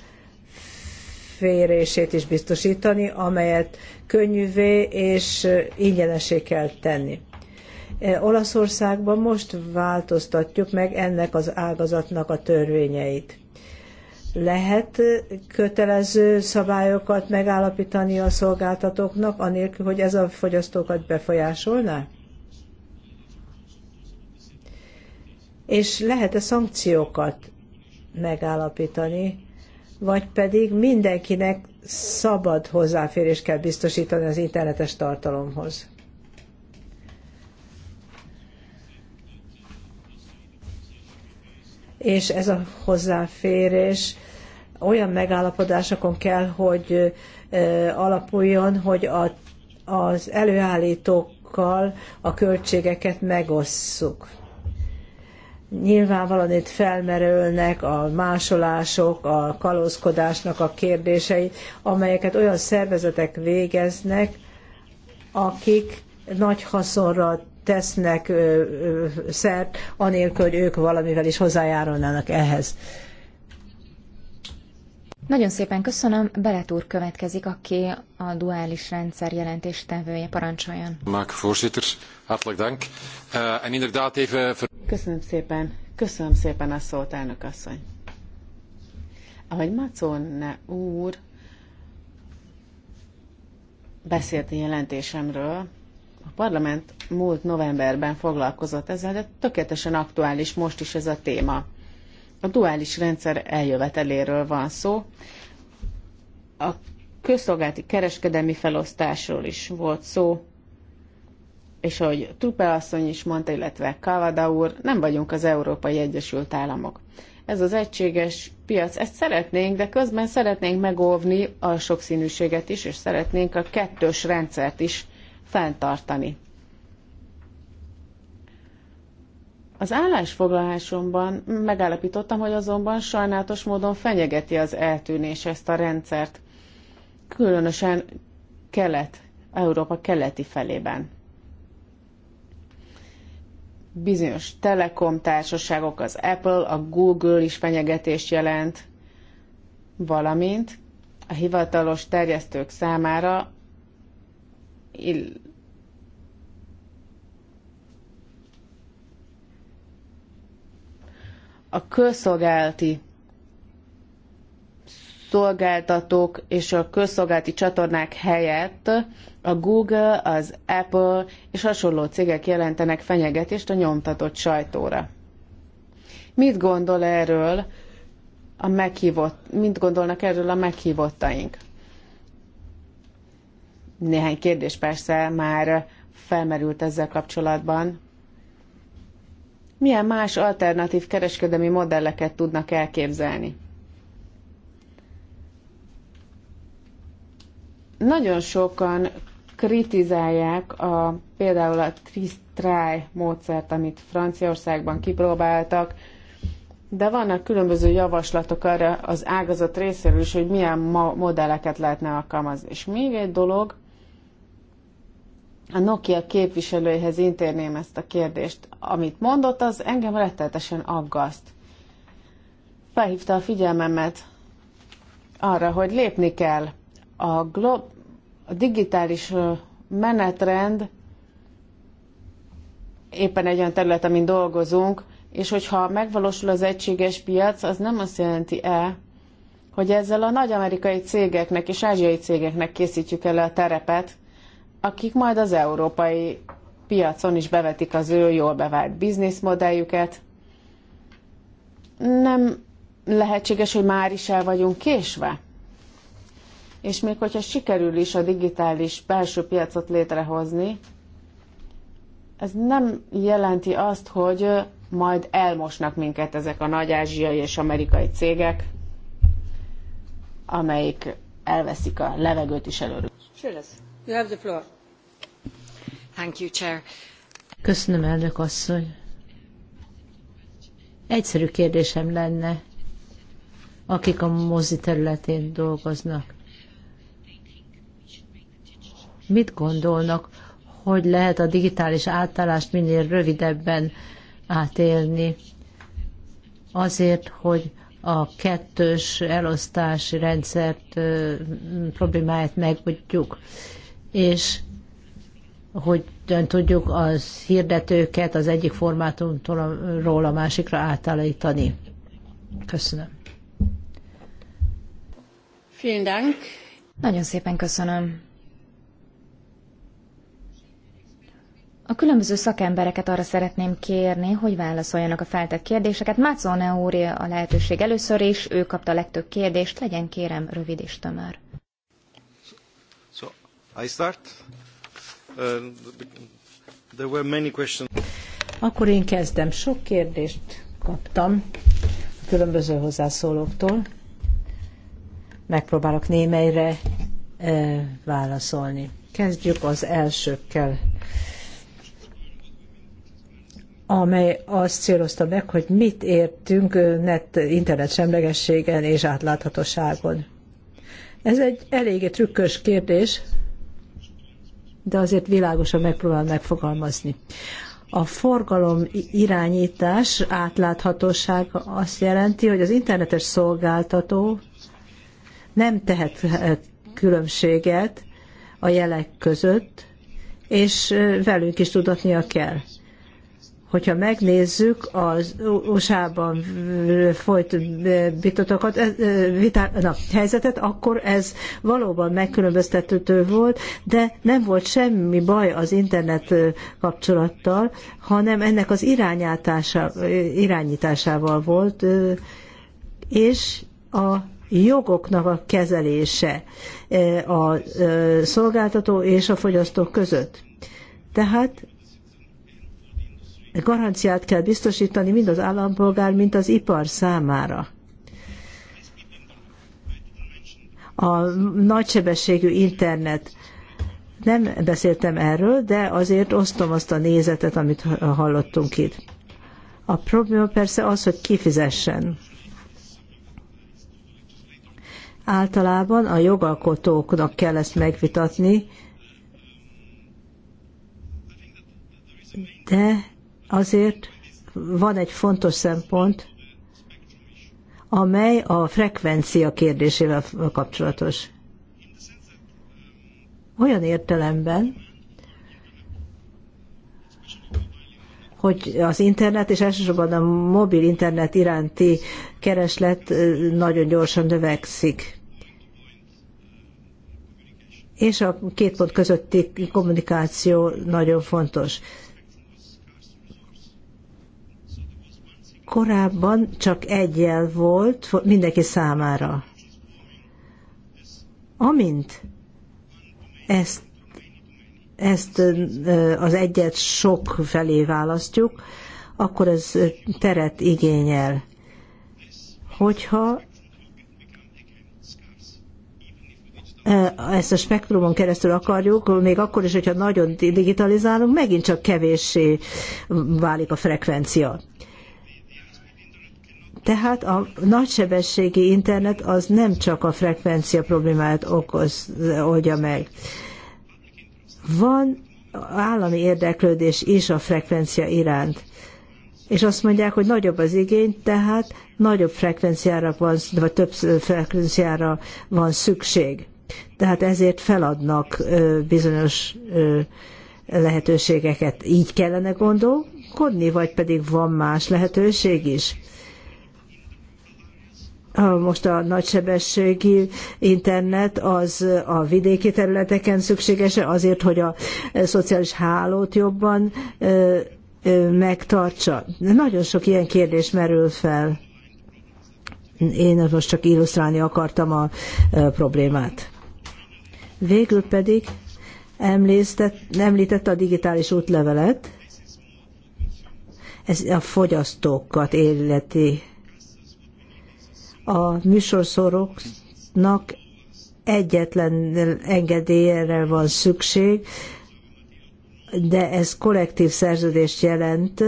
férését is biztosítani, amelyet könnyűvé és ingyenesé kell tenni. Olaszországban most változtatjuk meg ennek az ágazatnak a törvényeit. Lehet kötelező szabályokat megállapítani a szolgáltatóknak, anélkül, hogy ez a fogyasztókat befolyásolná? és lehet-e szankciókat megállapítani, vagy pedig mindenkinek szabad hozzáférést kell biztosítani az internetes tartalomhoz. És ez a hozzáférés olyan megállapodásokon kell, hogy alapuljon, hogy a, az előállítókkal a költségeket megosszuk nyilvánvalóan itt felmerülnek a másolások, a kalózkodásnak a kérdései, amelyeket olyan szervezetek végeznek, akik nagy haszonra tesznek szert, anélkül, hogy ők valamivel is hozzájárulnának ehhez. Nagyon szépen köszönöm. Beletúr következik, aki a duális rendszer jelentéstevője. Parancsoljon. Mák, voorzitter, hartelijk dank. Eh, en inderdaad even... Köszönöm szépen. Köszönöm szépen a szót, elnök asszony. Ahogy Macone úr beszélt a jelentésemről, a parlament múlt novemberben foglalkozott ezzel, de tökéletesen aktuális most is ez a téma. A duális rendszer eljöveteléről van szó. A közszolgálati kereskedelmi felosztásról is volt szó, és ahogy Trupe asszony is mondta, illetve Kavada úr, nem vagyunk az Európai Egyesült Államok. Ez az egységes piac, ezt szeretnénk, de közben szeretnénk megóvni a sokszínűséget is, és szeretnénk a kettős rendszert is fenntartani. Az állásfoglalásomban megállapítottam, hogy azonban sajnálatos módon fenyegeti az eltűnés ezt a rendszert, különösen kelet, Európa keleti felében. Bizonyos telekom társaságok, az Apple, a Google is fenyegetést jelent, valamint a hivatalos terjesztők számára a közszolgálati szolgáltatók és a közszolgálati csatornák helyett a Google, az Apple és hasonló cégek jelentenek fenyegetést a nyomtatott sajtóra. Mit gondol erről a meghívott, mit gondolnak erről a meghívottaink? Néhány kérdés persze már felmerült ezzel kapcsolatban, milyen más alternatív kereskedelmi modelleket tudnak elképzelni. Nagyon sokan kritizálják a, például a Tristrai módszert, amit Franciaországban kipróbáltak, de vannak különböző javaslatok arra az ágazat részéről is, hogy milyen modelleket lehetne alkalmazni. És még egy dolog, a Nokia képviselőihez intérném ezt a kérdést. Amit mondott, az engem rettetesen aggaszt. Felhívta a figyelmemet arra, hogy lépni kell. A, glo- a digitális menetrend éppen egy olyan terület, amin dolgozunk, és hogyha megvalósul az egységes piac, az nem azt jelenti-e, hogy ezzel a nagy amerikai cégeknek és ázsiai cégeknek készítjük el a terepet, akik majd az európai piacon is bevetik az ő jól bevált bizniszmodelljüket. Nem lehetséges, hogy már is el vagyunk késve? És még hogyha sikerül is a digitális belső piacot létrehozni, ez nem jelenti azt, hogy majd elmosnak minket ezek a nagy ázsiai és amerikai cégek, amelyik elveszik a levegőt is előre. Sure, Köszönöm, elnök asszony. Egyszerű kérdésem lenne, akik a mozi területén dolgoznak. Mit gondolnak, hogy lehet a digitális átállást minél rövidebben átélni, azért, hogy a kettős elosztási rendszert problémáját megoldjuk és hogy tudjuk az hirdetőket az egyik formátumról a másikra átállítani. Köszönöm. Vielen Dank. Nagyon szépen köszönöm. A különböző szakembereket arra szeretném kérni, hogy válaszoljanak a feltett kérdéseket. Mácone úr a lehetőség először is, ő kapta a legtöbb kérdést, legyen kérem rövid és tömör. Uh, Akkor én kezdem. Sok kérdést kaptam a különböző hozzászólóktól. Megpróbálok némelyre uh, válaszolni. Kezdjük az elsőkkel amely azt célozta meg, hogy mit értünk uh, net internet semlegességen és átláthatóságon. Ez egy eléggé trükkös kérdés, de azért világosan megpróbál megfogalmazni. A forgalom irányítás átláthatóság azt jelenti, hogy az internetes szolgáltató nem tehet különbséget a jelek között, és velünk is tudatnia kell. Hogyha megnézzük az USA-ban folyt vitatokat, vitá, na, helyzetet, akkor ez valóban megkülönböztető volt, de nem volt semmi baj az internet kapcsolattal, hanem ennek az irányításával volt, és a jogoknak a kezelése a szolgáltató és a fogyasztó között. Tehát garanciát kell biztosítani mind az állampolgár, mind az ipar számára. A nagysebességű internet nem beszéltem erről, de azért osztom azt a nézetet, amit hallottunk itt. A probléma persze az, hogy kifizessen. Általában a jogalkotóknak kell ezt megvitatni, de azért van egy fontos szempont, amely a frekvencia kérdésével kapcsolatos. Olyan értelemben, hogy az internet, és elsősorban a mobil internet iránti kereslet nagyon gyorsan növekszik. És a két pont közötti kommunikáció nagyon fontos. korábban csak jel volt mindenki számára. Amint ezt, ezt az egyet sok felé választjuk, akkor ez teret igényel. Hogyha ezt a spektrumon keresztül akarjuk, még akkor is, hogyha nagyon digitalizálunk, megint csak kevéssé válik a frekvencia. Tehát a nagysebességi internet az nem csak a frekvencia problémáját okoz, oldja meg. Van állami érdeklődés is a frekvencia iránt. És azt mondják, hogy nagyobb az igény, tehát nagyobb frekvenciára van, vagy több frekvenciára van szükség. Tehát ezért feladnak bizonyos lehetőségeket. Így kellene gondolkodni, vagy pedig van más lehetőség is most a nagysebességi internet az a vidéki területeken szükséges azért, hogy a e, szociális hálót jobban e, e, megtartsa. Nagyon sok ilyen kérdés merül fel. Én most csak illusztrálni akartam a problémát. Végül pedig említette a digitális útlevelet, ez a fogyasztókat életi a műsorszoroknak egyetlen engedélyre van szükség, de ez kollektív szerződést jelent,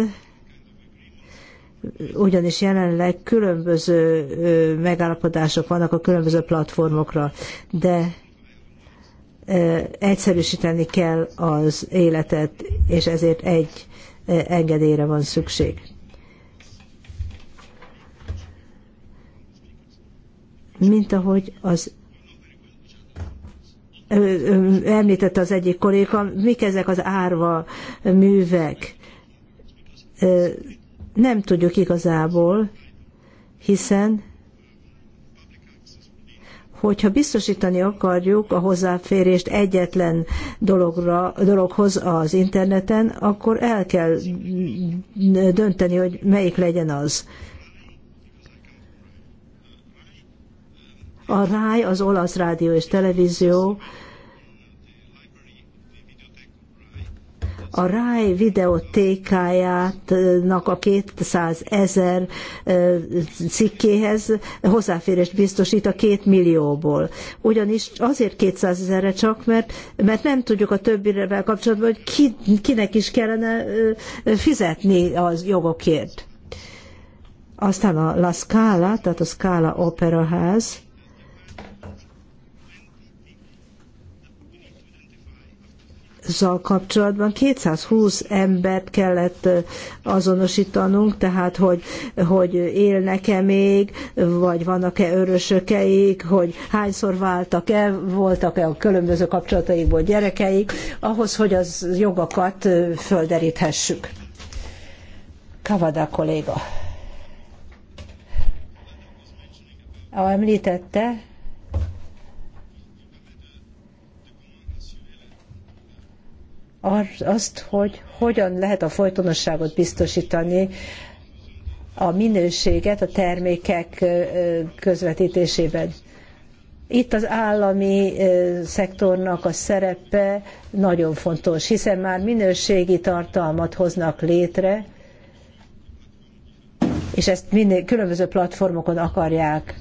ugyanis jelenleg különböző megállapodások vannak a különböző platformokra, de egyszerűsíteni kell az életet, és ezért egy engedélyre van szükség. mint ahogy az említette az egyik kolléga, mik ezek az árva művek. Nem tudjuk igazából, hiszen hogyha biztosítani akarjuk a hozzáférést egyetlen dologra, dologhoz az interneten, akkor el kell dönteni, hogy melyik legyen az. A RAI, az olasz rádió és televízió a RAI videotékájának a 200 ezer cikkéhez hozzáférést biztosít a két millióból. Ugyanis azért 200 ezerre csak, mert, mert nem tudjuk a többirevel kapcsolatban, hogy ki, kinek is kellene fizetni az jogokért. Aztán a La Scala, tehát a Scala Operaház, zal kapcsolatban 220 embert kellett azonosítanunk, tehát hogy, hogy élnek-e még, vagy vannak-e örösökeik, hogy hányszor váltak-e, voltak-e a különböző kapcsolataikból gyerekeik, ahhoz, hogy az jogakat földeríthessük. Kavada kolléga. Említette, azt, hogy hogyan lehet a folytonosságot biztosítani, a minőséget a termékek közvetítésében. Itt az állami szektornak a szerepe nagyon fontos, hiszen már minőségi tartalmat hoznak létre, és ezt minél különböző platformokon akarják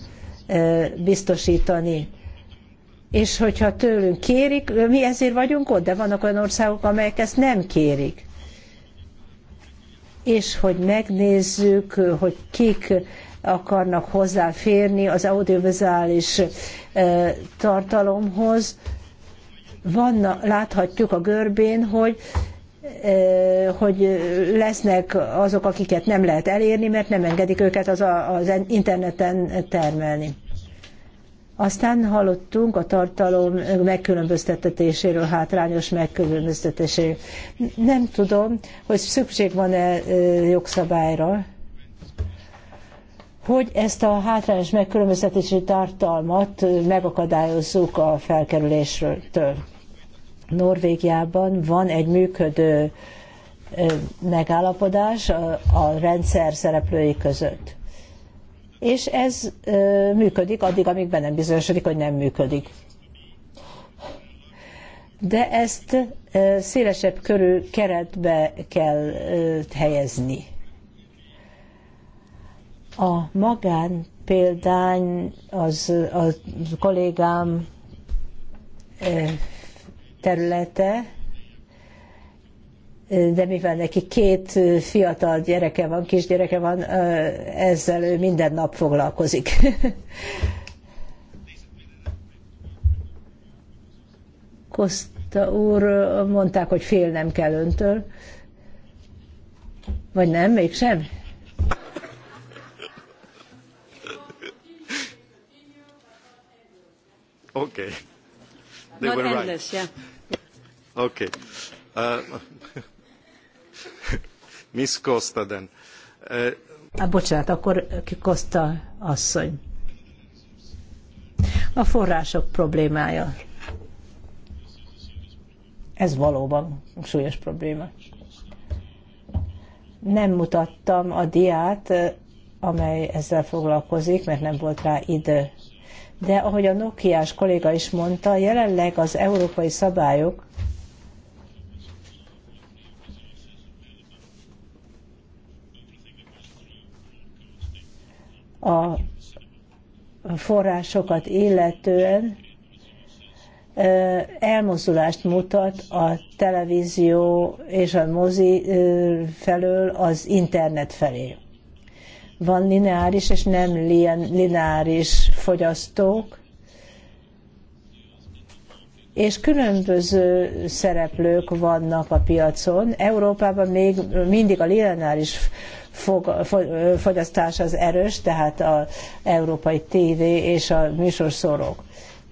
biztosítani és hogyha tőlünk kérik, mi ezért vagyunk ott, de vannak olyan országok, amelyek ezt nem kérik. És hogy megnézzük, hogy kik akarnak hozzáférni az audiovizuális tartalomhoz, van, láthatjuk a görbén, hogy hogy lesznek azok, akiket nem lehet elérni, mert nem engedik őket az, az interneten termelni. Aztán hallottunk a tartalom megkülönböztetéséről, hátrányos megkülönböztetéséről. Nem tudom, hogy szükség van-e jogszabályra, hogy ezt a hátrányos megkülönböztetési tartalmat megakadályozzuk a felkerülésről. Norvégiában van egy működő megállapodás a rendszer szereplői között és ez működik addig, amíg be nem bizonyosodik, hogy nem működik. De ezt szélesebb körű keretbe kell helyezni. A magán példány az a kollégám területe, de mivel neki két fiatal gyereke van, kisgyereke van, ezzel ő minden nap foglalkozik. Kosta úr, mondták, hogy félnem kell öntől. Vagy nem, mégsem? Oké. Okay. They Not were endless, right. yeah. Okay. Uh, Miss Costa, then. Uh, Á, bocsánat, akkor eh, Costa asszony. A források problémája. Ez valóban súlyos probléma. Nem mutattam a diát, eh, amely ezzel foglalkozik, mert nem volt rá idő. De ahogy a Nokiás kolléga is mondta, jelenleg az európai szabályok a forrásokat illetően elmozdulást mutat a televízió és a mozi felől az internet felé. Van lineáris és nem lineáris fogyasztók, és különböző szereplők vannak a piacon. Európában még mindig a lineáris fogyasztás az erős, tehát az európai tévé és a műsorszorok.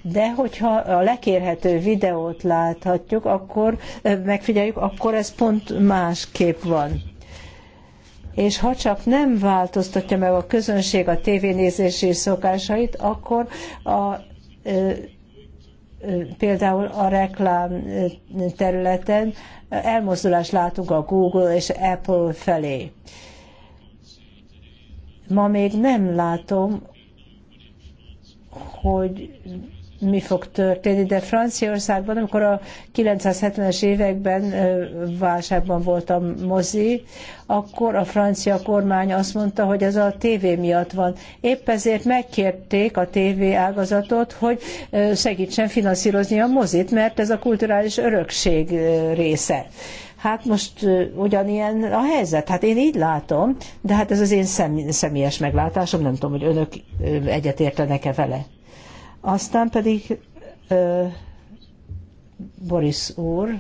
De hogyha a lekérhető videót láthatjuk, akkor megfigyeljük, akkor ez pont másképp van és ha csak nem változtatja meg a közönség a tévénézési szokásait, akkor a, például a reklám területen elmozdulást látunk a Google és Apple felé. Ma még nem látom, hogy mi fog történni, de Franciaországban, amikor a 970-es években válságban volt a mozi, akkor a francia kormány azt mondta, hogy ez a tévé miatt van. Épp ezért megkérték a tévé ágazatot, hogy segítsen finanszírozni a mozit, mert ez a kulturális örökség része. Hát most ugyanilyen a helyzet, hát én így látom, de hát ez az én személyes meglátásom, nem tudom, hogy önök egyetértenek-e vele. Aztán pedig Boris úr,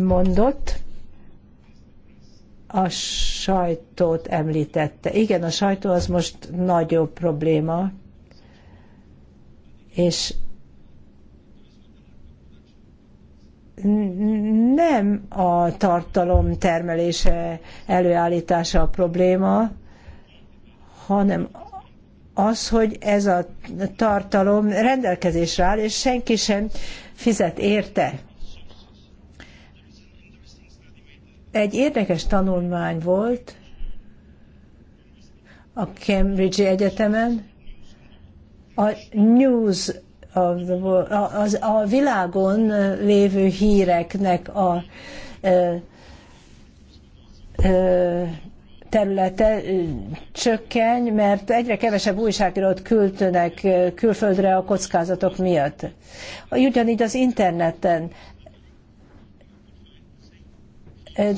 mondott, a sajtót említette. Igen, a sajtó az most nagyobb probléma, és nem a tartalom termelése, előállítása a probléma, hanem az, hogy ez a tartalom rendelkezésre áll, és senki sem fizet érte. Egy érdekes tanulmány volt a Cambridge Egyetemen, a News a, az, a világon lévő híreknek a ö, ö, területe csökken, mert egyre kevesebb újságírót küldtönek külföldre a kockázatok miatt. Ugyanígy az interneten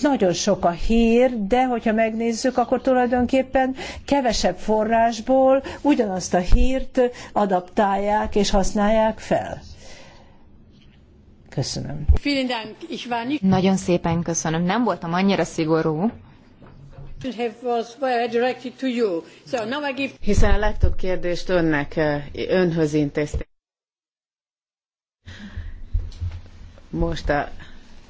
nagyon sok a hír, de hogyha megnézzük, akkor tulajdonképpen kevesebb forrásból ugyanazt a hírt adaptálják és használják fel. Köszönöm. Nagyon szépen köszönöm. Nem voltam annyira szigorú. Hiszen a legtöbb kérdést önnek, eh, önhöz intézték. Most a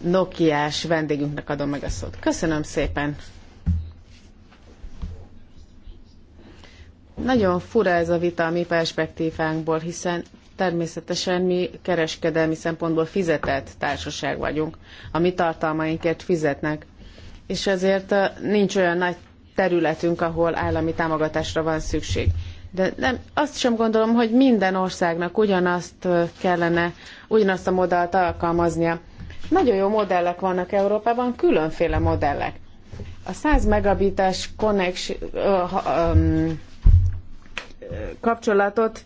Nokiás vendégünknek adom meg a szót. Köszönöm szépen! Nagyon fura ez a vita a mi perspektívánkból, hiszen természetesen mi kereskedelmi szempontból fizetett társaság vagyunk, a mi tartalmainkért fizetnek, és ezért nincs olyan nagy területünk, ahol állami támogatásra van szükség. De nem, azt sem gondolom, hogy minden országnak ugyanazt kellene, ugyanazt a modellt alkalmaznia. Nagyon jó modellek vannak Európában, különféle modellek. A 100 megabites connection, kapcsolatot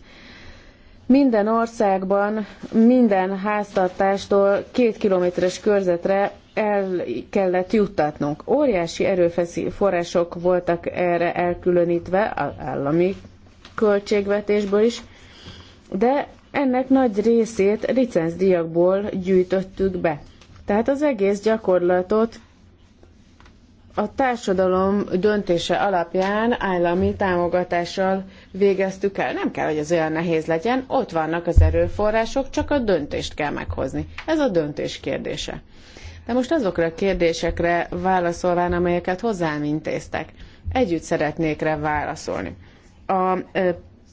minden országban, minden háztartástól két kilométeres körzetre el kellett juttatnunk. Óriási erőforrások források voltak erre elkülönítve, állami költségvetésből is, de ennek nagy részét licencdíjakból gyűjtöttük be. Tehát az egész gyakorlatot a társadalom döntése alapján állami támogatással végeztük el. Nem kell, hogy ez olyan nehéz legyen, ott vannak az erőforrások, csak a döntést kell meghozni. Ez a döntés kérdése. De most azokra a kérdésekre válaszolván, amelyeket hozzám intéztek, együtt szeretnék rá válaszolni. A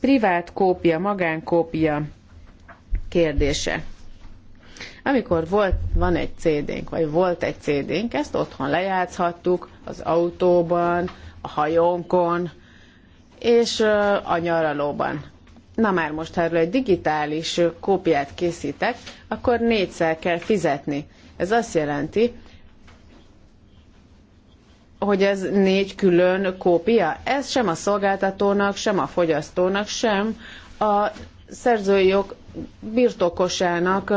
privát kópia, magánkópia kérdése. Amikor volt, van egy CD-nk, vagy volt egy CD-nk, ezt otthon lejátszhattuk, az autóban, a hajónkon, és a nyaralóban. Na már most, ha erről egy digitális kópiát készítek, akkor négyszer kell fizetni. Ez azt jelenti, hogy ez négy külön kópia. Ez sem a szolgáltatónak, sem a fogyasztónak, sem a szerzői jog birtokosának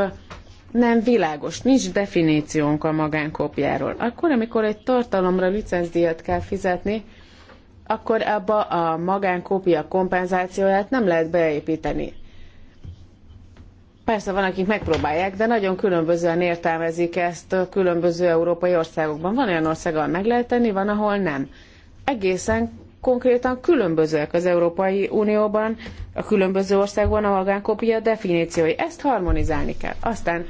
nem világos, nincs definíciónk a magánkopjáról. Akkor, amikor egy tartalomra licenzdíjat kell fizetni, akkor abba a magánkópia kompenzációját nem lehet beépíteni. Persze van, akik megpróbálják, de nagyon különbözően értelmezik ezt különböző európai országokban. Van olyan ország, ahol meg lehet tenni, van, ahol nem. Egészen konkrétan különbözőek az Európai Unióban, a különböző országban a magánkopia definíciói. Ezt harmonizálni kell. Aztán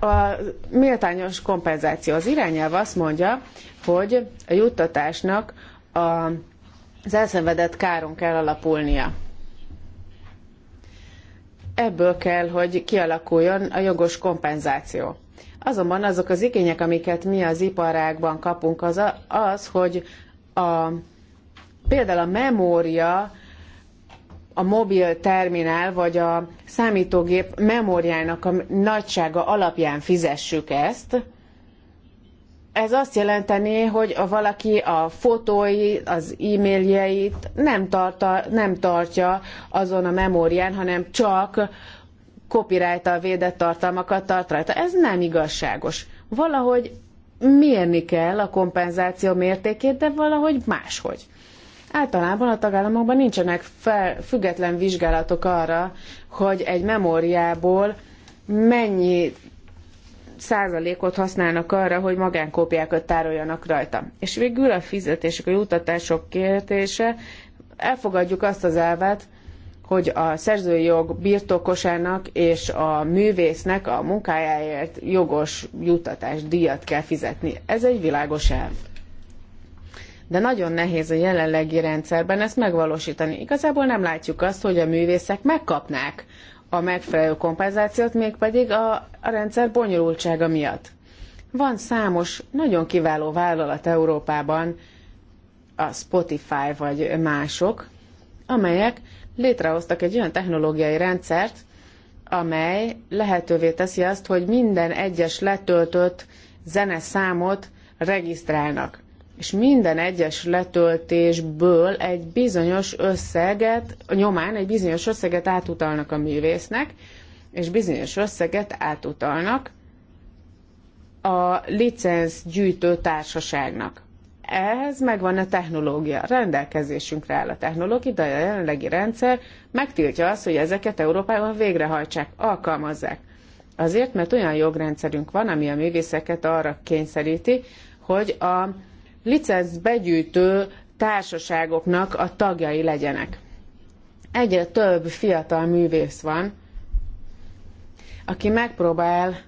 a méltányos kompenzáció. Az irányelv azt mondja, hogy a juttatásnak a, az elszenvedett káron kell alapulnia. Ebből kell, hogy kialakuljon a jogos kompenzáció. Azonban azok az igények, amiket mi az iparágban kapunk, az az, hogy a Például a memória, a mobil terminál vagy a számítógép memóriának a nagysága alapján fizessük ezt, ez azt jelenteni, hogy a valaki a fotói, az e-mailjeit nem, tarta, nem tartja azon a memórián, hanem csak a védett tartalmakat tart rajta. Ez nem igazságos. Valahogy mérni kell a kompenzáció mértékét, de valahogy máshogy. Általában a tagállamokban nincsenek fel, független vizsgálatok arra, hogy egy memóriából mennyi százalékot használnak arra, hogy magánkópiákat tároljanak rajta. És végül a fizetések, a jutatások kérdése, elfogadjuk azt az elvet, hogy a szerzői jog birtokosának és a művésznek a munkájáért jogos jutatás díjat kell fizetni. Ez egy világos elv de nagyon nehéz a jelenlegi rendszerben ezt megvalósítani. Igazából nem látjuk azt, hogy a művészek megkapnák a megfelelő kompenzációt, mégpedig a, a rendszer bonyolultsága miatt. Van számos nagyon kiváló vállalat Európában, a Spotify vagy mások, amelyek létrehoztak egy olyan technológiai rendszert, amely lehetővé teszi azt, hogy minden egyes letöltött zeneszámot regisztrálnak és minden egyes letöltésből egy bizonyos összeget, nyomán egy bizonyos összeget átutalnak a művésznek, és bizonyos összeget átutalnak a gyűjtő társaságnak. Ehhez megvan a technológia, rendelkezésünkre áll a technológia, de a jelenlegi rendszer megtiltja azt, hogy ezeket Európában végrehajtsák, alkalmazzák. Azért, mert olyan jogrendszerünk van, ami a művészeket arra kényszeríti, hogy a licencbegyűjtő társaságoknak a tagjai legyenek. Egyre több fiatal művész van, aki megpróbál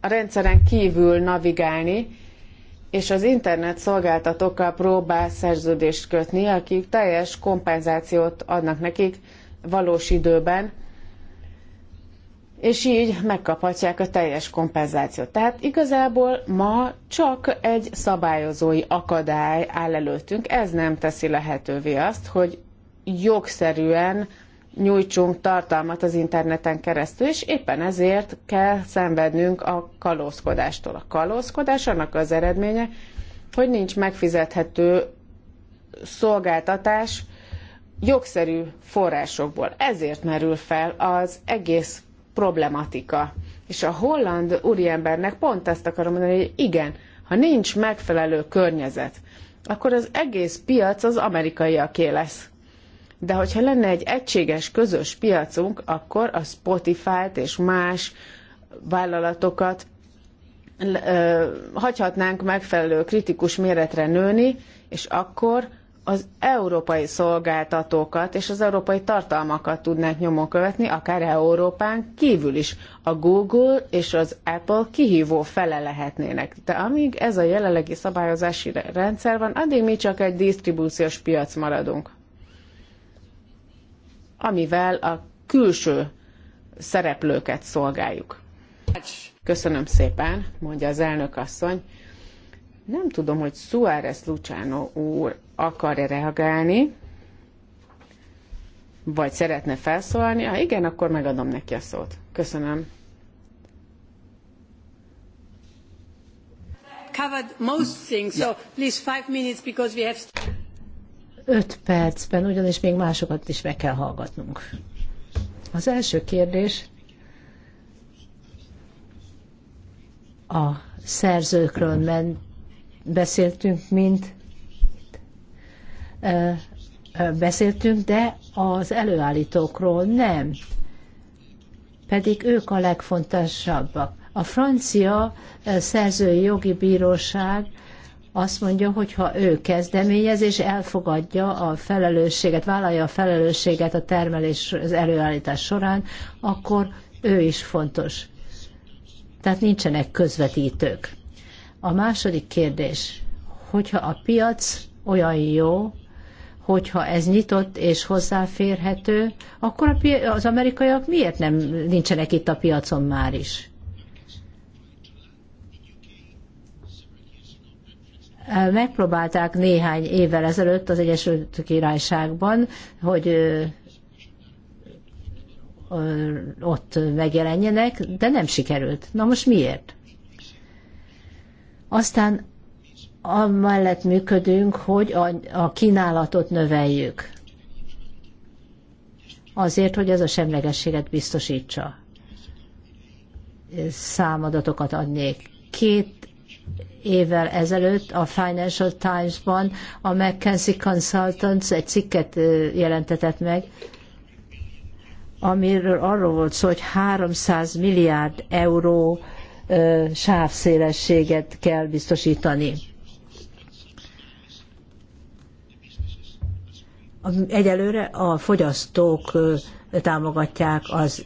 a rendszeren kívül navigálni, és az internet szolgáltatókkal próbál szerződést kötni, akik teljes kompenzációt adnak nekik valós időben, és így megkaphatják a teljes kompenzációt. Tehát igazából ma csak egy szabályozói akadály áll előttünk, ez nem teszi lehetővé azt, hogy jogszerűen nyújtsunk tartalmat az interneten keresztül, és éppen ezért kell szenvednünk a kalózkodástól. A kalózkodás annak az eredménye, hogy nincs megfizethető szolgáltatás jogszerű forrásokból. Ezért merül fel az egész problematika. És a holland úriembernek pont ezt akarom mondani, hogy igen, ha nincs megfelelő környezet, akkor az egész piac az amerikaiaké lesz. De hogyha lenne egy egységes, közös piacunk, akkor a Spotify-t és más vállalatokat hagyhatnánk megfelelő kritikus méretre nőni, és akkor az európai szolgáltatókat és az európai tartalmakat tudnánk nyomon követni, akár Európán kívül is. A Google és az Apple kihívó fele lehetnének. De amíg ez a jelenlegi szabályozási rendszer van, addig mi csak egy disztribúciós piac maradunk. Amivel a külső szereplőket szolgáljuk. Köszönöm szépen, mondja az elnök asszony. Nem tudom, hogy Suárez Luciano úr akar-e reagálni, vagy szeretne felszólalni. Ha igen, akkor megadom neki a szót. Köszönöm. Öt percben, ugyanis még másokat is meg kell hallgatnunk. Az első kérdés a szerzőkről Men beszéltünk, mint beszéltünk, de az előállítókról nem. Pedig ők a legfontosabbak. A francia szerzői jogi bíróság azt mondja, hogy ha ő kezdeményez és elfogadja a felelősséget, vállalja a felelősséget a termelés, az előállítás során, akkor ő is fontos. Tehát nincsenek közvetítők. A második kérdés, hogyha a piac olyan jó, hogyha ez nyitott és hozzáférhető, akkor az amerikaiak miért nem nincsenek itt a piacon már is? Megpróbálták néhány évvel ezelőtt az Egyesült Királyságban, hogy ott megjelenjenek, de nem sikerült. Na most miért? Aztán amellett működünk, hogy a, a kínálatot növeljük. Azért, hogy ez a semlegességet biztosítsa. Számadatokat adnék. Két évvel ezelőtt a Financial Times-ban a McKinsey Consultants egy cikket jelentetett meg, amiről arról volt szó, hogy 300 milliárd euró sávszélességet kell biztosítani egyelőre a fogyasztók támogatják az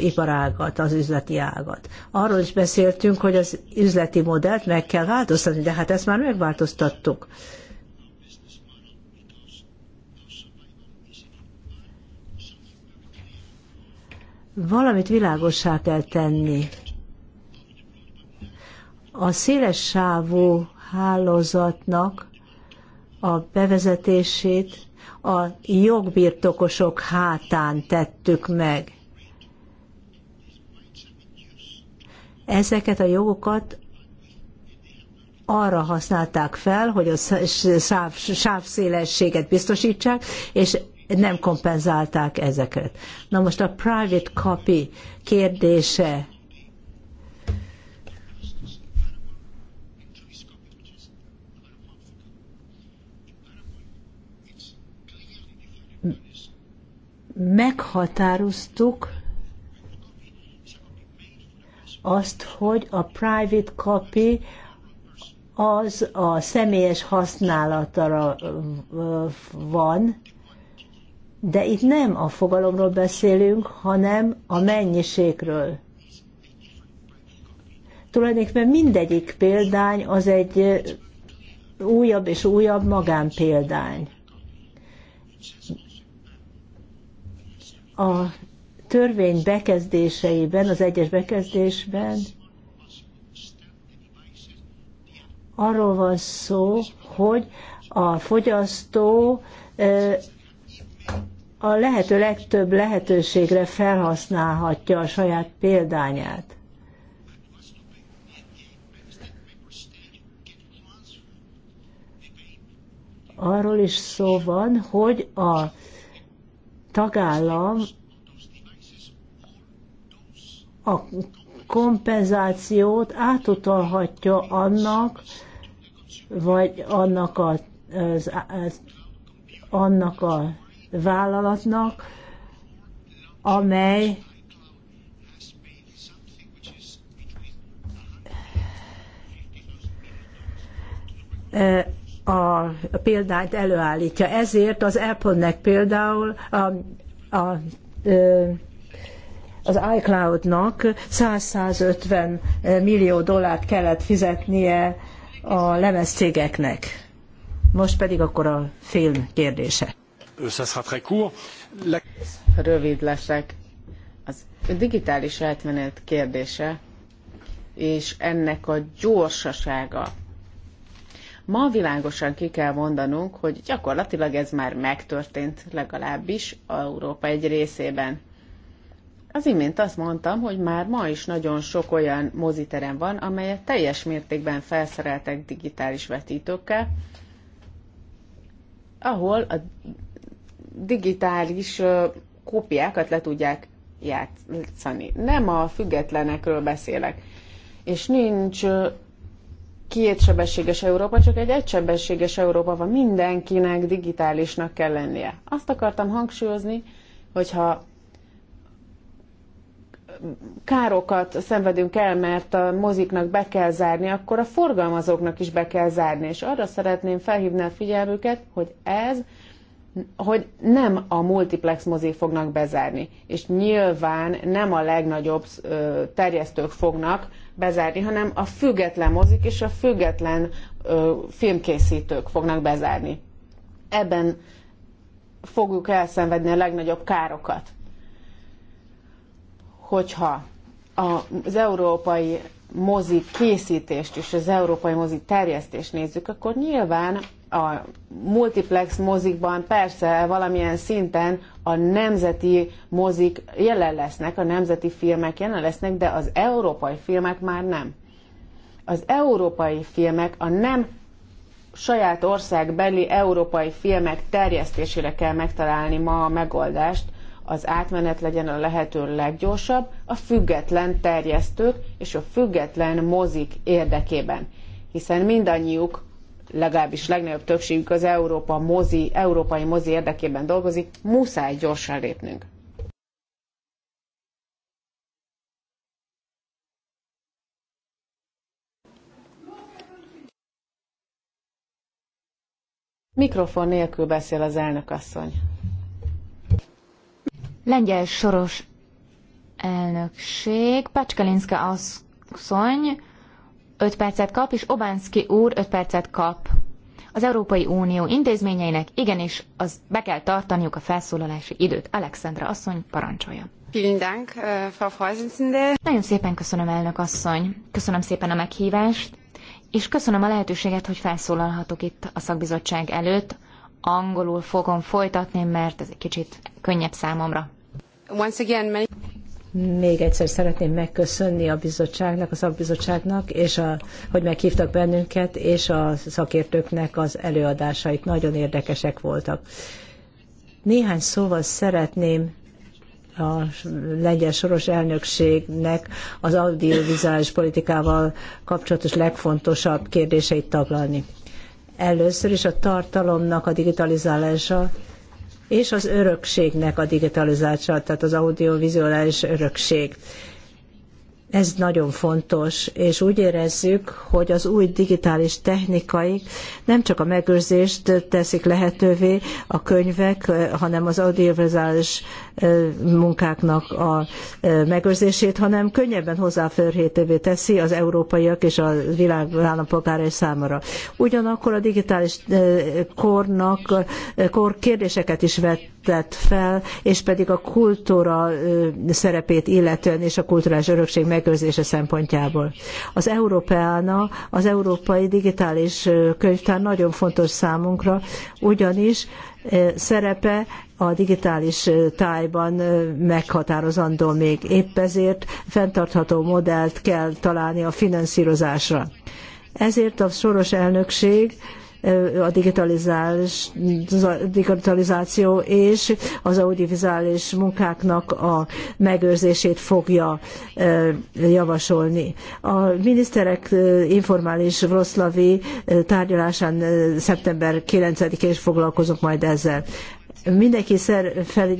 iparágat, az üzleti ágat. Arról is beszéltünk, hogy az üzleti modellt meg kell változtatni, de hát ezt már megváltoztattuk. Valamit világossá kell tenni. A széles sávú hálózatnak a bevezetését a jogbirtokosok hátán tettük meg. Ezeket a jogokat arra használták fel, hogy a sáv, sávszélességet biztosítsák, és nem kompenzálták ezeket. Na most a private copy kérdése meghatároztuk azt, hogy a private copy az a személyes használatra van, de itt nem a fogalomról beszélünk, hanem a mennyiségről. Tulajdonképpen mindegyik példány az egy újabb és újabb magánpéldány. A törvény bekezdéseiben, az egyes bekezdésben arról van szó, hogy a fogyasztó a lehető legtöbb lehetőségre felhasználhatja a saját példányát. Arról is szó van, hogy a tagállam a kompenzációt átutalhatja annak, vagy annak a, az, az, annak a vállalatnak, amely a példányt előállítja. Ezért az Apple-nek például a, a az iCloud-nak 150 millió dollárt kellett fizetnie a lemezcégeknek. Most pedig akkor a film kérdése. Rövid leszek. Az digitális átmenet kérdése és ennek a gyorsasága Ma világosan ki kell mondanunk, hogy gyakorlatilag ez már megtörtént legalábbis Európa egy részében. Az imént azt mondtam, hogy már ma is nagyon sok olyan moziterem van, amelyet teljes mértékben felszereltek digitális vetítőkkel, ahol a digitális kópiákat le tudják játszani. Nem a függetlenekről beszélek, és nincs kétsebességes Európa, csak egy egysebességes Európa van. Mindenkinek digitálisnak kell lennie. Azt akartam hangsúlyozni, hogyha károkat szenvedünk el, mert a moziknak be kell zárni, akkor a forgalmazóknak is be kell zárni. És arra szeretném felhívni a figyelmüket, hogy ez, hogy nem a multiplex mozik fognak bezárni, és nyilván nem a legnagyobb terjesztők fognak bezárni, hanem a független mozik és a független ö, filmkészítők fognak bezárni. Ebben fogjuk elszenvedni a legnagyobb károkat. Hogyha az európai mozi készítést és az európai mozi terjesztést nézzük, akkor nyilván a multiplex mozikban persze valamilyen szinten a nemzeti mozik jelen lesznek, a nemzeti filmek jelen lesznek, de az európai filmek már nem. Az európai filmek a nem saját ország beli európai filmek terjesztésére kell megtalálni ma a megoldást, az átmenet legyen a lehető leggyorsabb, a független terjesztők és a független mozik érdekében. Hiszen mindannyiuk legalábbis legnagyobb többségük az Európa mozi, európai mozi érdekében dolgozik, muszáj gyorsan lépnünk. Mikrofon nélkül beszél az elnök asszony. Lengyel soros elnökség, Pecskalinszka asszony, 5 percet kap, és Obánszki úr 5 percet kap. Az Európai Unió intézményeinek igenis az be kell tartaniuk a felszólalási időt. Alexandra asszony parancsolja. Dank, äh, Nagyon szépen köszönöm, elnök asszony. Köszönöm szépen a meghívást, és köszönöm a lehetőséget, hogy felszólalhatok itt a szakbizottság előtt. Angolul fogom folytatni, mert ez egy kicsit könnyebb számomra. Még egyszer szeretném megköszönni a bizottságnak, a szakbizottságnak, és a, hogy meghívtak bennünket, és a szakértőknek az előadásait nagyon érdekesek voltak. Néhány szóval szeretném a lengyel soros elnökségnek az audiovizuális politikával kapcsolatos legfontosabb kérdéseit taglalni. Először is a tartalomnak a digitalizálása és az örökségnek a digitalizáció, tehát az audiovizuális örökség. Ez nagyon fontos, és úgy érezzük, hogy az új digitális technikai nem csak a megőrzést teszik lehetővé a könyvek, eh, hanem az audiovizuális munkáknak a megőrzését, hanem könnyebben hozzáférhetővé teszi az európaiak és a világ állampolgárai számára. Ugyanakkor a digitális kornak kor kérdéseket is vetett fel, és pedig a kultúra szerepét illetően és a kulturális örökség megőrzése szempontjából. Az Európeána, az európai digitális könyvtár nagyon fontos számunkra, ugyanis szerepe a digitális tájban meghatározandó még. Épp ezért fenntartható modellt kell találni a finanszírozásra. Ezért a soros elnökség a digitalizálás, digitalizáció és az audiovizuális munkáknak a megőrzését fogja javasolni. A miniszterek informális vroszlavi tárgyalásán szeptember 9-én is foglalkozok majd ezzel. Mindenki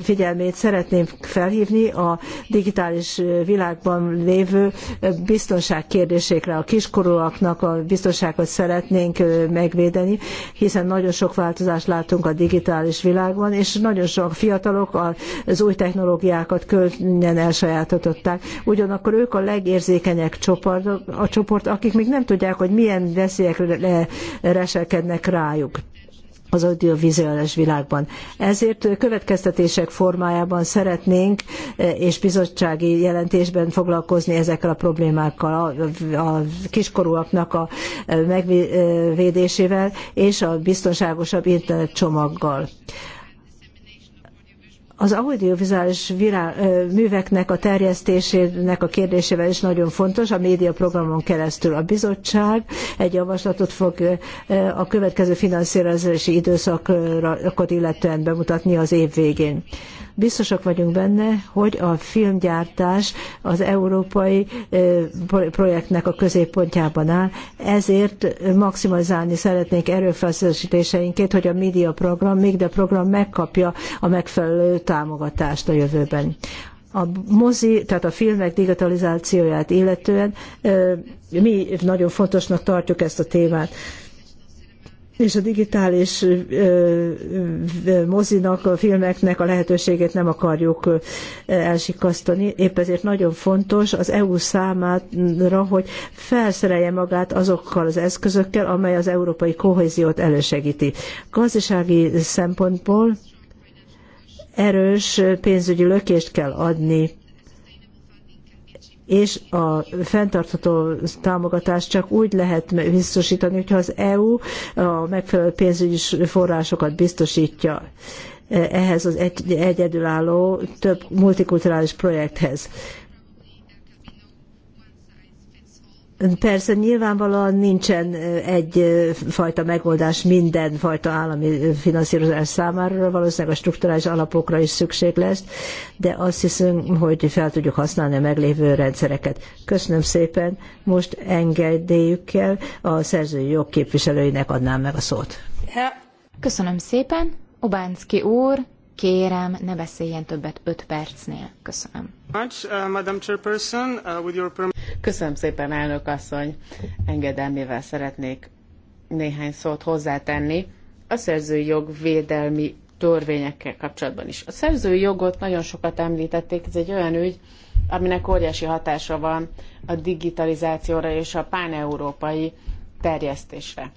figyelmét szeretném felhívni a digitális világban lévő biztonság kérdésékre. A kiskorúaknak a biztonságot szeretnénk megvédeni, hiszen nagyon sok változást látunk a digitális világban, és nagyon sok fiatalok az új technológiákat könnyen elsajátították. Ugyanakkor ők a legérzékenyek csoport, a csoport, akik még nem tudják, hogy milyen veszélyekre reselkednek rájuk az audiovizuális világban. Ezért következtetések formájában szeretnénk, eh, és bizottsági jelentésben foglalkozni ezekkel a problémákkal, a, kiskorúaknak a eh, megvédésével eh, és a biztonságosabb internet csomaggal az audiovizuális virá, műveknek a terjesztésének a kérdésével is nagyon fontos, a médiaprogramon keresztül a bizottság egy javaslatot fog a következő finanszírozási időszakot illetően bemutatni az év végén. Biztosak vagyunk benne, hogy a filmgyártás az európai eh, projektnek a középpontjában áll, ezért maximalizálni szeretnénk erőfeszítéseinket, hogy a média program, MIGDE program megkapja a megfelelő támogatást a jövőben a mozi, tehát a filmek digitalizációját illetően eh, mi nagyon fontosnak tartjuk ezt a témát és a digitális mozinak, a filmeknek a lehetőségét nem akarjuk elsikasztani. Épp ezért nagyon fontos az EU számára, hogy felszerelje magát azokkal az eszközökkel, amely az európai kohéziót elősegíti. Gazdasági szempontból erős pénzügyi lökést kell adni és a fenntartható támogatást csak úgy lehet biztosítani, hogyha az EU a megfelelő pénzügyi forrásokat biztosítja eh, ehhez az egy, egyedülálló több multikulturális projekthez. Persze nyilvánvalóan nincsen egyfajta megoldás mindenfajta állami finanszírozás számára, valószínűleg a strukturális alapokra is szükség lesz, de azt hiszem, hogy fel tudjuk használni a meglévő rendszereket. Köszönöm szépen, most engedélyükkel a szerzői jogképviselőinek adnám meg a szót. Köszönöm szépen, Obánszki úr, kérem, ne beszéljen többet Öt percnél. Köszönöm. Uh, uh, Köszönöm szépen, elnök asszony. Engedelmével szeretnék néhány szót hozzátenni a szerzői jog védelmi törvényekkel kapcsolatban is. A szerzői jogot nagyon sokat említették, ez egy olyan ügy, aminek óriási hatása van a digitalizációra és a páneurópai terjesztésre.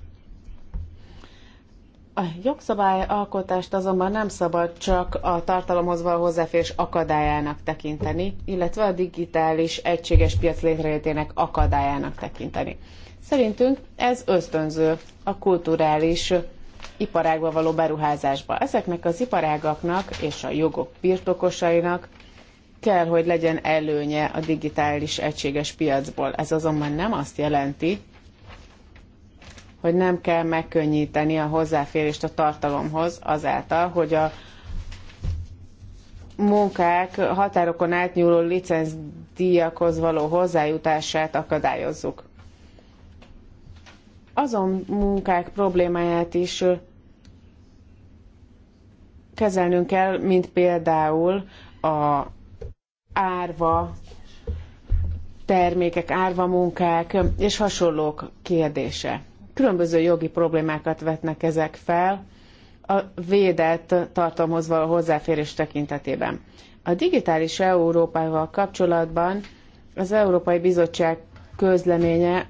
A jogszabályalkotást azonban nem szabad csak a tartalomhoz való hozzáférés akadályának tekinteni, illetve a digitális egységes piac létrejöttének akadályának tekinteni. Szerintünk ez ösztönző a kulturális iparágba való beruházásba. Ezeknek az iparágaknak és a jogok birtokosainak kell, hogy legyen előnye a digitális egységes piacból. Ez azonban nem azt jelenti, hogy nem kell megkönnyíteni a hozzáférést a tartalomhoz azáltal, hogy a munkák határokon átnyúló licenzdíjakhoz való hozzájutását akadályozzuk. Azon munkák problémáját is kezelnünk kell, mint például a árva termékek, árva munkák és hasonlók kérdése. Különböző jogi problémákat vetnek ezek fel a védett tartalmhoz való hozzáférés tekintetében. A digitális Európával kapcsolatban az Európai Bizottság közleménye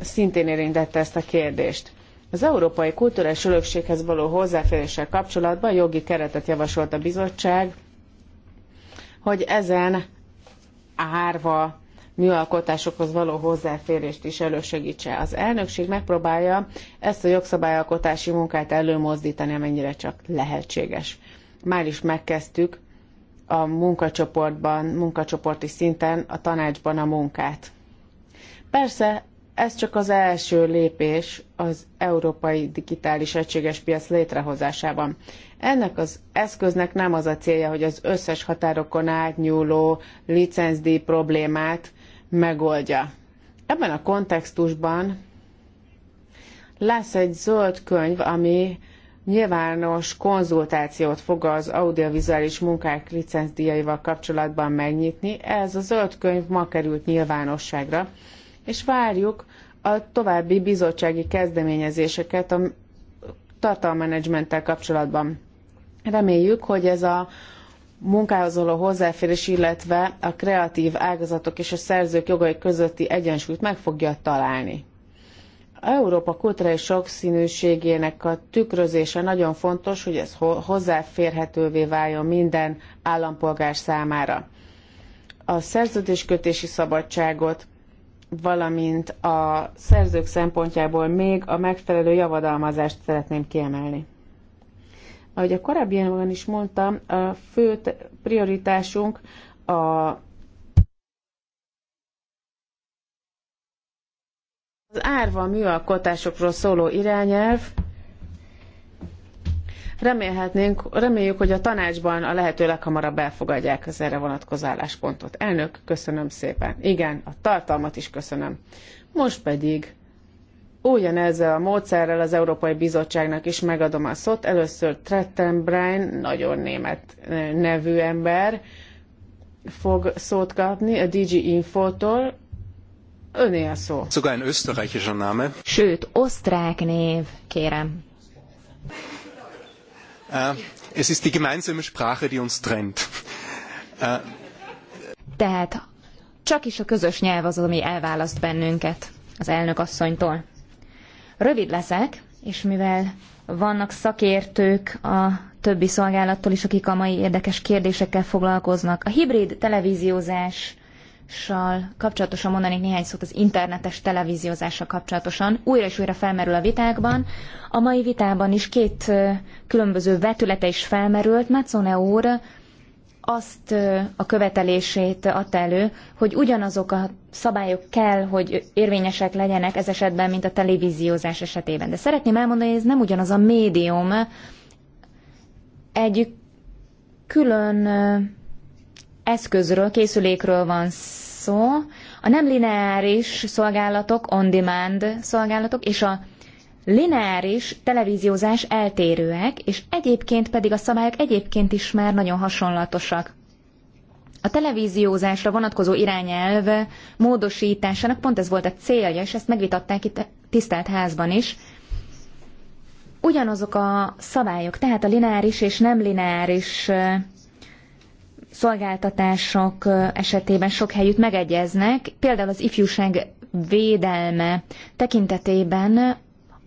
szintén érintette ezt a kérdést. Az Európai Kulturális Örökséghez való hozzáféréssel kapcsolatban jogi keretet javasolt a bizottság, hogy ezen árva műalkotásokhoz való hozzáférést is elősegítse. Az elnökség megpróbálja ezt a jogszabályalkotási munkát előmozdítani, amennyire csak lehetséges. Már is megkezdtük a munkacsoportban, munkacsoporti szinten, a tanácsban a munkát. Persze, ez csak az első lépés az európai digitális egységes piac létrehozásában. Ennek az eszköznek nem az a célja, hogy az összes határokon átnyúló licencdíj problémát megoldja. Ebben a kontextusban lesz egy zöld könyv, ami nyilvános konzultációt fog az audiovizuális munkák licencdíjaival kapcsolatban megnyitni. Ez a zöld könyv ma került nyilvánosságra, és várjuk a további bizottsági kezdeményezéseket a tartalmenedzsmenttel kapcsolatban. Reméljük, hogy ez a munkához való hozzáférés, illetve a kreatív ágazatok és a szerzők jogai közötti egyensúlyt meg fogja találni. Európa kulturális sokszínűségének a tükrözése nagyon fontos, hogy ez hozzáférhetővé váljon minden állampolgár számára. A szerződéskötési szabadságot, valamint a szerzők szempontjából még a megfelelő javadalmazást szeretném kiemelni. Ahogy a korábbiakban is mondtam, a fő prioritásunk a Az árva műalkotásokról szóló irányelv, remélhetnénk, reméljük, hogy a tanácsban a lehető leghamarabb elfogadják az erre vonatkozó álláspontot. Elnök, köszönöm szépen. Igen, a tartalmat is köszönöm. Most pedig Ugyan ezzel a módszerrel az Európai Bizottságnak is megadom a szót. Először Brian, nagyon német nevű ember, fog szót kapni a DG Infotól. Öné a szó. Sogar ein österreichischer Name. Sőt, osztrák név, kérem. Uh, es ist die gemeinsame Sprache, die uns trennt. Uh. Tehát csak is a közös nyelv az, ami elválaszt bennünket az elnök asszonytól. Rövid leszek, és mivel vannak szakértők a többi szolgálattól is, akik a mai érdekes kérdésekkel foglalkoznak. A hibrid televíziózás kapcsolatosan mondanék néhány szót az internetes televíziózással kapcsolatosan. Újra és újra felmerül a vitákban. A mai vitában is két különböző vetülete is felmerült. Mácone úr azt a követelését adta elő, hogy ugyanazok a szabályok kell, hogy érvényesek legyenek ez esetben, mint a televíziózás esetében. De szeretném elmondani, hogy ez nem ugyanaz a médium. Egy külön eszközről, készülékről van szó. A nem lineáris szolgálatok, on-demand szolgálatok és a lineáris televíziózás eltérőek, és egyébként pedig a szabályok egyébként is már nagyon hasonlatosak. A televíziózásra vonatkozó irányelv módosításának pont ez volt a célja, és ezt megvitatták itt tisztelt házban is. Ugyanazok a szabályok, tehát a lineáris és nem lineáris szolgáltatások esetében sok helyütt megegyeznek, például az ifjúság védelme tekintetében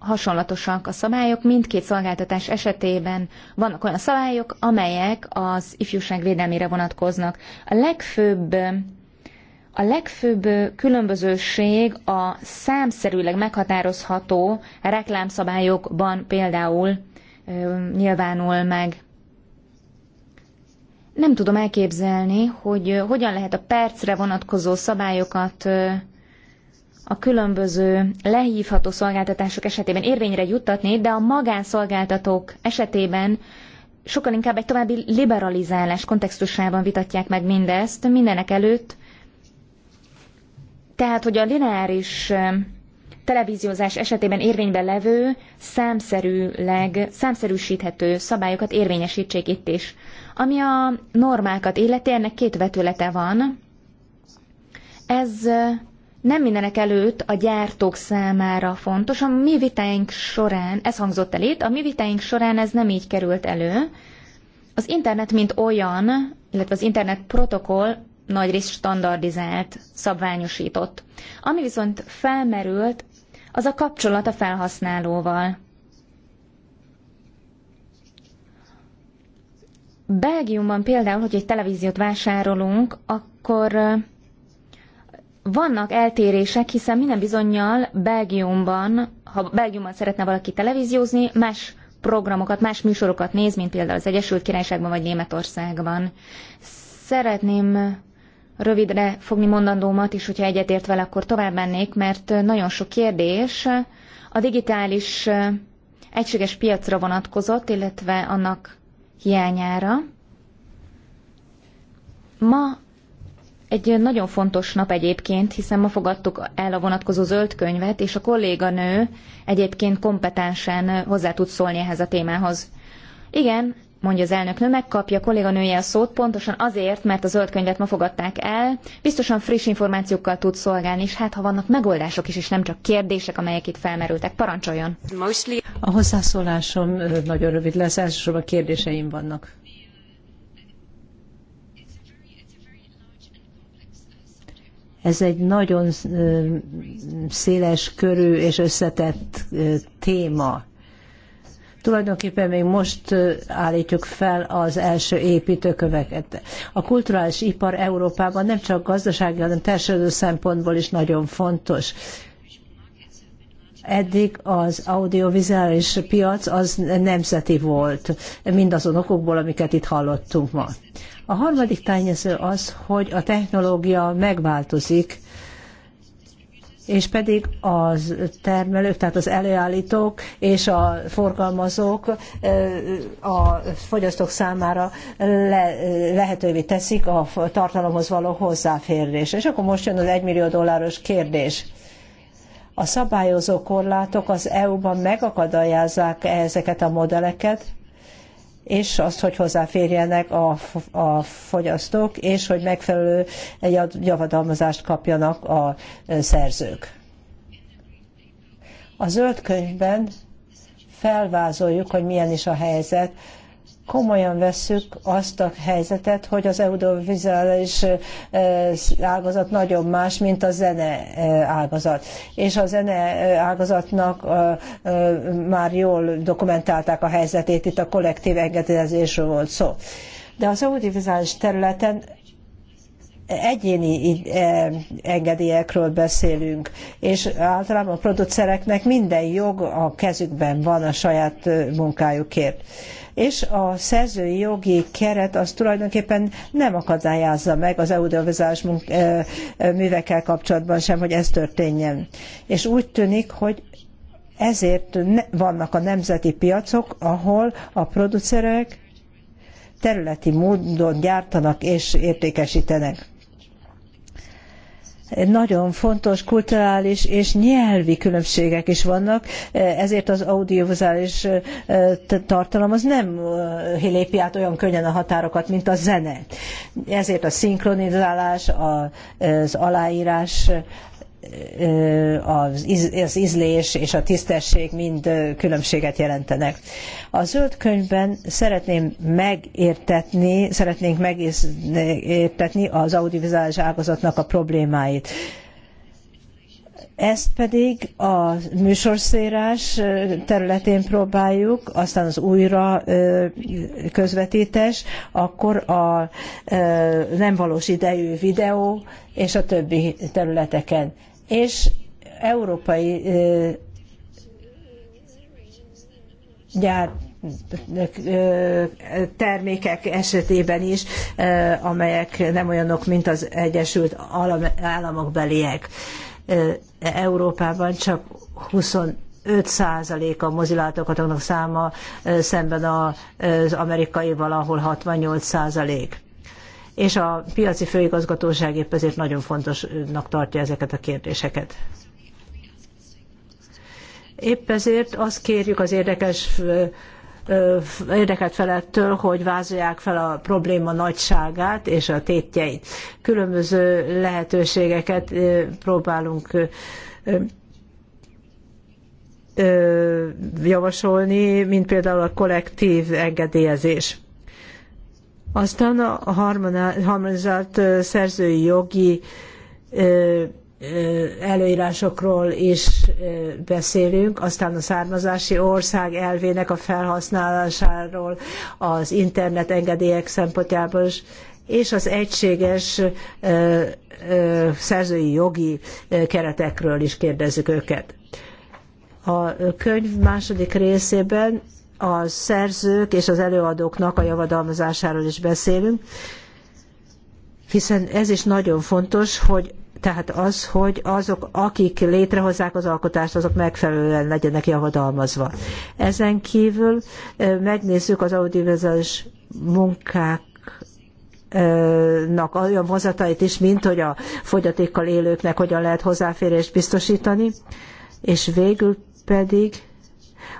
hasonlatosak a szabályok. Mindkét szolgáltatás esetében vannak olyan szabályok, amelyek az ifjúság védelmére vonatkoznak. A legfőbb a legfőbb különbözőség a számszerűleg meghatározható reklámszabályokban például ö, nyilvánul meg. Nem tudom elképzelni, hogy hogyan lehet a percre vonatkozó szabályokat a különböző lehívható szolgáltatások esetében érvényre juttatni, de a magánszolgáltatók esetében sokkal inkább egy további liberalizálás kontextusában vitatják meg mindezt, mindenek előtt. Tehát, hogy a lineáris televíziózás esetében érvényben levő, számszerűleg, számszerűsíthető szabályokat érvényesítsék itt is. Ami a normákat illeti, ennek két vetülete van. Ez nem mindenek előtt a gyártók számára fontos. A mi vitáink során, ez hangzott el itt, a mi vitáink során ez nem így került elő. Az internet, mint olyan, illetve az internet protokoll nagyrészt standardizált, szabványosított. Ami viszont felmerült, az a kapcsolat a felhasználóval. Belgiumban például, hogy egy televíziót vásárolunk, akkor vannak eltérések, hiszen minden bizonyal Belgiumban, ha Belgiumban szeretne valaki televíziózni, más programokat, más műsorokat néz, mint például az Egyesült Királyságban vagy Németországban. Szeretném rövidre fogni mondandómat, és hogyha egyetért vele, akkor tovább mennék, mert nagyon sok kérdés a digitális egységes piacra vonatkozott, illetve annak hiányára. Ma egy nagyon fontos nap egyébként, hiszen ma fogadtuk el a vonatkozó zöld könyvet, és a kolléganő egyébként kompetensen hozzá tud szólni ehhez a témához. Igen, mondja az elnök nő megkapja a kolléganője a szót pontosan azért, mert a zöld könyvet ma fogadták el, biztosan friss információkkal tud szolgálni, és hát ha vannak megoldások is, és nem csak kérdések, amelyek itt felmerültek, parancsoljon. A hozzászólásom nagyon rövid lesz, elsősorban kérdéseim vannak. Ez egy nagyon széles körű és összetett téma. Tulajdonképpen még most állítjuk fel az első építőköveket. A kulturális ipar Európában nem csak gazdasági, hanem társadalmi szempontból is nagyon fontos. Eddig az audiovizuális piac az nemzeti volt, mindazon okokból, amiket itt hallottunk ma. A harmadik tényező az, hogy a technológia megváltozik, és pedig az termelők, tehát az előállítók és a forgalmazók a fogyasztók számára le, lehetővé teszik a tartalomhoz való hozzáférés. És akkor most jön az egymillió dolláros kérdés. A szabályozó korlátok az EU-ban megakadályozzák ezeket a modelleket, és azt, hogy hozzáférjenek a, a fogyasztók, és hogy megfelelő javadalmazást kapjanak a szerzők. A zöld könyvben felvázoljuk, hogy milyen is a helyzet komolyan vesszük azt a helyzetet, hogy az audiovizuális ágazat nagyon más, mint a zene ágazat. És a zene ágazatnak már jól dokumentálták a helyzetét, itt a kollektív engedélyezésről volt szó. De az audiovizuális területen egyéni engedélyekről beszélünk, és általában a producereknek minden jog a kezükben van a saját munkájukért és a szerzői jogi keret az tulajdonképpen nem akadályozza meg az audiovizuális művekkel kapcsolatban sem, hogy ez történjen. És úgy tűnik, hogy ezért vannak a nemzeti piacok, ahol a producerek területi módon gyártanak és értékesítenek nagyon fontos kulturális és nyelvi különbségek is vannak, ezért az audiovizuális tartalom az nem lépi át olyan könnyen a határokat, mint a zene. Ezért a szinkronizálás, az aláírás az, íz, az ízlés és a tisztesség mind különbséget jelentenek. A zöld könyvben szeretném megértetni, szeretnénk megértetni az audiovizuális ágazatnak a problémáit. Ezt pedig a műsorszérás területén próbáljuk, aztán az újra közvetítés, akkor a nem valós idejű videó és a többi területeken és európai gyár termékek esetében is, amelyek nem olyanok, mint az Egyesült Államok beliek. Európában csak 25 a mozilátogatóknak száma, szemben az amerikaival, ahol 68 százalék és a piaci főigazgatóság épp ezért nagyon fontosnak tartja ezeket a kérdéseket. Épp ezért azt kérjük az érdekes érdekelt felettől, hogy vázolják fel a probléma nagyságát és a tétjeit. Különböző lehetőségeket próbálunk javasolni, mint például a kollektív engedélyezés. Aztán a harmonizált szerzői jogi előírásokról is beszélünk, aztán a származási ország elvének a felhasználásáról, az internet engedélyek szempontjából is, és az egységes szerzői jogi keretekről is kérdezzük őket. A könyv második részében a szerzők és az előadóknak a javadalmazásáról is beszélünk, hiszen ez is nagyon fontos, hogy tehát az, hogy azok, akik létrehozzák az alkotást, azok megfelelően legyenek javadalmazva. Ezen kívül megnézzük az audiovizuális munkák nak olyan vonzatait is, mint hogy a fogyatékkal élőknek hogyan lehet hozzáférést biztosítani, és végül pedig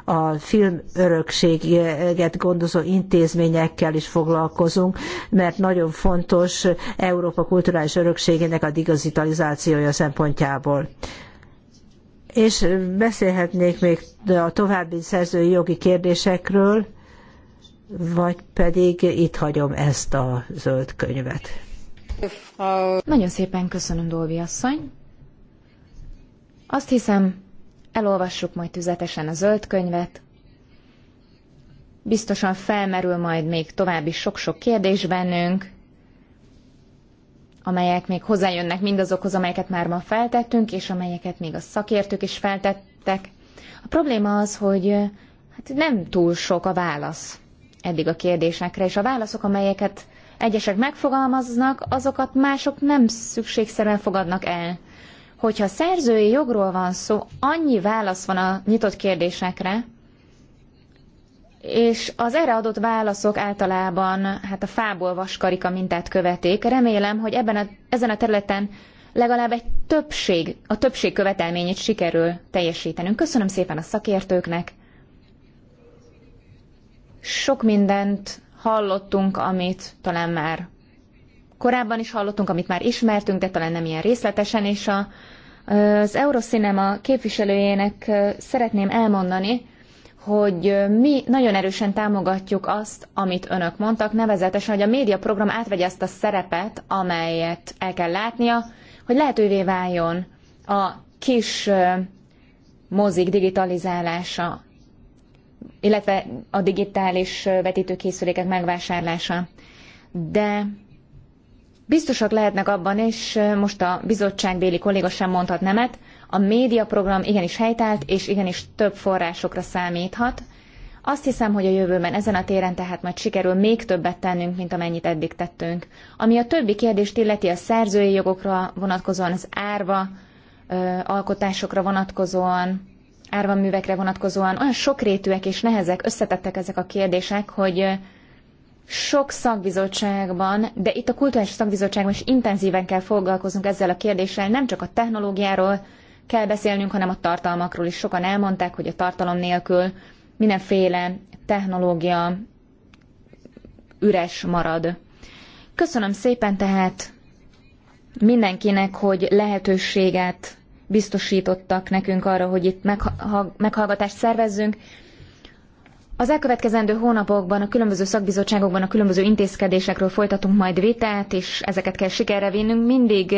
a filmörökséget gondozó intézményekkel is foglalkozunk, mert nagyon fontos Európa kulturális örökségének a digitalizációja szempontjából. És beszélhetnék még a további szerzői jogi kérdésekről, vagy pedig itt hagyom ezt a zöld könyvet. Nagyon szépen köszönöm, Dolvi asszony. Azt hiszem, elolvassuk majd tüzetesen a zöld könyvet. Biztosan felmerül majd még további sok-sok kérdés bennünk, amelyek még hozzájönnek mindazokhoz, amelyeket már ma feltettünk, és amelyeket még a szakértők is feltettek. A probléma az, hogy hát nem túl sok a válasz eddig a kérdésekre, és a válaszok, amelyeket egyesek megfogalmaznak, azokat mások nem szükségszerűen fogadnak el hogyha szerzői jogról van szó, annyi válasz van a nyitott kérdésekre, és az erre adott válaszok általában hát a fából vaskarika mintát követik. Remélem, hogy ebben a, ezen a területen legalább egy többség, a többség követelményét sikerül teljesítenünk. Köszönöm szépen a szakértőknek. Sok mindent hallottunk, amit talán már korábban is hallottunk, amit már ismertünk, de talán nem ilyen részletesen, és a, az Eurocinema képviselőjének szeretném elmondani, hogy mi nagyon erősen támogatjuk azt, amit önök mondtak, nevezetesen, hogy a médiaprogram átvegye azt a szerepet, amelyet el kell látnia, hogy lehetővé váljon a kis mozik digitalizálása, illetve a digitális vetítőkészülékek megvásárlása. De Biztosak lehetnek abban, és most a bizottságbéli kolléga sem mondhat nemet, a médiaprogram igenis helytált, és igenis több forrásokra számíthat. Azt hiszem, hogy a jövőben ezen a téren tehát majd sikerül még többet tennünk, mint amennyit eddig tettünk. Ami a többi kérdést illeti a szerzői jogokra vonatkozóan, az árva ö, alkotásokra vonatkozóan, árva művekre vonatkozóan, olyan sokrétűek és nehezek, összetettek ezek a kérdések, hogy sok szakbizottságban, de itt a kulturális szakbizottságban is intenzíven kell foglalkoznunk ezzel a kérdéssel, nem csak a technológiáról kell beszélnünk, hanem a tartalmakról is. Sokan elmondták, hogy a tartalom nélkül mindenféle technológia üres marad. Köszönöm szépen tehát mindenkinek, hogy lehetőséget biztosítottak nekünk arra, hogy itt meghallgatást szervezzünk. Az elkövetkezendő hónapokban a különböző szakbizottságokban a különböző intézkedésekről folytatunk majd vitát, és ezeket kell sikerre vinnünk. Mindig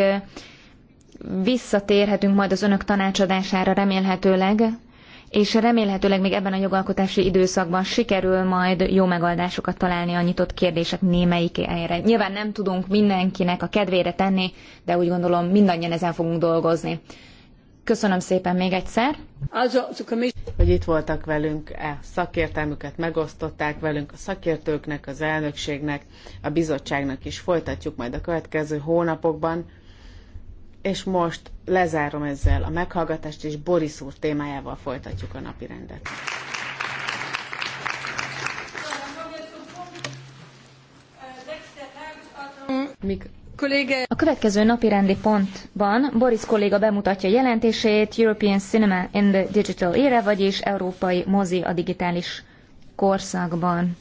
visszatérhetünk majd az önök tanácsadására remélhetőleg, és remélhetőleg még ebben a jogalkotási időszakban sikerül majd jó megoldásokat találni a nyitott kérdések némelyikére. Nyilván nem tudunk mindenkinek a kedvére tenni, de úgy gondolom mindannyian ezen fogunk dolgozni. Köszönöm szépen még egyszer. Hogy itt voltak velünk, -e, szakértelmüket megosztották velünk, a szakértőknek, az elnökségnek, a bizottságnak is folytatjuk majd a következő hónapokban. És most lezárom ezzel a meghallgatást, és Boris úr témájával folytatjuk a napi rendet. Mik- a következő napi rendi pontban Boris kolléga bemutatja jelentését European Cinema in the Digital Era, vagyis Európai mozi a digitális korszakban.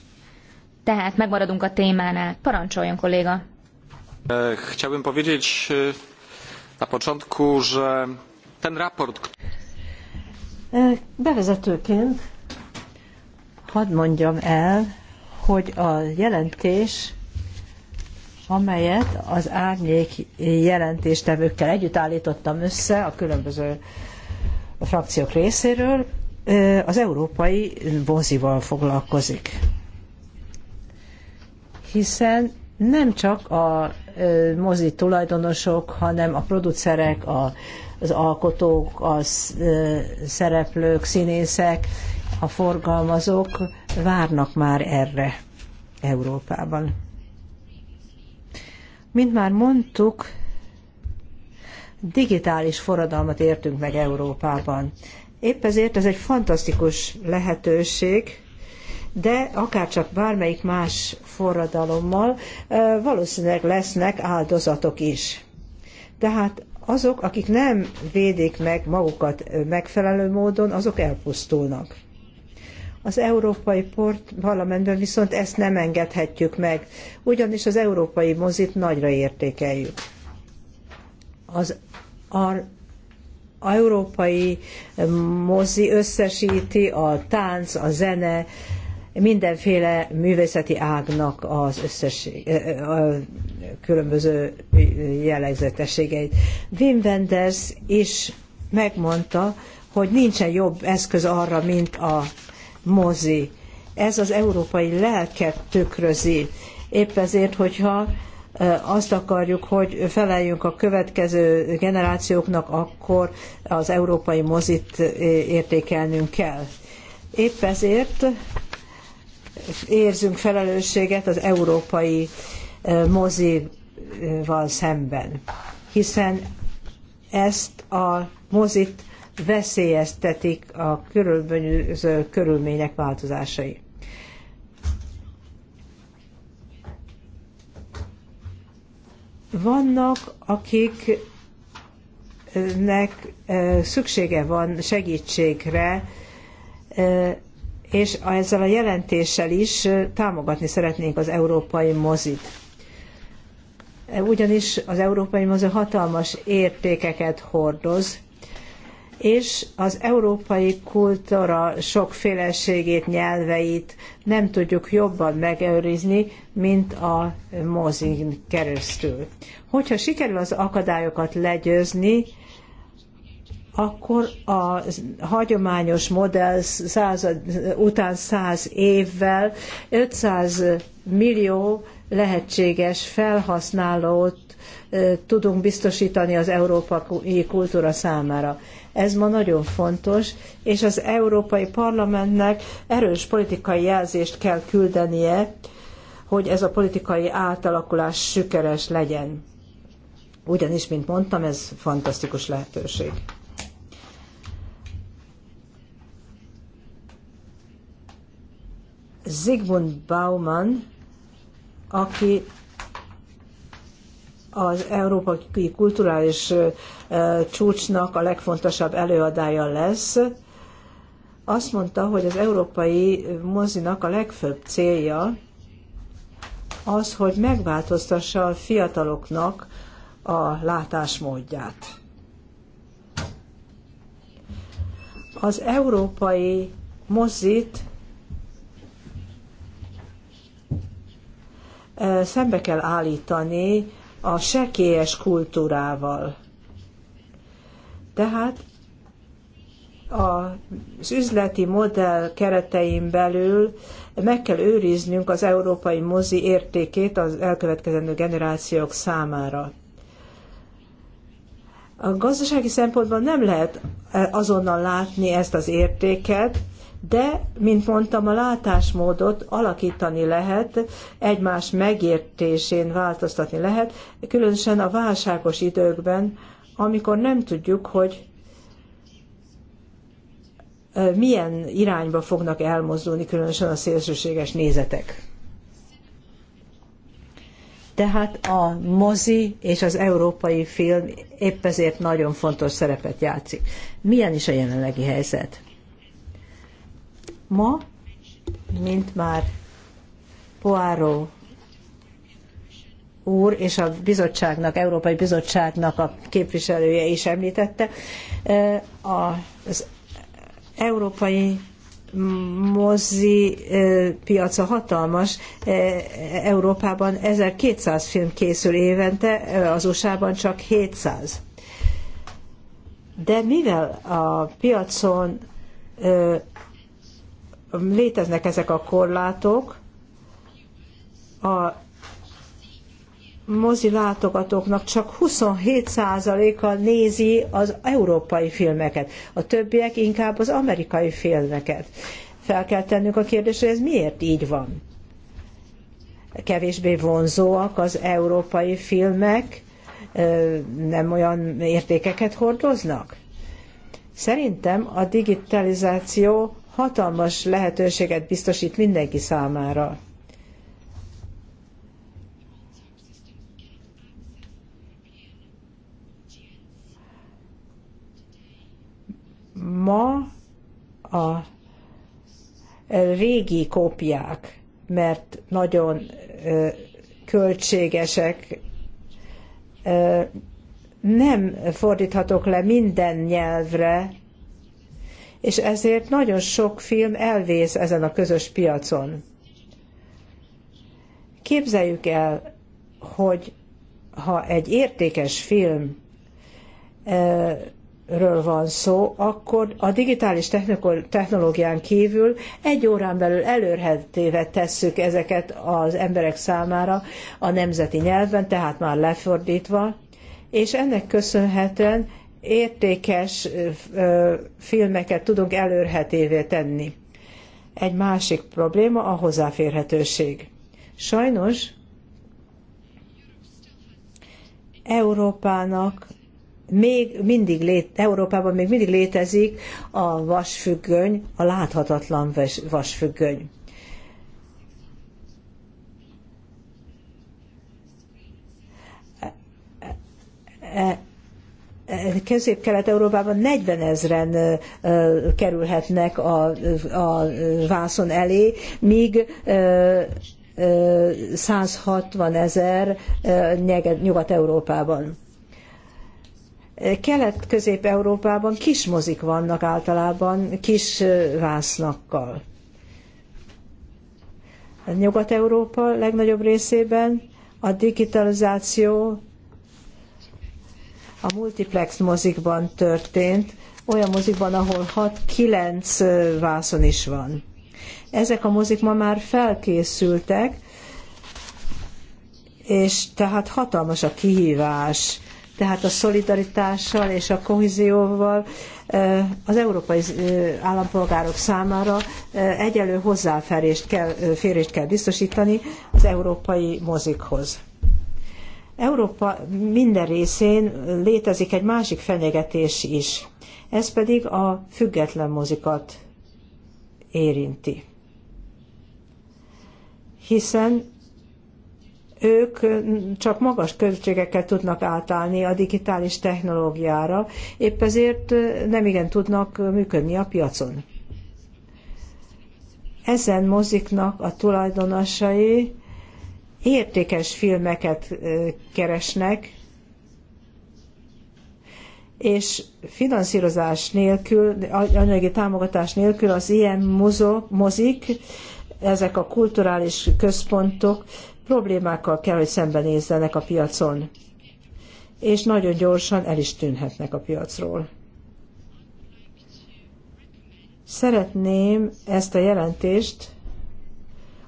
Tehát megmaradunk a témánál. Parancsoljon kolléga! E, chciałbym powiedzieć e, na początku, że ten raport... E, bevezetőként hadd mondjam el, hogy a jelentés amelyet az árnyék jelentéstevőkkel együtt állítottam össze a különböző frakciók részéről, az európai mozival foglalkozik. Hiszen nem csak a mozi tulajdonosok, hanem a producerek, a, az alkotók, a szereplők, színészek, a forgalmazók várnak már erre Európában. Mint már mondtuk, digitális forradalmat értünk meg Európában. Épp ezért ez egy fantasztikus lehetőség, de akárcsak bármelyik más forradalommal valószínűleg lesznek áldozatok is. Tehát azok, akik nem védik meg magukat megfelelő módon, azok elpusztulnak. Az Európai Parlamentben viszont ezt nem engedhetjük meg, ugyanis az európai mozit nagyra értékeljük. Az ar- európai mozi összesíti a tánc, a zene, mindenféle művészeti ágnak az összes a különböző jellegzetességeit. Wim Wenders is megmondta, hogy nincsen jobb eszköz arra, mint a mozi. Ez az európai lelket tükrözi. Épp ezért, hogyha azt akarjuk, hogy feleljünk a következő generációknak, akkor az európai mozit értékelnünk kell. Épp ezért érzünk felelősséget az európai mozival szemben, hiszen ezt a mozit veszélyeztetik a körülbelül körülmények változásai. Vannak, akiknek szüksége van segítségre, és ezzel a jelentéssel is támogatni szeretnénk az európai mozit ugyanis az európai mozi hatalmas értékeket hordoz, és az európai kultúra sokféleségét, nyelveit nem tudjuk jobban megőrizni, mint a mozin keresztül. Hogyha sikerül az akadályokat legyőzni, akkor a hagyományos modell század, után száz évvel 500 millió lehetséges felhasználót tudunk biztosítani az európai kultúra számára. Ez ma nagyon fontos, és az Európai Parlamentnek erős politikai jelzést kell küldenie, hogy ez a politikai átalakulás sikeres legyen. Ugyanis, mint mondtam, ez fantasztikus lehetőség. Zygmunt Bauman, aki az Európai Kulturális csúcsnak a legfontosabb előadája lesz. Azt mondta, hogy az európai mozinak a legfőbb célja az, hogy megváltoztassa a fiataloknak a látásmódját. Az európai mozit szembe kell állítani a sekélyes kultúrával. Tehát az üzleti modell keretein belül meg kell őriznünk az európai mozi értékét az elkövetkezendő generációk számára. A gazdasági szempontból nem lehet e, azonnal látni ezt az értéket, de, mint mondtam, a látásmódot alakítani lehet, egymás megértésén változtatni lehet, különösen a válságos időkben, amikor nem tudjuk, hogy milyen irányba fognak elmozdulni, különösen a szélsőséges nézetek. Tehát a mozi és az európai film épp ezért nagyon fontos szerepet játszik. Milyen is a jelenlegi helyzet? Ma, mint már Poirot úr és a bizottságnak, Európai Bizottságnak a képviselője is említette, az európai mozi piaca hatalmas. Európában 1200 film készül évente, az USA-ban csak 700. De mivel a piacon léteznek ezek a korlátok, a mozi látogatóknak csak 27%-a nézi az európai filmeket, a többiek inkább az amerikai filmeket. Fel kell tennünk a kérdést, hogy ez miért így van. Kevésbé vonzóak az európai filmek, nem olyan értékeket hordoznak? Szerintem a digitalizáció hatalmas lehetőséget biztosít mindenki számára ma a eh, régi kópiák, mert nagyon eh, költségesek, eh, nem fordíthatok le minden nyelvre, és ezért nagyon sok film elvész ezen a közös piacon. Képzeljük el, hogy ha egy értékes film ről van szó, akkor a digitális technológián kívül egy órán belül előrhetéve tesszük ezeket az emberek számára a nemzeti nyelven, tehát már lefordítva, és ennek köszönhetően értékes filmeket tudunk előrhetévé tenni. Egy másik probléma a hozzáférhetőség. Sajnos Európának még mindig lét, Európában még mindig létezik a vasfüggöny, a láthatatlan vasfüggöny. E, e, e, Közép-Kelet-Európában 40 ezeren kerülhetnek a, a vászon elé, míg 160 ezer Nyugat-Európában. Kelet-Közép-Európában kis mozik vannak általában, kis vásznakkal. Nyugat-Európa legnagyobb részében a digitalizáció a multiplex mozikban történt, olyan mozikban, ahol 6-9 vászon is van. Ezek a mozik ma már felkészültek, és tehát hatalmas a kihívás tehát a szolidaritással és a kohézióval az európai állampolgárok számára egyelő hozzáférést kell, férést kell biztosítani az európai mozikhoz. Európa minden részén létezik egy másik fenyegetés is, ez pedig a független mozikat érinti. Hiszen ők csak magas költségekkel tudnak átállni a digitális technológiára, épp ezért nem igen tudnak működni a piacon. Ezen moziknak a tulajdonosai értékes filmeket keresnek, és finanszírozás nélkül, anyagi támogatás nélkül az ilyen mozok, mozik, ezek a kulturális központok problémákkal kell, hogy szembenézzenek a piacon, és nagyon gyorsan el is tűnhetnek a piacról. Szeretném ezt a jelentést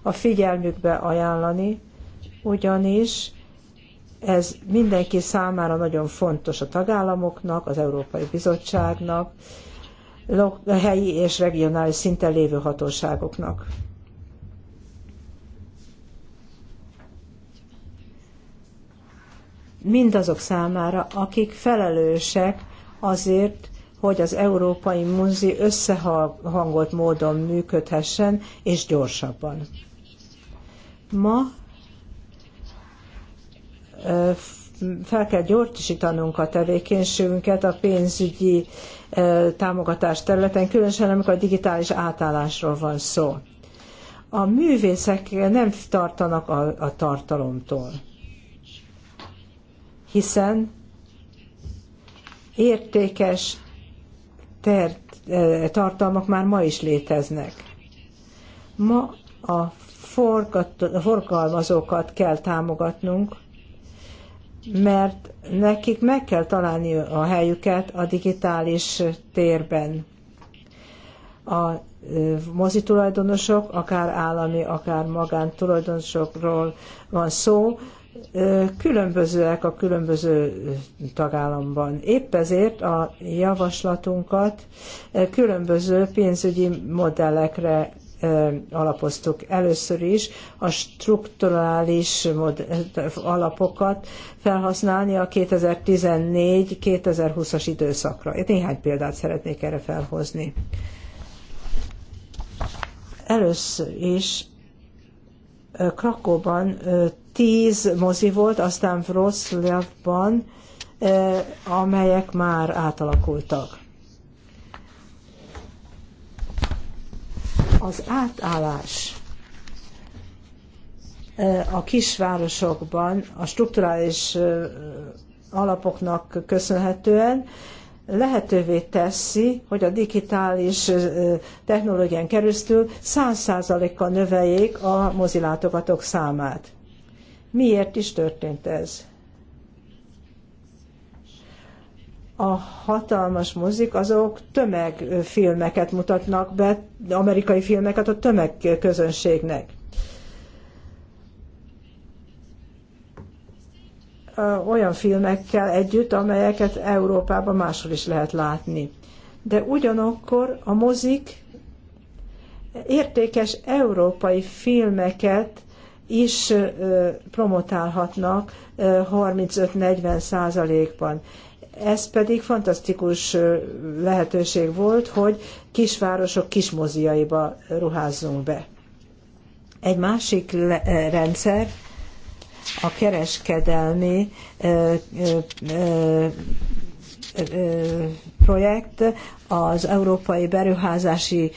a figyelmükbe ajánlani, ugyanis ez mindenki számára nagyon fontos a tagállamoknak, az Európai Bizottságnak, a helyi és regionális szinten lévő hatóságoknak. mindazok számára, akik felelősek azért, hogy az európai múzi összehangolt módon működhessen, és gyorsabban. Ma fel kell gyorsítanunk a tevékenységünket a pénzügyi támogatás területen, különösen amikor a digitális átállásról van szó. A művészek nem tartanak a, a tartalomtól hiszen értékes ter- eh, tartalmak már ma is léteznek. Ma a forgalmazókat kell támogatnunk, mert nekik meg kell találni a helyüket a digitális térben. A eh, mozitulajdonosok, akár állami, akár magántulajdonosokról van szó, különbözőek a különböző tagállamban. Épp ezért a javaslatunkat különböző pénzügyi modellekre alapoztuk először is, a strukturális alapokat felhasználni a 2014-2020-as időszakra. Én néhány példát szeretnék erre felhozni. Először is Krakóban tíz mozi volt, aztán Wroclawban, amelyek már átalakultak. Az átállás a kisvárosokban a strukturális alapoknak köszönhetően lehetővé teszi, hogy a digitális technológián keresztül 100%-kal növeljék a mozilátogatók számát. Miért is történt ez? A hatalmas mozik azok tömegfilmeket mutatnak be, amerikai filmeket a tömegközönségnek. olyan filmekkel együtt, amelyeket Európában máshol is lehet látni. De ugyanakkor a mozik értékes európai filmeket is promotálhatnak 35-40 százalékban. Ez pedig fantasztikus lehetőség volt, hogy kisvárosok kismoziaiba ruházzunk be. Egy másik rendszer a kereskedelmi projekt az Európai Beruházási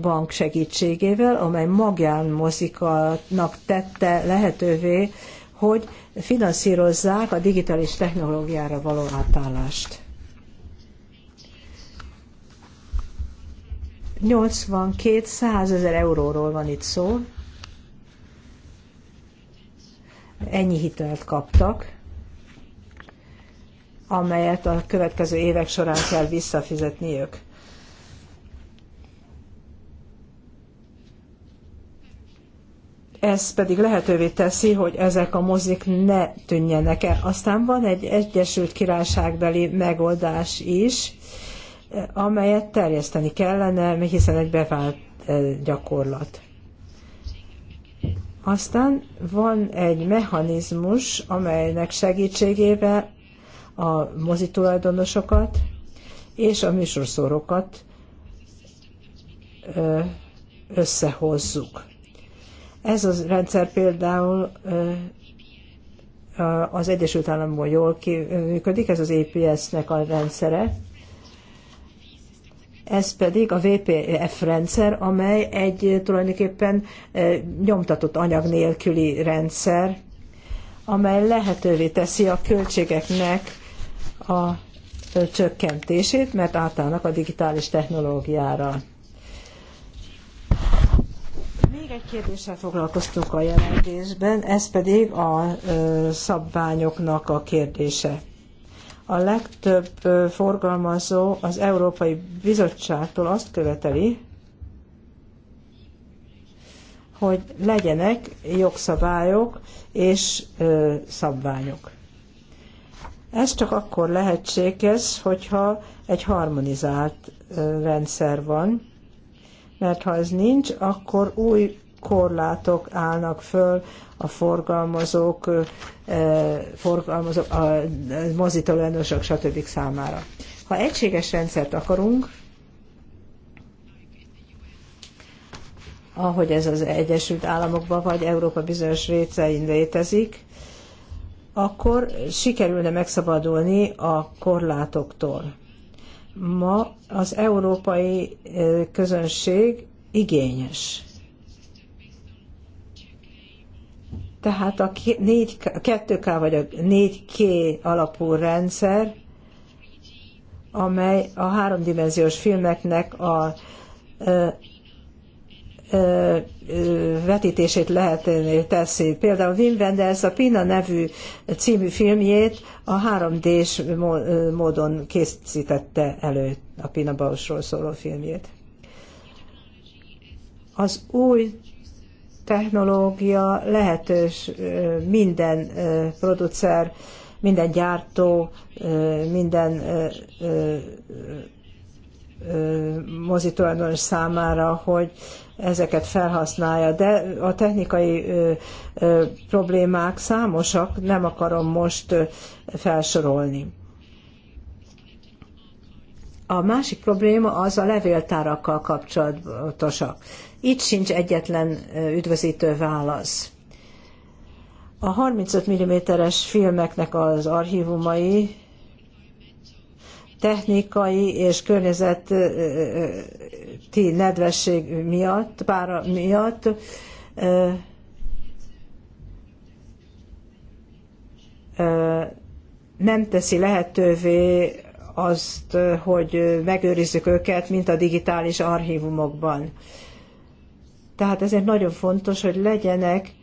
Bank segítségével, amely Magyán Mozikanak tette lehetővé, hogy finanszírozzák a digitális technológiára való átállást. 82-100 ezer euróról van itt szó. Ennyi hitelt kaptak amelyet a következő évek során kell visszafizetniük. Ez pedig lehetővé teszi, hogy ezek a mozik ne tűnjenek el. Aztán van egy Egyesült Királyságbeli megoldás is, amelyet terjeszteni kellene, hiszen egy bevált e, gyakorlat. Aztán van egy mechanizmus, amelynek segítségével a tulajdonosokat és a műsorszórókat összehozzuk. Ez a rendszer például az Egyesült Államokban jól működik, ez az EPS-nek a rendszere. Ez pedig a VPF rendszer, amely egy tulajdonképpen nyomtatott anyag nélküli rendszer, amely lehetővé teszi a költségeknek a csökkentését, mert átállnak a digitális technológiára. Még egy kérdéssel foglalkoztunk a jelentésben, ez pedig a szabványoknak a kérdése. A legtöbb forgalmazó az Európai Bizottságtól azt követeli, hogy legyenek jogszabályok és szabványok. Ez csak akkor lehetséges, hogyha egy harmonizált rendszer van, mert ha ez nincs, akkor új korlátok állnak föl a forgalmazók, forgalmazók a mozitolajnosok, stb. számára. Ha egységes rendszert akarunk, ahogy ez az Egyesült Államokban vagy Európa bizonyos részein létezik, akkor sikerülne megszabadulni a korlátoktól. Ma az európai közönség igényes. Tehát a 2K vagy a 4K alapú rendszer, amely a háromdimenziós filmeknek a vetítését lehetővé teszi. Például Wim Wenders a Pina nevű című filmjét a 3D-s módon készítette elő a Pina Bausról szóló filmjét. Az új technológia lehetős minden producer, minden gyártó, minden mozitulajdonos számára, hogy ezeket felhasználja, de a technikai ö, ö, problémák számosak, nem akarom most ö, felsorolni. A másik probléma az a levéltárakkal kapcsolatosak. Itt sincs egyetlen üdvözítő válasz. A 35 mm-es filmeknek az archívumai technikai és környezeti nedvesség miatt, pára miatt nem teszi lehetővé azt, hogy megőrizzük őket, mint a digitális archívumokban. Tehát ezért nagyon fontos, hogy legyenek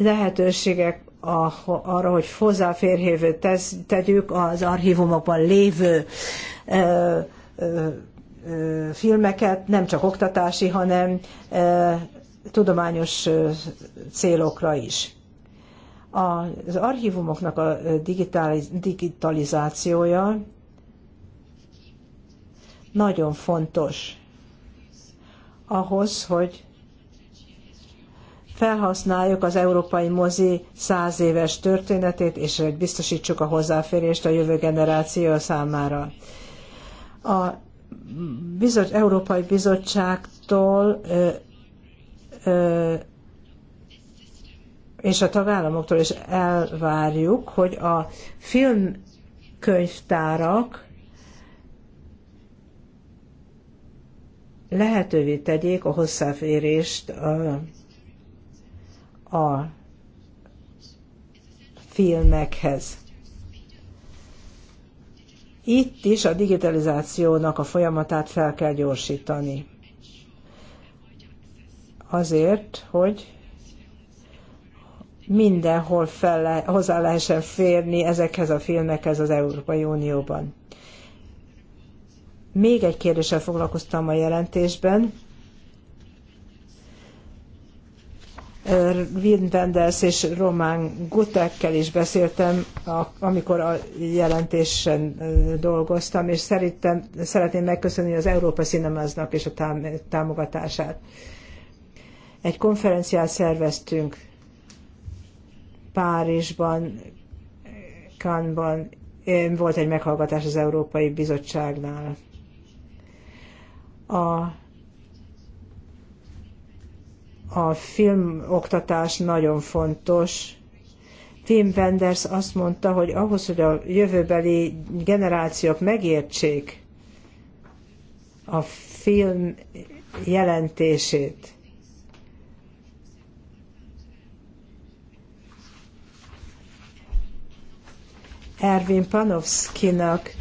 lehetőségek a, arra, hogy hozzáférhévő tegyük az archívumokban lévő ö, ö, ö, filmeket, nem csak oktatási, hanem ö, tudományos ö, célokra is. Az archívumoknak a digitaliz digitalizációja nagyon fontos ahhoz, hogy felhasználjuk az európai mozi száz éves történetét, és hogy biztosítsuk a hozzáférést a jövő generáció számára. A bizot, Európai Bizottságtól ö, ö, és a tagállamoktól is elvárjuk, hogy a filmkönyvtárak lehetővé tegyék a hozzáférést a a filmekhez. Itt is a digitalizációnak a folyamatát fel kell gyorsítani. Azért, hogy mindenhol fel le, hozzá lehessen férni ezekhez a filmekhez az Európai Unióban. Még egy kérdéssel foglalkoztam a jelentésben. Wim Wenders és Román Gutekkel is beszéltem, amikor a jelentésen dolgoztam, és szerintem, szeretném megköszönni az Európa Cinemaznak és a támogatását. Egy konferenciát szerveztünk Párizsban, Kánban, volt egy meghallgatás az Európai Bizottságnál. A a filmoktatás nagyon fontos. Tim Wenders azt mondta, hogy ahhoz, hogy a jövőbeli generációk megértsék a film jelentését, Ervin Panofskynak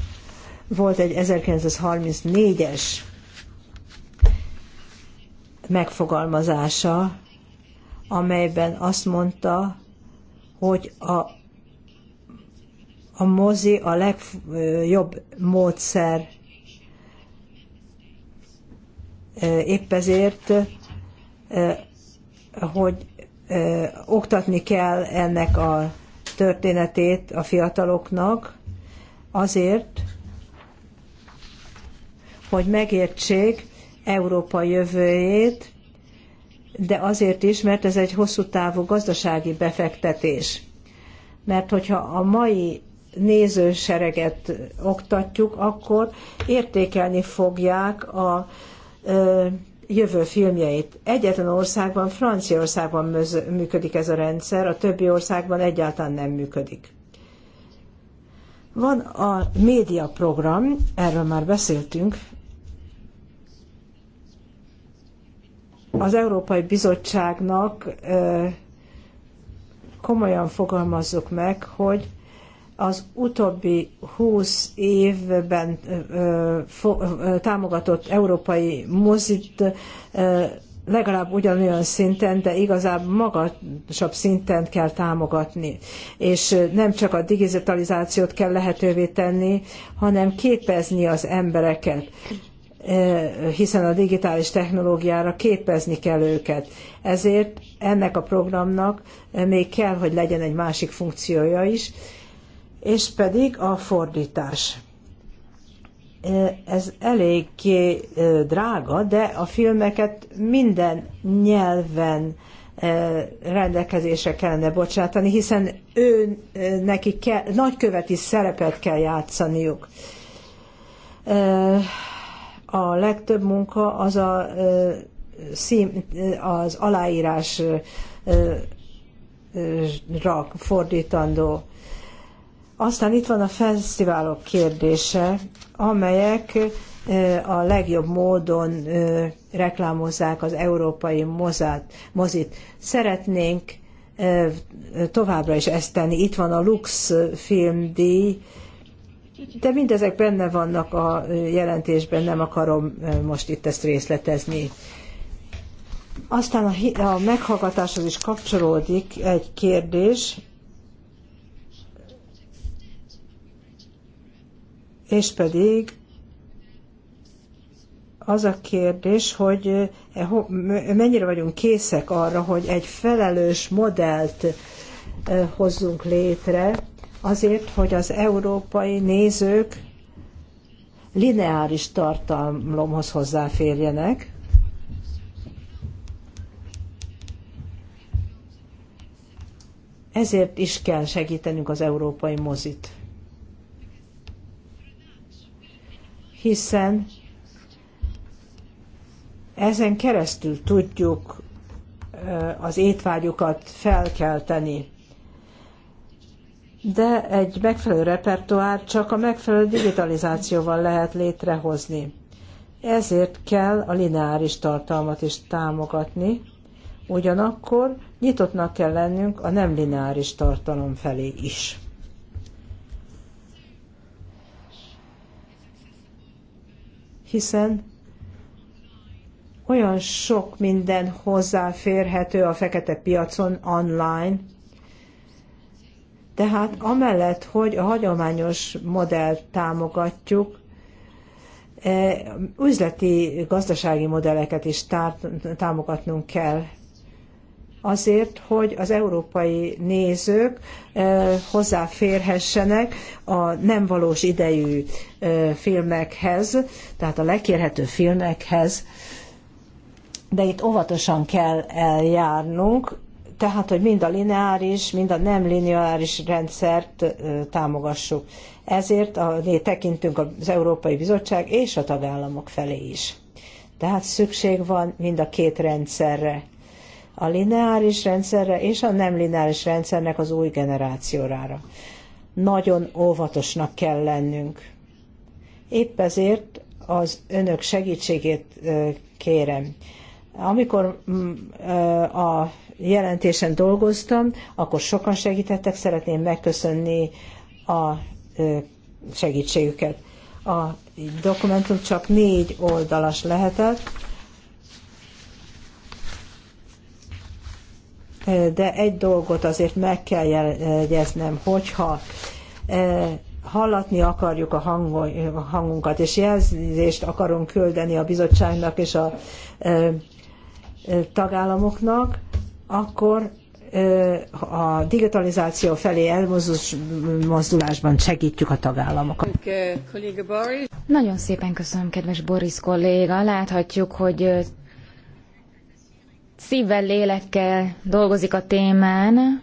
volt egy 1934-es megfogalmazása, amelyben azt mondta, hogy a, a mozi a legjobb módszer. Épp ezért, hogy oktatni kell ennek a történetét a fiataloknak, azért, hogy megértsék, Európa jövőjét, de azért is, mert ez egy hosszú távú gazdasági befektetés. Mert hogyha a mai nézősereget oktatjuk, akkor értékelni fogják a ö, jövő filmjeit. Egyetlen országban, Franciaországban működik ez a rendszer, a többi országban egyáltalán nem működik. Van a médiaprogram, erről már beszéltünk, Hm. az Európai Bizottságnak komolyan fogalmazzuk meg, hogy az utóbbi húsz évben támogatott európai mozit legalább ugyanolyan szinten, de igazából magasabb szinten kell támogatni. És nem csak a digitalizációt kell lehetővé tenni, hanem képezni az embereket hiszen a digitális technológiára képezni kell őket. Ezért ennek a programnak még kell, hogy legyen egy másik funkciója is, és pedig a fordítás. Ez eléggé drága, de a filmeket minden nyelven rendelkezésre kellene bocsátani, hiszen ő neki kell, nagyköveti szerepet kell játszaniuk a legtöbb munka az a, az aláírásra fordítandó. Aztán itt van a fesztiválok kérdése, amelyek a legjobb módon reklámozzák az európai mozát, mozit. Szeretnénk továbbra is ezt tenni. Itt van a Lux filmdíj, de mindezek benne vannak a jelentésben, nem akarom most itt ezt részletezni. Aztán a, a meghallgatáshoz is kapcsolódik egy kérdés, és pedig az a kérdés, hogy mennyire vagyunk készek arra, hogy egy felelős modellt hozzunk létre, azért, hogy az európai nézők lineáris tartalomhoz hozzáférjenek, Ezért is kell segítenünk az európai mozit. Hiszen ezen keresztül tudjuk az étvágyukat felkelteni de egy megfelelő repertoár csak a megfelelő digitalizációval lehet létrehozni. Ezért kell a lineáris tartalmat is támogatni, ugyanakkor nyitottnak kell lennünk a nem lineáris tartalom felé is. Hiszen olyan sok minden hozzáférhető a fekete piacon online, tehát amellett, hogy a hagyományos modellt támogatjuk, e, üzleti gazdasági modelleket is támogatnunk kell azért, hogy az európai nézők e, hozzáférhessenek a nem valós idejű e, filmekhez, tehát a lekérhető filmekhez, de itt óvatosan kell eljárnunk, tehát, hogy mind a lineáris, mind a nem lineáris rendszert támogassuk. Ezért a, tekintünk az Európai Bizottság és a tagállamok felé is. Tehát szükség van mind a két rendszerre. A lineáris rendszerre és a nem lineáris rendszernek az új generációrára. Nagyon óvatosnak kell lennünk. Épp ezért az önök segítségét kérem amikor mm, a jelentésen dolgoztam, akkor sokan segítettek, szeretném megköszönni a segítségüket. A dokumentum csak négy oldalas lehetett, de egy dolgot azért meg kell jegyeznem, hogyha hallatni akarjuk a hangunkat, és jelzést akarunk küldeni a bizottságnak és a tagállamoknak, akkor a digitalizáció felé elmozdulásban segítjük a tagállamokat. Nagyon szépen köszönöm, kedves Boris kolléga. Láthatjuk, hogy szívvel, lélekkel dolgozik a témán.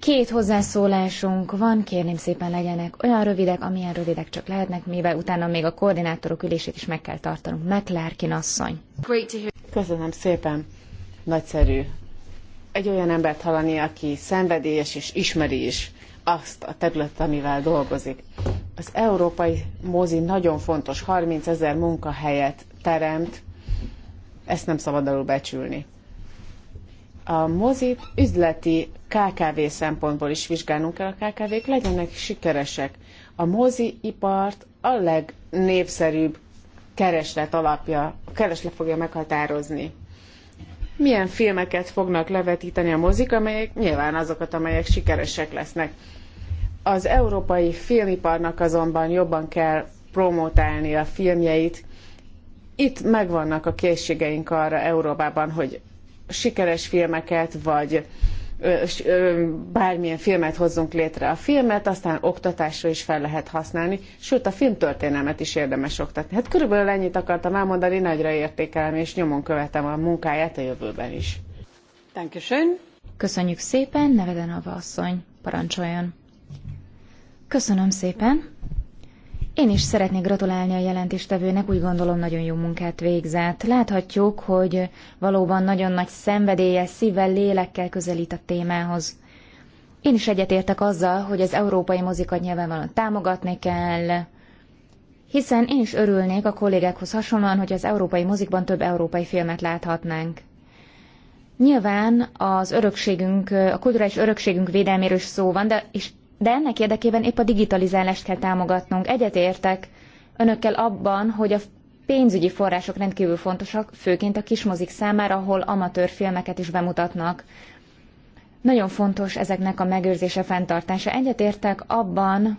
Két hozzászólásunk van, kérném szépen legyenek olyan rövidek, amilyen rövidek csak lehetnek, mivel utána még a koordinátorok ülését is meg kell tartanunk. McLarkin asszony. Köszönöm szépen. Nagyszerű. Egy olyan embert hallani, aki szenvedélyes és ismeri is azt a területet, amivel dolgozik. Az európai mozi nagyon fontos, 30 ezer munkahelyet teremt, ezt nem szabad alul becsülni a mozit üzleti KKV szempontból is vizsgálnunk kell, a KKV-k legyenek sikeresek. A mozi ipart a legnépszerűbb kereslet alapja, a kereslet fogja meghatározni. Milyen filmeket fognak levetíteni a mozik, amelyek nyilván azokat, amelyek sikeresek lesznek. Az európai filmiparnak azonban jobban kell promotálni a filmjeit. Itt megvannak a készségeink arra Európában, hogy sikeres filmeket, vagy bármilyen filmet hozzunk létre a filmet, aztán oktatásra is fel lehet használni, sőt a filmtörténelmet is érdemes oktatni. Hát körülbelül ennyit akartam elmondani, nagyra értékelem és nyomon követem a munkáját a jövőben is. Dankeschön. Köszönjük szépen, neveden a asszony, parancsoljon. Köszönöm szépen. Én is szeretnék gratulálni a jelentéstevőnek, úgy gondolom nagyon jó munkát végzett. Láthatjuk, hogy valóban nagyon nagy szenvedélye, szívvel, lélekkel közelít a témához. Én is egyetértek azzal, hogy az európai mozikat nyilvánvalóan támogatni kell, hiszen én is örülnék a kollégákhoz hasonlóan, hogy az európai mozikban több európai filmet láthatnánk. Nyilván az örökségünk, a kulturális örökségünk védelméről is szó van, de és de ennek érdekében épp a digitalizálást kell támogatnunk. Egyetértek önökkel abban, hogy a pénzügyi források rendkívül fontosak, főként a kismozik számára, ahol amatőr filmeket is bemutatnak. Nagyon fontos ezeknek a megőrzése, fenntartása. Egyetértek abban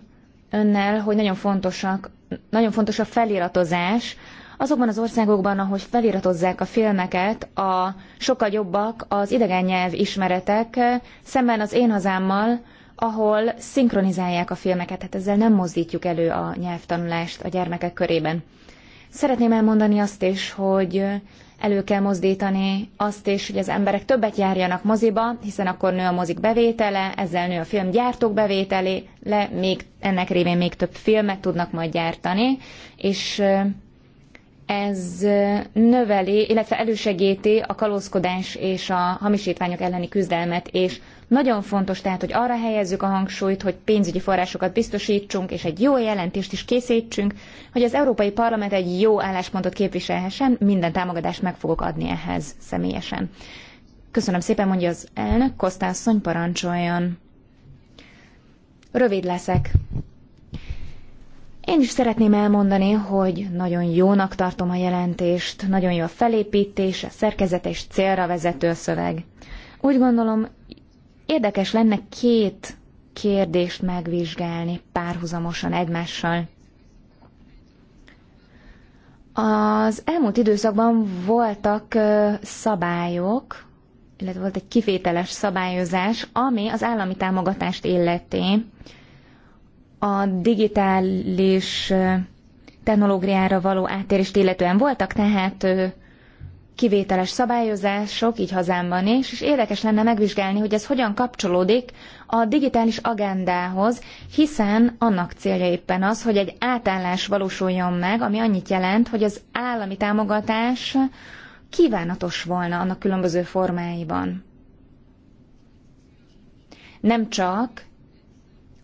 önnel, hogy nagyon, fontosak, nagyon fontos a feliratozás. Azokban az országokban, ahogy feliratozzák a filmeket, a sokkal jobbak az idegen nyelv ismeretek, szemben az én hazámmal, ahol szinkronizálják a filmeket, tehát ezzel nem mozdítjuk elő a nyelvtanulást a gyermekek körében. Szeretném elmondani azt is, hogy elő kell mozdítani azt is, hogy az emberek többet járjanak moziba, hiszen akkor nő a mozik bevétele, ezzel nő a film gyártók le még ennek révén még több filmet tudnak majd gyártani, és ez növeli, illetve elősegíti a kalózkodás és a hamisítványok elleni küzdelmet és nagyon fontos tehát, hogy arra helyezzük a hangsúlyt, hogy pénzügyi forrásokat biztosítsunk, és egy jó jelentést is készítsünk, hogy az Európai Parlament egy jó álláspontot képviselhessen, minden támogatást meg fogok adni ehhez személyesen. Köszönöm szépen, mondja az elnök, Kosztászony parancsoljon. Rövid leszek. Én is szeretném elmondani, hogy nagyon jónak tartom a jelentést, nagyon jó a felépítés, a szerkezet és célra vezető a szöveg. Úgy gondolom, Érdekes lenne két kérdést megvizsgálni párhuzamosan egymással. Az elmúlt időszakban voltak szabályok, illetve volt egy kivételes szabályozás, ami az állami támogatást illeti a digitális technológiára való áttérést illetően. Voltak tehát kivételes szabályozások, így hazámban is, és érdekes lenne megvizsgálni, hogy ez hogyan kapcsolódik a digitális agendához, hiszen annak célja éppen az, hogy egy átállás valósuljon meg, ami annyit jelent, hogy az állami támogatás kívánatos volna annak különböző formáiban. Nem csak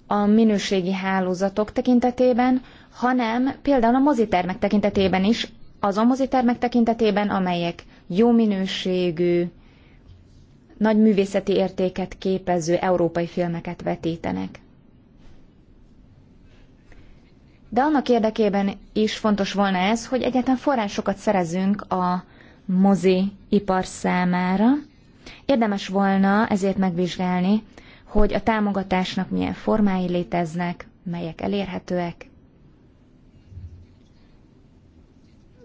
a minőségi hálózatok tekintetében, hanem például a mozitermek tekintetében is, azon termek tekintetében, amelyek jó minőségű, nagy művészeti értéket képező európai filmeket vetítenek. De annak érdekében is fontos volna ez, hogy egyáltalán forrásokat szerezünk a mozi ipar számára. Érdemes volna ezért megvizsgálni, hogy a támogatásnak milyen formái léteznek, melyek elérhetőek,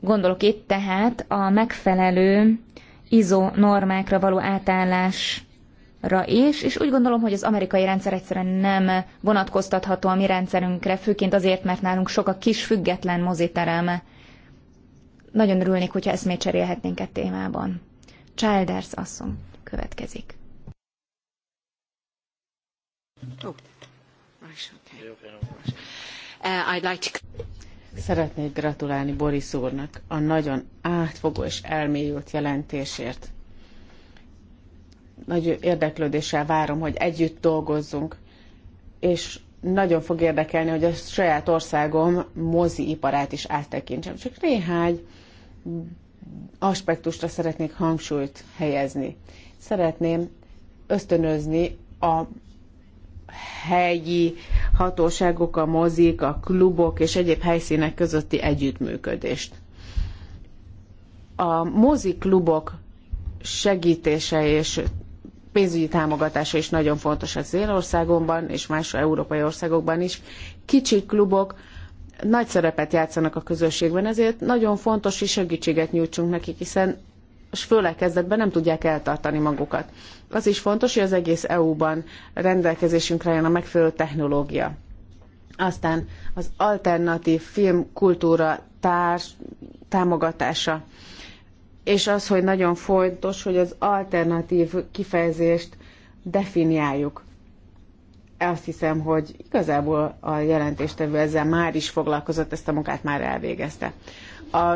Gondolok itt tehát a megfelelő izo normákra való átállásra is, és úgy gondolom, hogy az amerikai rendszer egyszerűen nem vonatkoztatható a mi rendszerünkre, főként azért, mert nálunk sok a kis független moziterem. Nagyon örülnék, hogyha még cserélhetnénk e témában. Childers asszony következik. Oh. Uh, I'd like to... Szeretnék gratulálni Boris úrnak a nagyon átfogó és elmélyült jelentésért. Nagy érdeklődéssel várom, hogy együtt dolgozzunk, és nagyon fog érdekelni, hogy a saját országom mozi iparát is áttekintsem. Csak néhány aspektusra szeretnék hangsúlyt helyezni. Szeretném ösztönözni a helyi hatóságok, a mozik, a klubok és egyéb helyszínek közötti együttműködést. A klubok segítése és pénzügyi támogatása is nagyon fontos az én országomban és más európai országokban is. Kicsi klubok nagy szerepet játszanak a közösségben, ezért nagyon fontos, hogy segítséget nyújtsunk nekik, hiszen és főleg kezdetben nem tudják eltartani magukat. Az is fontos, hogy az egész EU-ban rendelkezésünkre jön a megfelelő technológia. Aztán az alternatív filmkultúra társ, támogatása. És az, hogy nagyon fontos, hogy az alternatív kifejezést definiáljuk. Azt hiszem, hogy igazából a jelentéstevő ezzel már is foglalkozott, ezt a munkát már elvégezte. A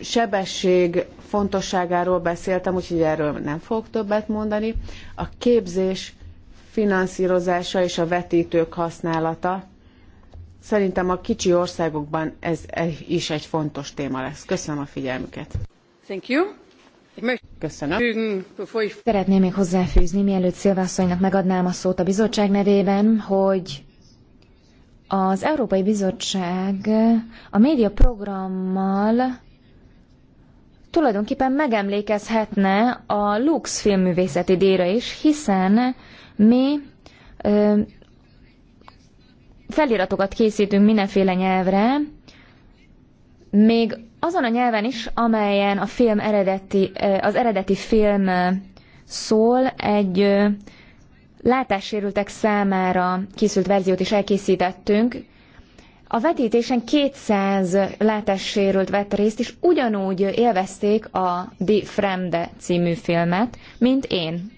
sebesség fontosságáról beszéltem, úgyhogy erről nem fogok többet mondani. A képzés finanszírozása és a vetítők használata. Szerintem a kicsi országokban ez e is egy fontos téma lesz. Köszönöm a figyelmüket. Thank you. Köszönöm. Szeretném még hozzáfűzni, mielőtt Szilvászonynak megadnám a szót a bizottság nevében, hogy az Európai Bizottság a médiaprogrammal tulajdonképpen megemlékezhetne a Lux filmművészeti díjra is, hiszen mi ö, feliratokat készítünk mindenféle nyelvre, még azon a nyelven is, amelyen a film eredeti, az eredeti film szól, egy látássérültek számára készült verziót is elkészítettünk, a vetítésen 200 látássérült vett részt, és ugyanúgy élvezték a The Fremde című filmet, mint én.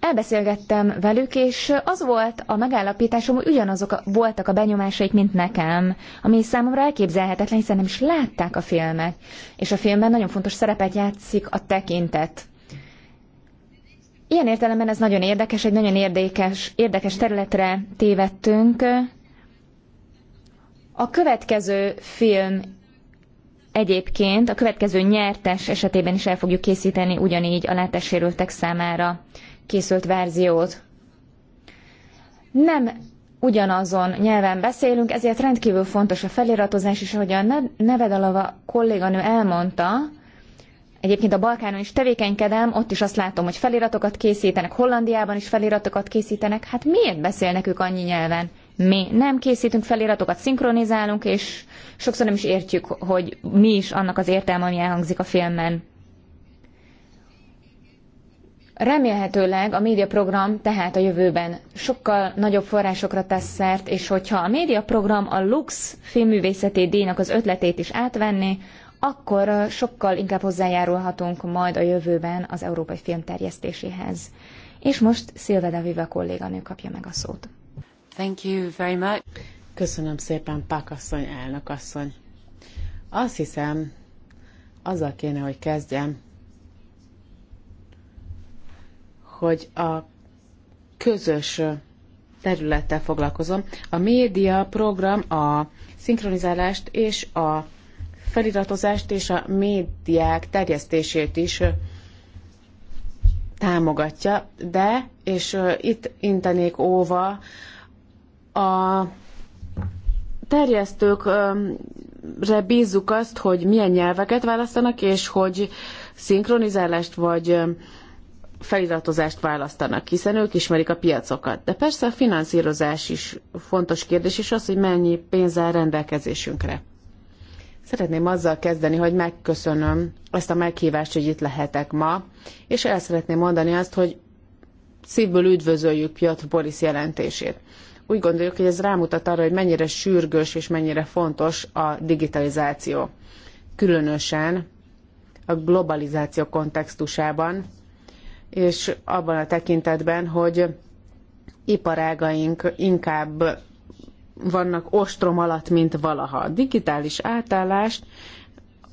Elbeszélgettem velük, és az volt a megállapításom, hogy ugyanazok a, voltak a benyomásaik, mint nekem, ami számomra elképzelhetetlen, hiszen nem is látták a filmet. És a filmben nagyon fontos szerepet játszik a tekintet. Ilyen értelemben ez nagyon érdekes, egy nagyon érdekes, érdekes területre tévedtünk, a következő film egyébként a következő nyertes esetében is el fogjuk készíteni ugyanígy a látássérültek számára készült verziót. Nem ugyanazon nyelven beszélünk, ezért rendkívül fontos a feliratozás, és ahogy a neved alava kolléganő elmondta, Egyébként a Balkánon is tevékenykedem, ott is azt látom, hogy feliratokat készítenek, Hollandiában is feliratokat készítenek. Hát miért beszélnek ők annyi nyelven? mi nem készítünk feliratokat, szinkronizálunk, és sokszor nem is értjük, hogy mi is annak az értelme, ami elhangzik a filmben. Remélhetőleg a médiaprogram tehát a jövőben sokkal nagyobb forrásokra tesz szert, és hogyha a médiaprogram a Lux filmművészeti díjnak az ötletét is átvenni, akkor sokkal inkább hozzájárulhatunk majd a jövőben az európai film terjesztéséhez. És most Szilveda Viva kolléganő kapja meg a szót. Thank you very much. Köszönöm szépen, Pákasszony, elnök asszony. Azt hiszem, azzal kéne, hogy kezdjem, hogy a közös területtel foglalkozom. A média program a szinkronizálást és a feliratozást és a médiák terjesztését is támogatja, de, és itt intenék óva a terjesztőkre bízzuk azt, hogy milyen nyelveket választanak, és hogy szinkronizálást vagy feliratozást választanak, hiszen ők ismerik a piacokat. De persze a finanszírozás is fontos kérdés, és az, hogy mennyi pénz áll rendelkezésünkre. Szeretném azzal kezdeni, hogy megköszönöm ezt a meghívást, hogy itt lehetek ma, és el szeretném mondani azt, hogy szívből üdvözöljük Piotr Boris jelentését úgy gondoljuk, hogy ez rámutat arra, hogy mennyire sürgős és mennyire fontos a digitalizáció. Különösen a globalizáció kontextusában, és abban a tekintetben, hogy iparágaink inkább vannak ostrom alatt, mint valaha. A digitális átállást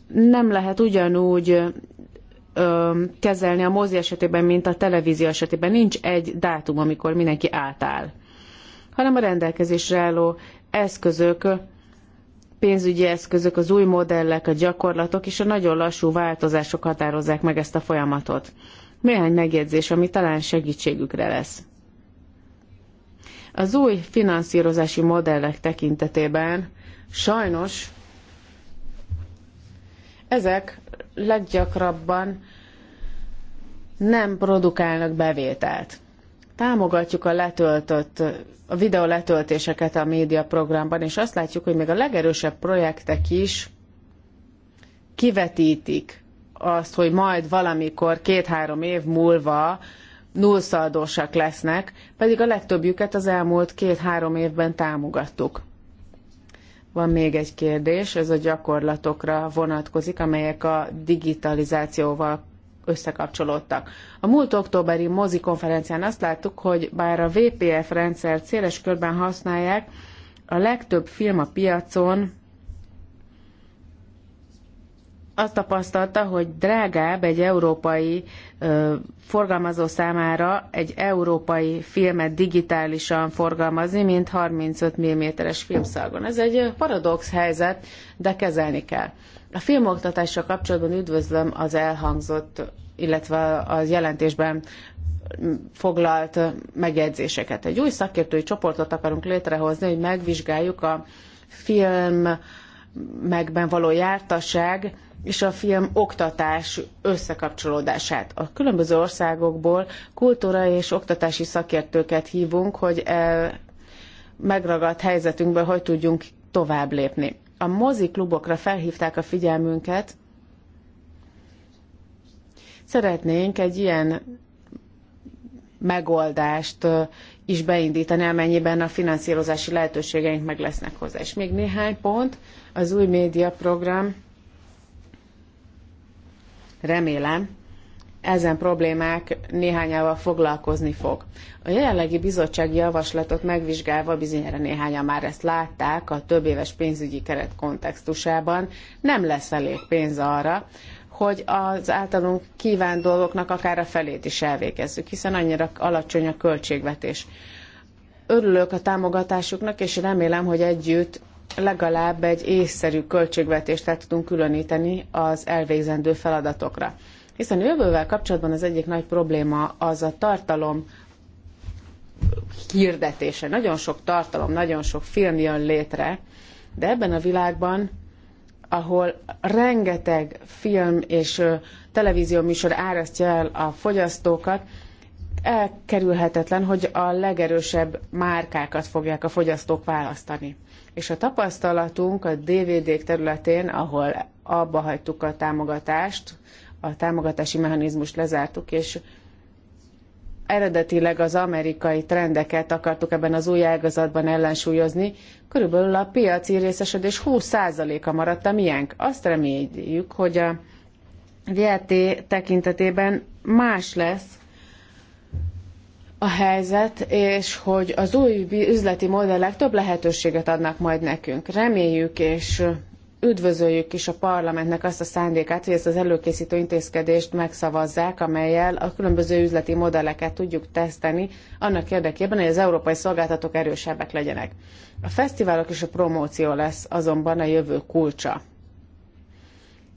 nem lehet ugyanúgy ö, kezelni a mozi esetében, mint a televízió esetében. Nincs egy dátum, amikor mindenki átáll hanem a rendelkezésre álló eszközök, pénzügyi eszközök, az új modellek, a gyakorlatok és a nagyon lassú változások határozzák meg ezt a folyamatot. Néhány megjegyzés, ami talán segítségükre lesz. Az új finanszírozási modellek tekintetében sajnos ezek leggyakrabban nem produkálnak bevételt támogatjuk a letöltött, a videó letöltéseket a média programban, és azt látjuk, hogy még a legerősebb projektek is kivetítik azt, hogy majd valamikor két-három év múlva nullszaldósak lesznek, pedig a legtöbbjüket az elmúlt két-három évben támogattuk. Van még egy kérdés, ez a gyakorlatokra vonatkozik, amelyek a digitalizációval összekapcsolódtak. A múlt októberi mozi konferencián azt láttuk, hogy bár a VPF rendszert széles körben használják, a legtöbb film a piacon azt tapasztalta, hogy drágább egy európai ö, forgalmazó számára egy európai filmet digitálisan forgalmazni, mint 35 mm-es filmszalgon. Ez egy paradox helyzet, de kezelni kell. A filmoktatással kapcsolatban üdvözlöm az elhangzott, illetve az jelentésben foglalt megjegyzéseket. Egy új szakértői csoportot akarunk létrehozni, hogy megvizsgáljuk a film megben való jártasság és a film oktatás összekapcsolódását. A különböző országokból kultúra és oktatási szakértőket hívunk, hogy megragadt helyzetünkből hogy tudjunk tovább lépni a mozi klubokra felhívták a figyelmünket. Szeretnénk egy ilyen megoldást is beindítani, amennyiben a finanszírozási lehetőségeink meg lesznek hozzá. És még néhány pont, az új médiaprogram remélem ezen problémák néhányával foglalkozni fog. A jelenlegi bizottsági javaslatot megvizsgálva bizonyára néhányan már ezt látták a több éves pénzügyi keret kontextusában, nem lesz elég pénz arra, hogy az általunk kívánt dolgoknak akár a felét is elvégezzük, hiszen annyira alacsony a költségvetés. Örülök a támogatásuknak, és remélem, hogy együtt legalább egy észszerű költségvetést el tudunk különíteni az elvégzendő feladatokra. Hiszen a jövővel kapcsolatban az egyik nagy probléma az a tartalom hirdetése. Nagyon sok tartalom, nagyon sok film jön létre, de ebben a világban, ahol rengeteg film és televízió műsor árasztja el a fogyasztókat, elkerülhetetlen, hogy a legerősebb márkákat fogják a fogyasztók választani. És a tapasztalatunk a DVD-k területén, ahol abba hagytuk a támogatást, a támogatási mechanizmust lezártuk, és eredetileg az amerikai trendeket akartuk ebben az új ágazatban ellensúlyozni, körülbelül a piaci részesedés 20%-a maradt a miénk. Azt reméljük, hogy a VLT tekintetében más lesz a helyzet, és hogy az új üzleti modellek több lehetőséget adnak majd nekünk. Reméljük és üdvözöljük is a parlamentnek azt a szándékát, hogy ezt az előkészítő intézkedést megszavazzák, amelyel a különböző üzleti modelleket tudjuk teszteni, annak érdekében, hogy az európai szolgáltatók erősebbek legyenek. A fesztiválok és a promóció lesz azonban a jövő kulcsa.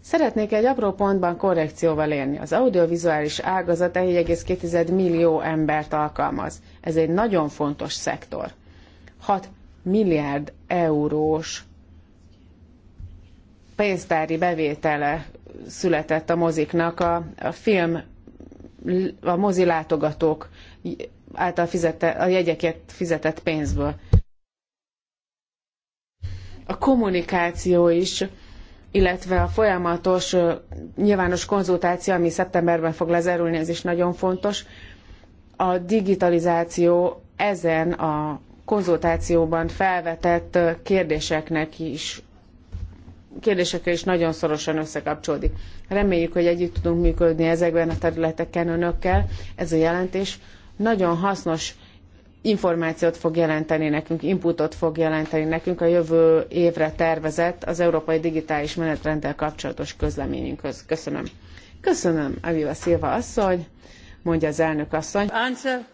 Szeretnék egy apró pontban korrekcióval élni. Az audiovizuális ágazat 1,2 millió embert alkalmaz. Ez egy nagyon fontos szektor. 6 milliárd eurós pénztári bevétele született a moziknak a, a film, a mozi látogatók által fizette, a jegyeket fizetett pénzből. A kommunikáció is, illetve a folyamatos nyilvános konzultáció, ami szeptemberben fog lezerülni, ez is nagyon fontos. A digitalizáció ezen a konzultációban felvetett kérdéseknek is kérdésekkel is nagyon szorosan összekapcsolódik. Reméljük, hogy együtt tudunk működni ezekben a területeken önökkel. Ez a jelentés nagyon hasznos információt fog jelenteni nekünk, inputot fog jelenteni nekünk a jövő évre tervezett az Európai Digitális Menetrenddel kapcsolatos közleményünkhöz. Köszönöm. Köszönöm, Aviva Szilva asszony, mondja az elnök asszony. Answer,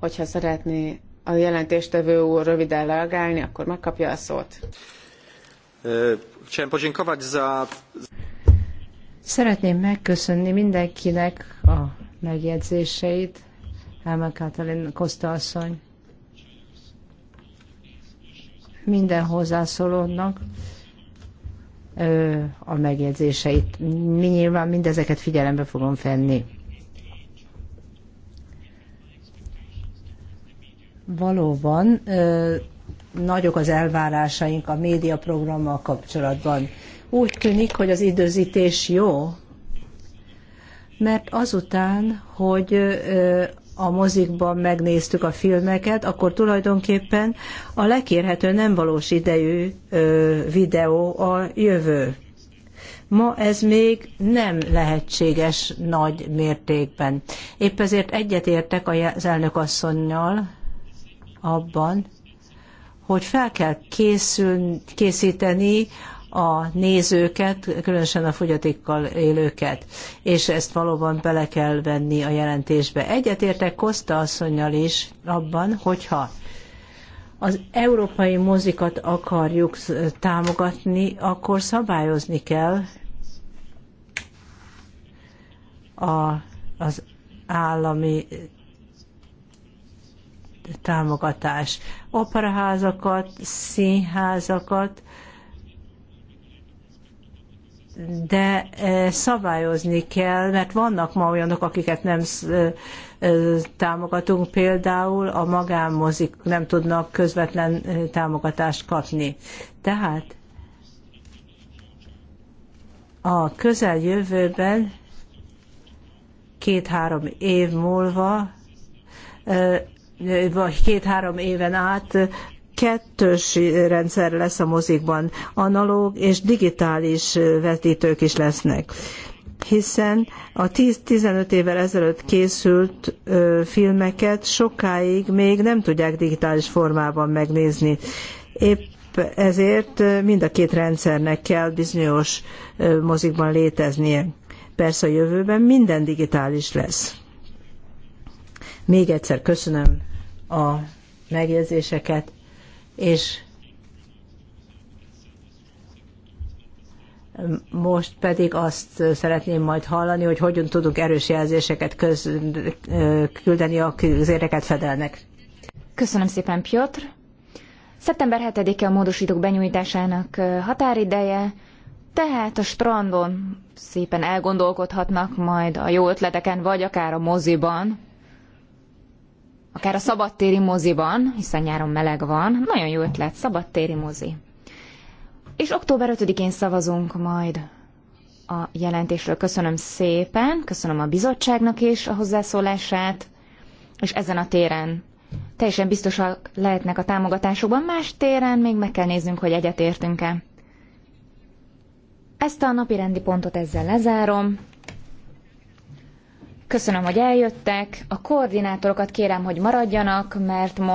Hogyha szeretné a jelentéstevő úr röviden reagálni, akkor megkapja a szót. E, chciałem podziękować za... Szeretném megköszönni mindenkinek a megjegyzéseit, Elma Katalin Koszta asszony, minden hozzászólónak a megjegyzéseit. Mi nyilván mindezeket figyelembe fogom venni. Valóban nagyok az elvárásaink a médiaprogrammal kapcsolatban. Úgy tűnik, hogy az időzítés jó, mert azután, hogy a mozikban megnéztük a filmeket, akkor tulajdonképpen a lekérhető nem valós idejű videó a jövő. Ma ez még nem lehetséges nagy mértékben. Épp ezért egyetértek az elnök asszonynal abban, hogy fel kell készül, készíteni a nézőket, különösen a fogyatékkal élőket, és ezt valóban bele kell venni a jelentésbe. Egyetértek Koszta asszonynal is abban, hogyha az európai mozikat akarjuk támogatni, akkor szabályozni kell a, az állami támogatás. Operaházakat, színházakat, de eh, szabályozni kell, mert vannak ma olyanok, akiket nem eh, eh, támogatunk, például a magánmozik nem tudnak közvetlen támogatást kapni. Tehát a közeljövőben két-három év múlva vagy két-három éven át kettős rendszer lesz a mozikban, analóg és digitális vetítők is lesznek hiszen a 10-15 évvel ezelőtt készült ö, filmeket sokáig még nem tudják digitális formában megnézni. Épp ezért mind a két rendszernek kell bizonyos ö, mozikban léteznie. Persze a jövőben minden digitális lesz. Még egyszer köszönöm a megjegyzéseket, és Most pedig azt szeretném majd hallani, hogy hogyan tudunk erős jelzéseket köz, küldeni, a éreket fedelnek. Köszönöm szépen, Piotr. Szeptember 7-e a módosítók benyújtásának határideje, tehát a strandon szépen elgondolkodhatnak majd a jó ötleteken, vagy akár a moziban, akár a szabadtéri moziban, hiszen nyáron meleg van, nagyon jó ötlet, szabadtéri mozi. És október 5-én szavazunk majd a jelentésről. Köszönöm szépen, köszönöm a bizottságnak is a hozzászólását, és ezen a téren teljesen biztosak lehetnek a támogatásokban, más téren még meg kell néznünk, hogy egyetértünk-e. Ezt a napi rendi pontot ezzel lezárom. Köszönöm, hogy eljöttek. A koordinátorokat kérem, hogy maradjanak, mert most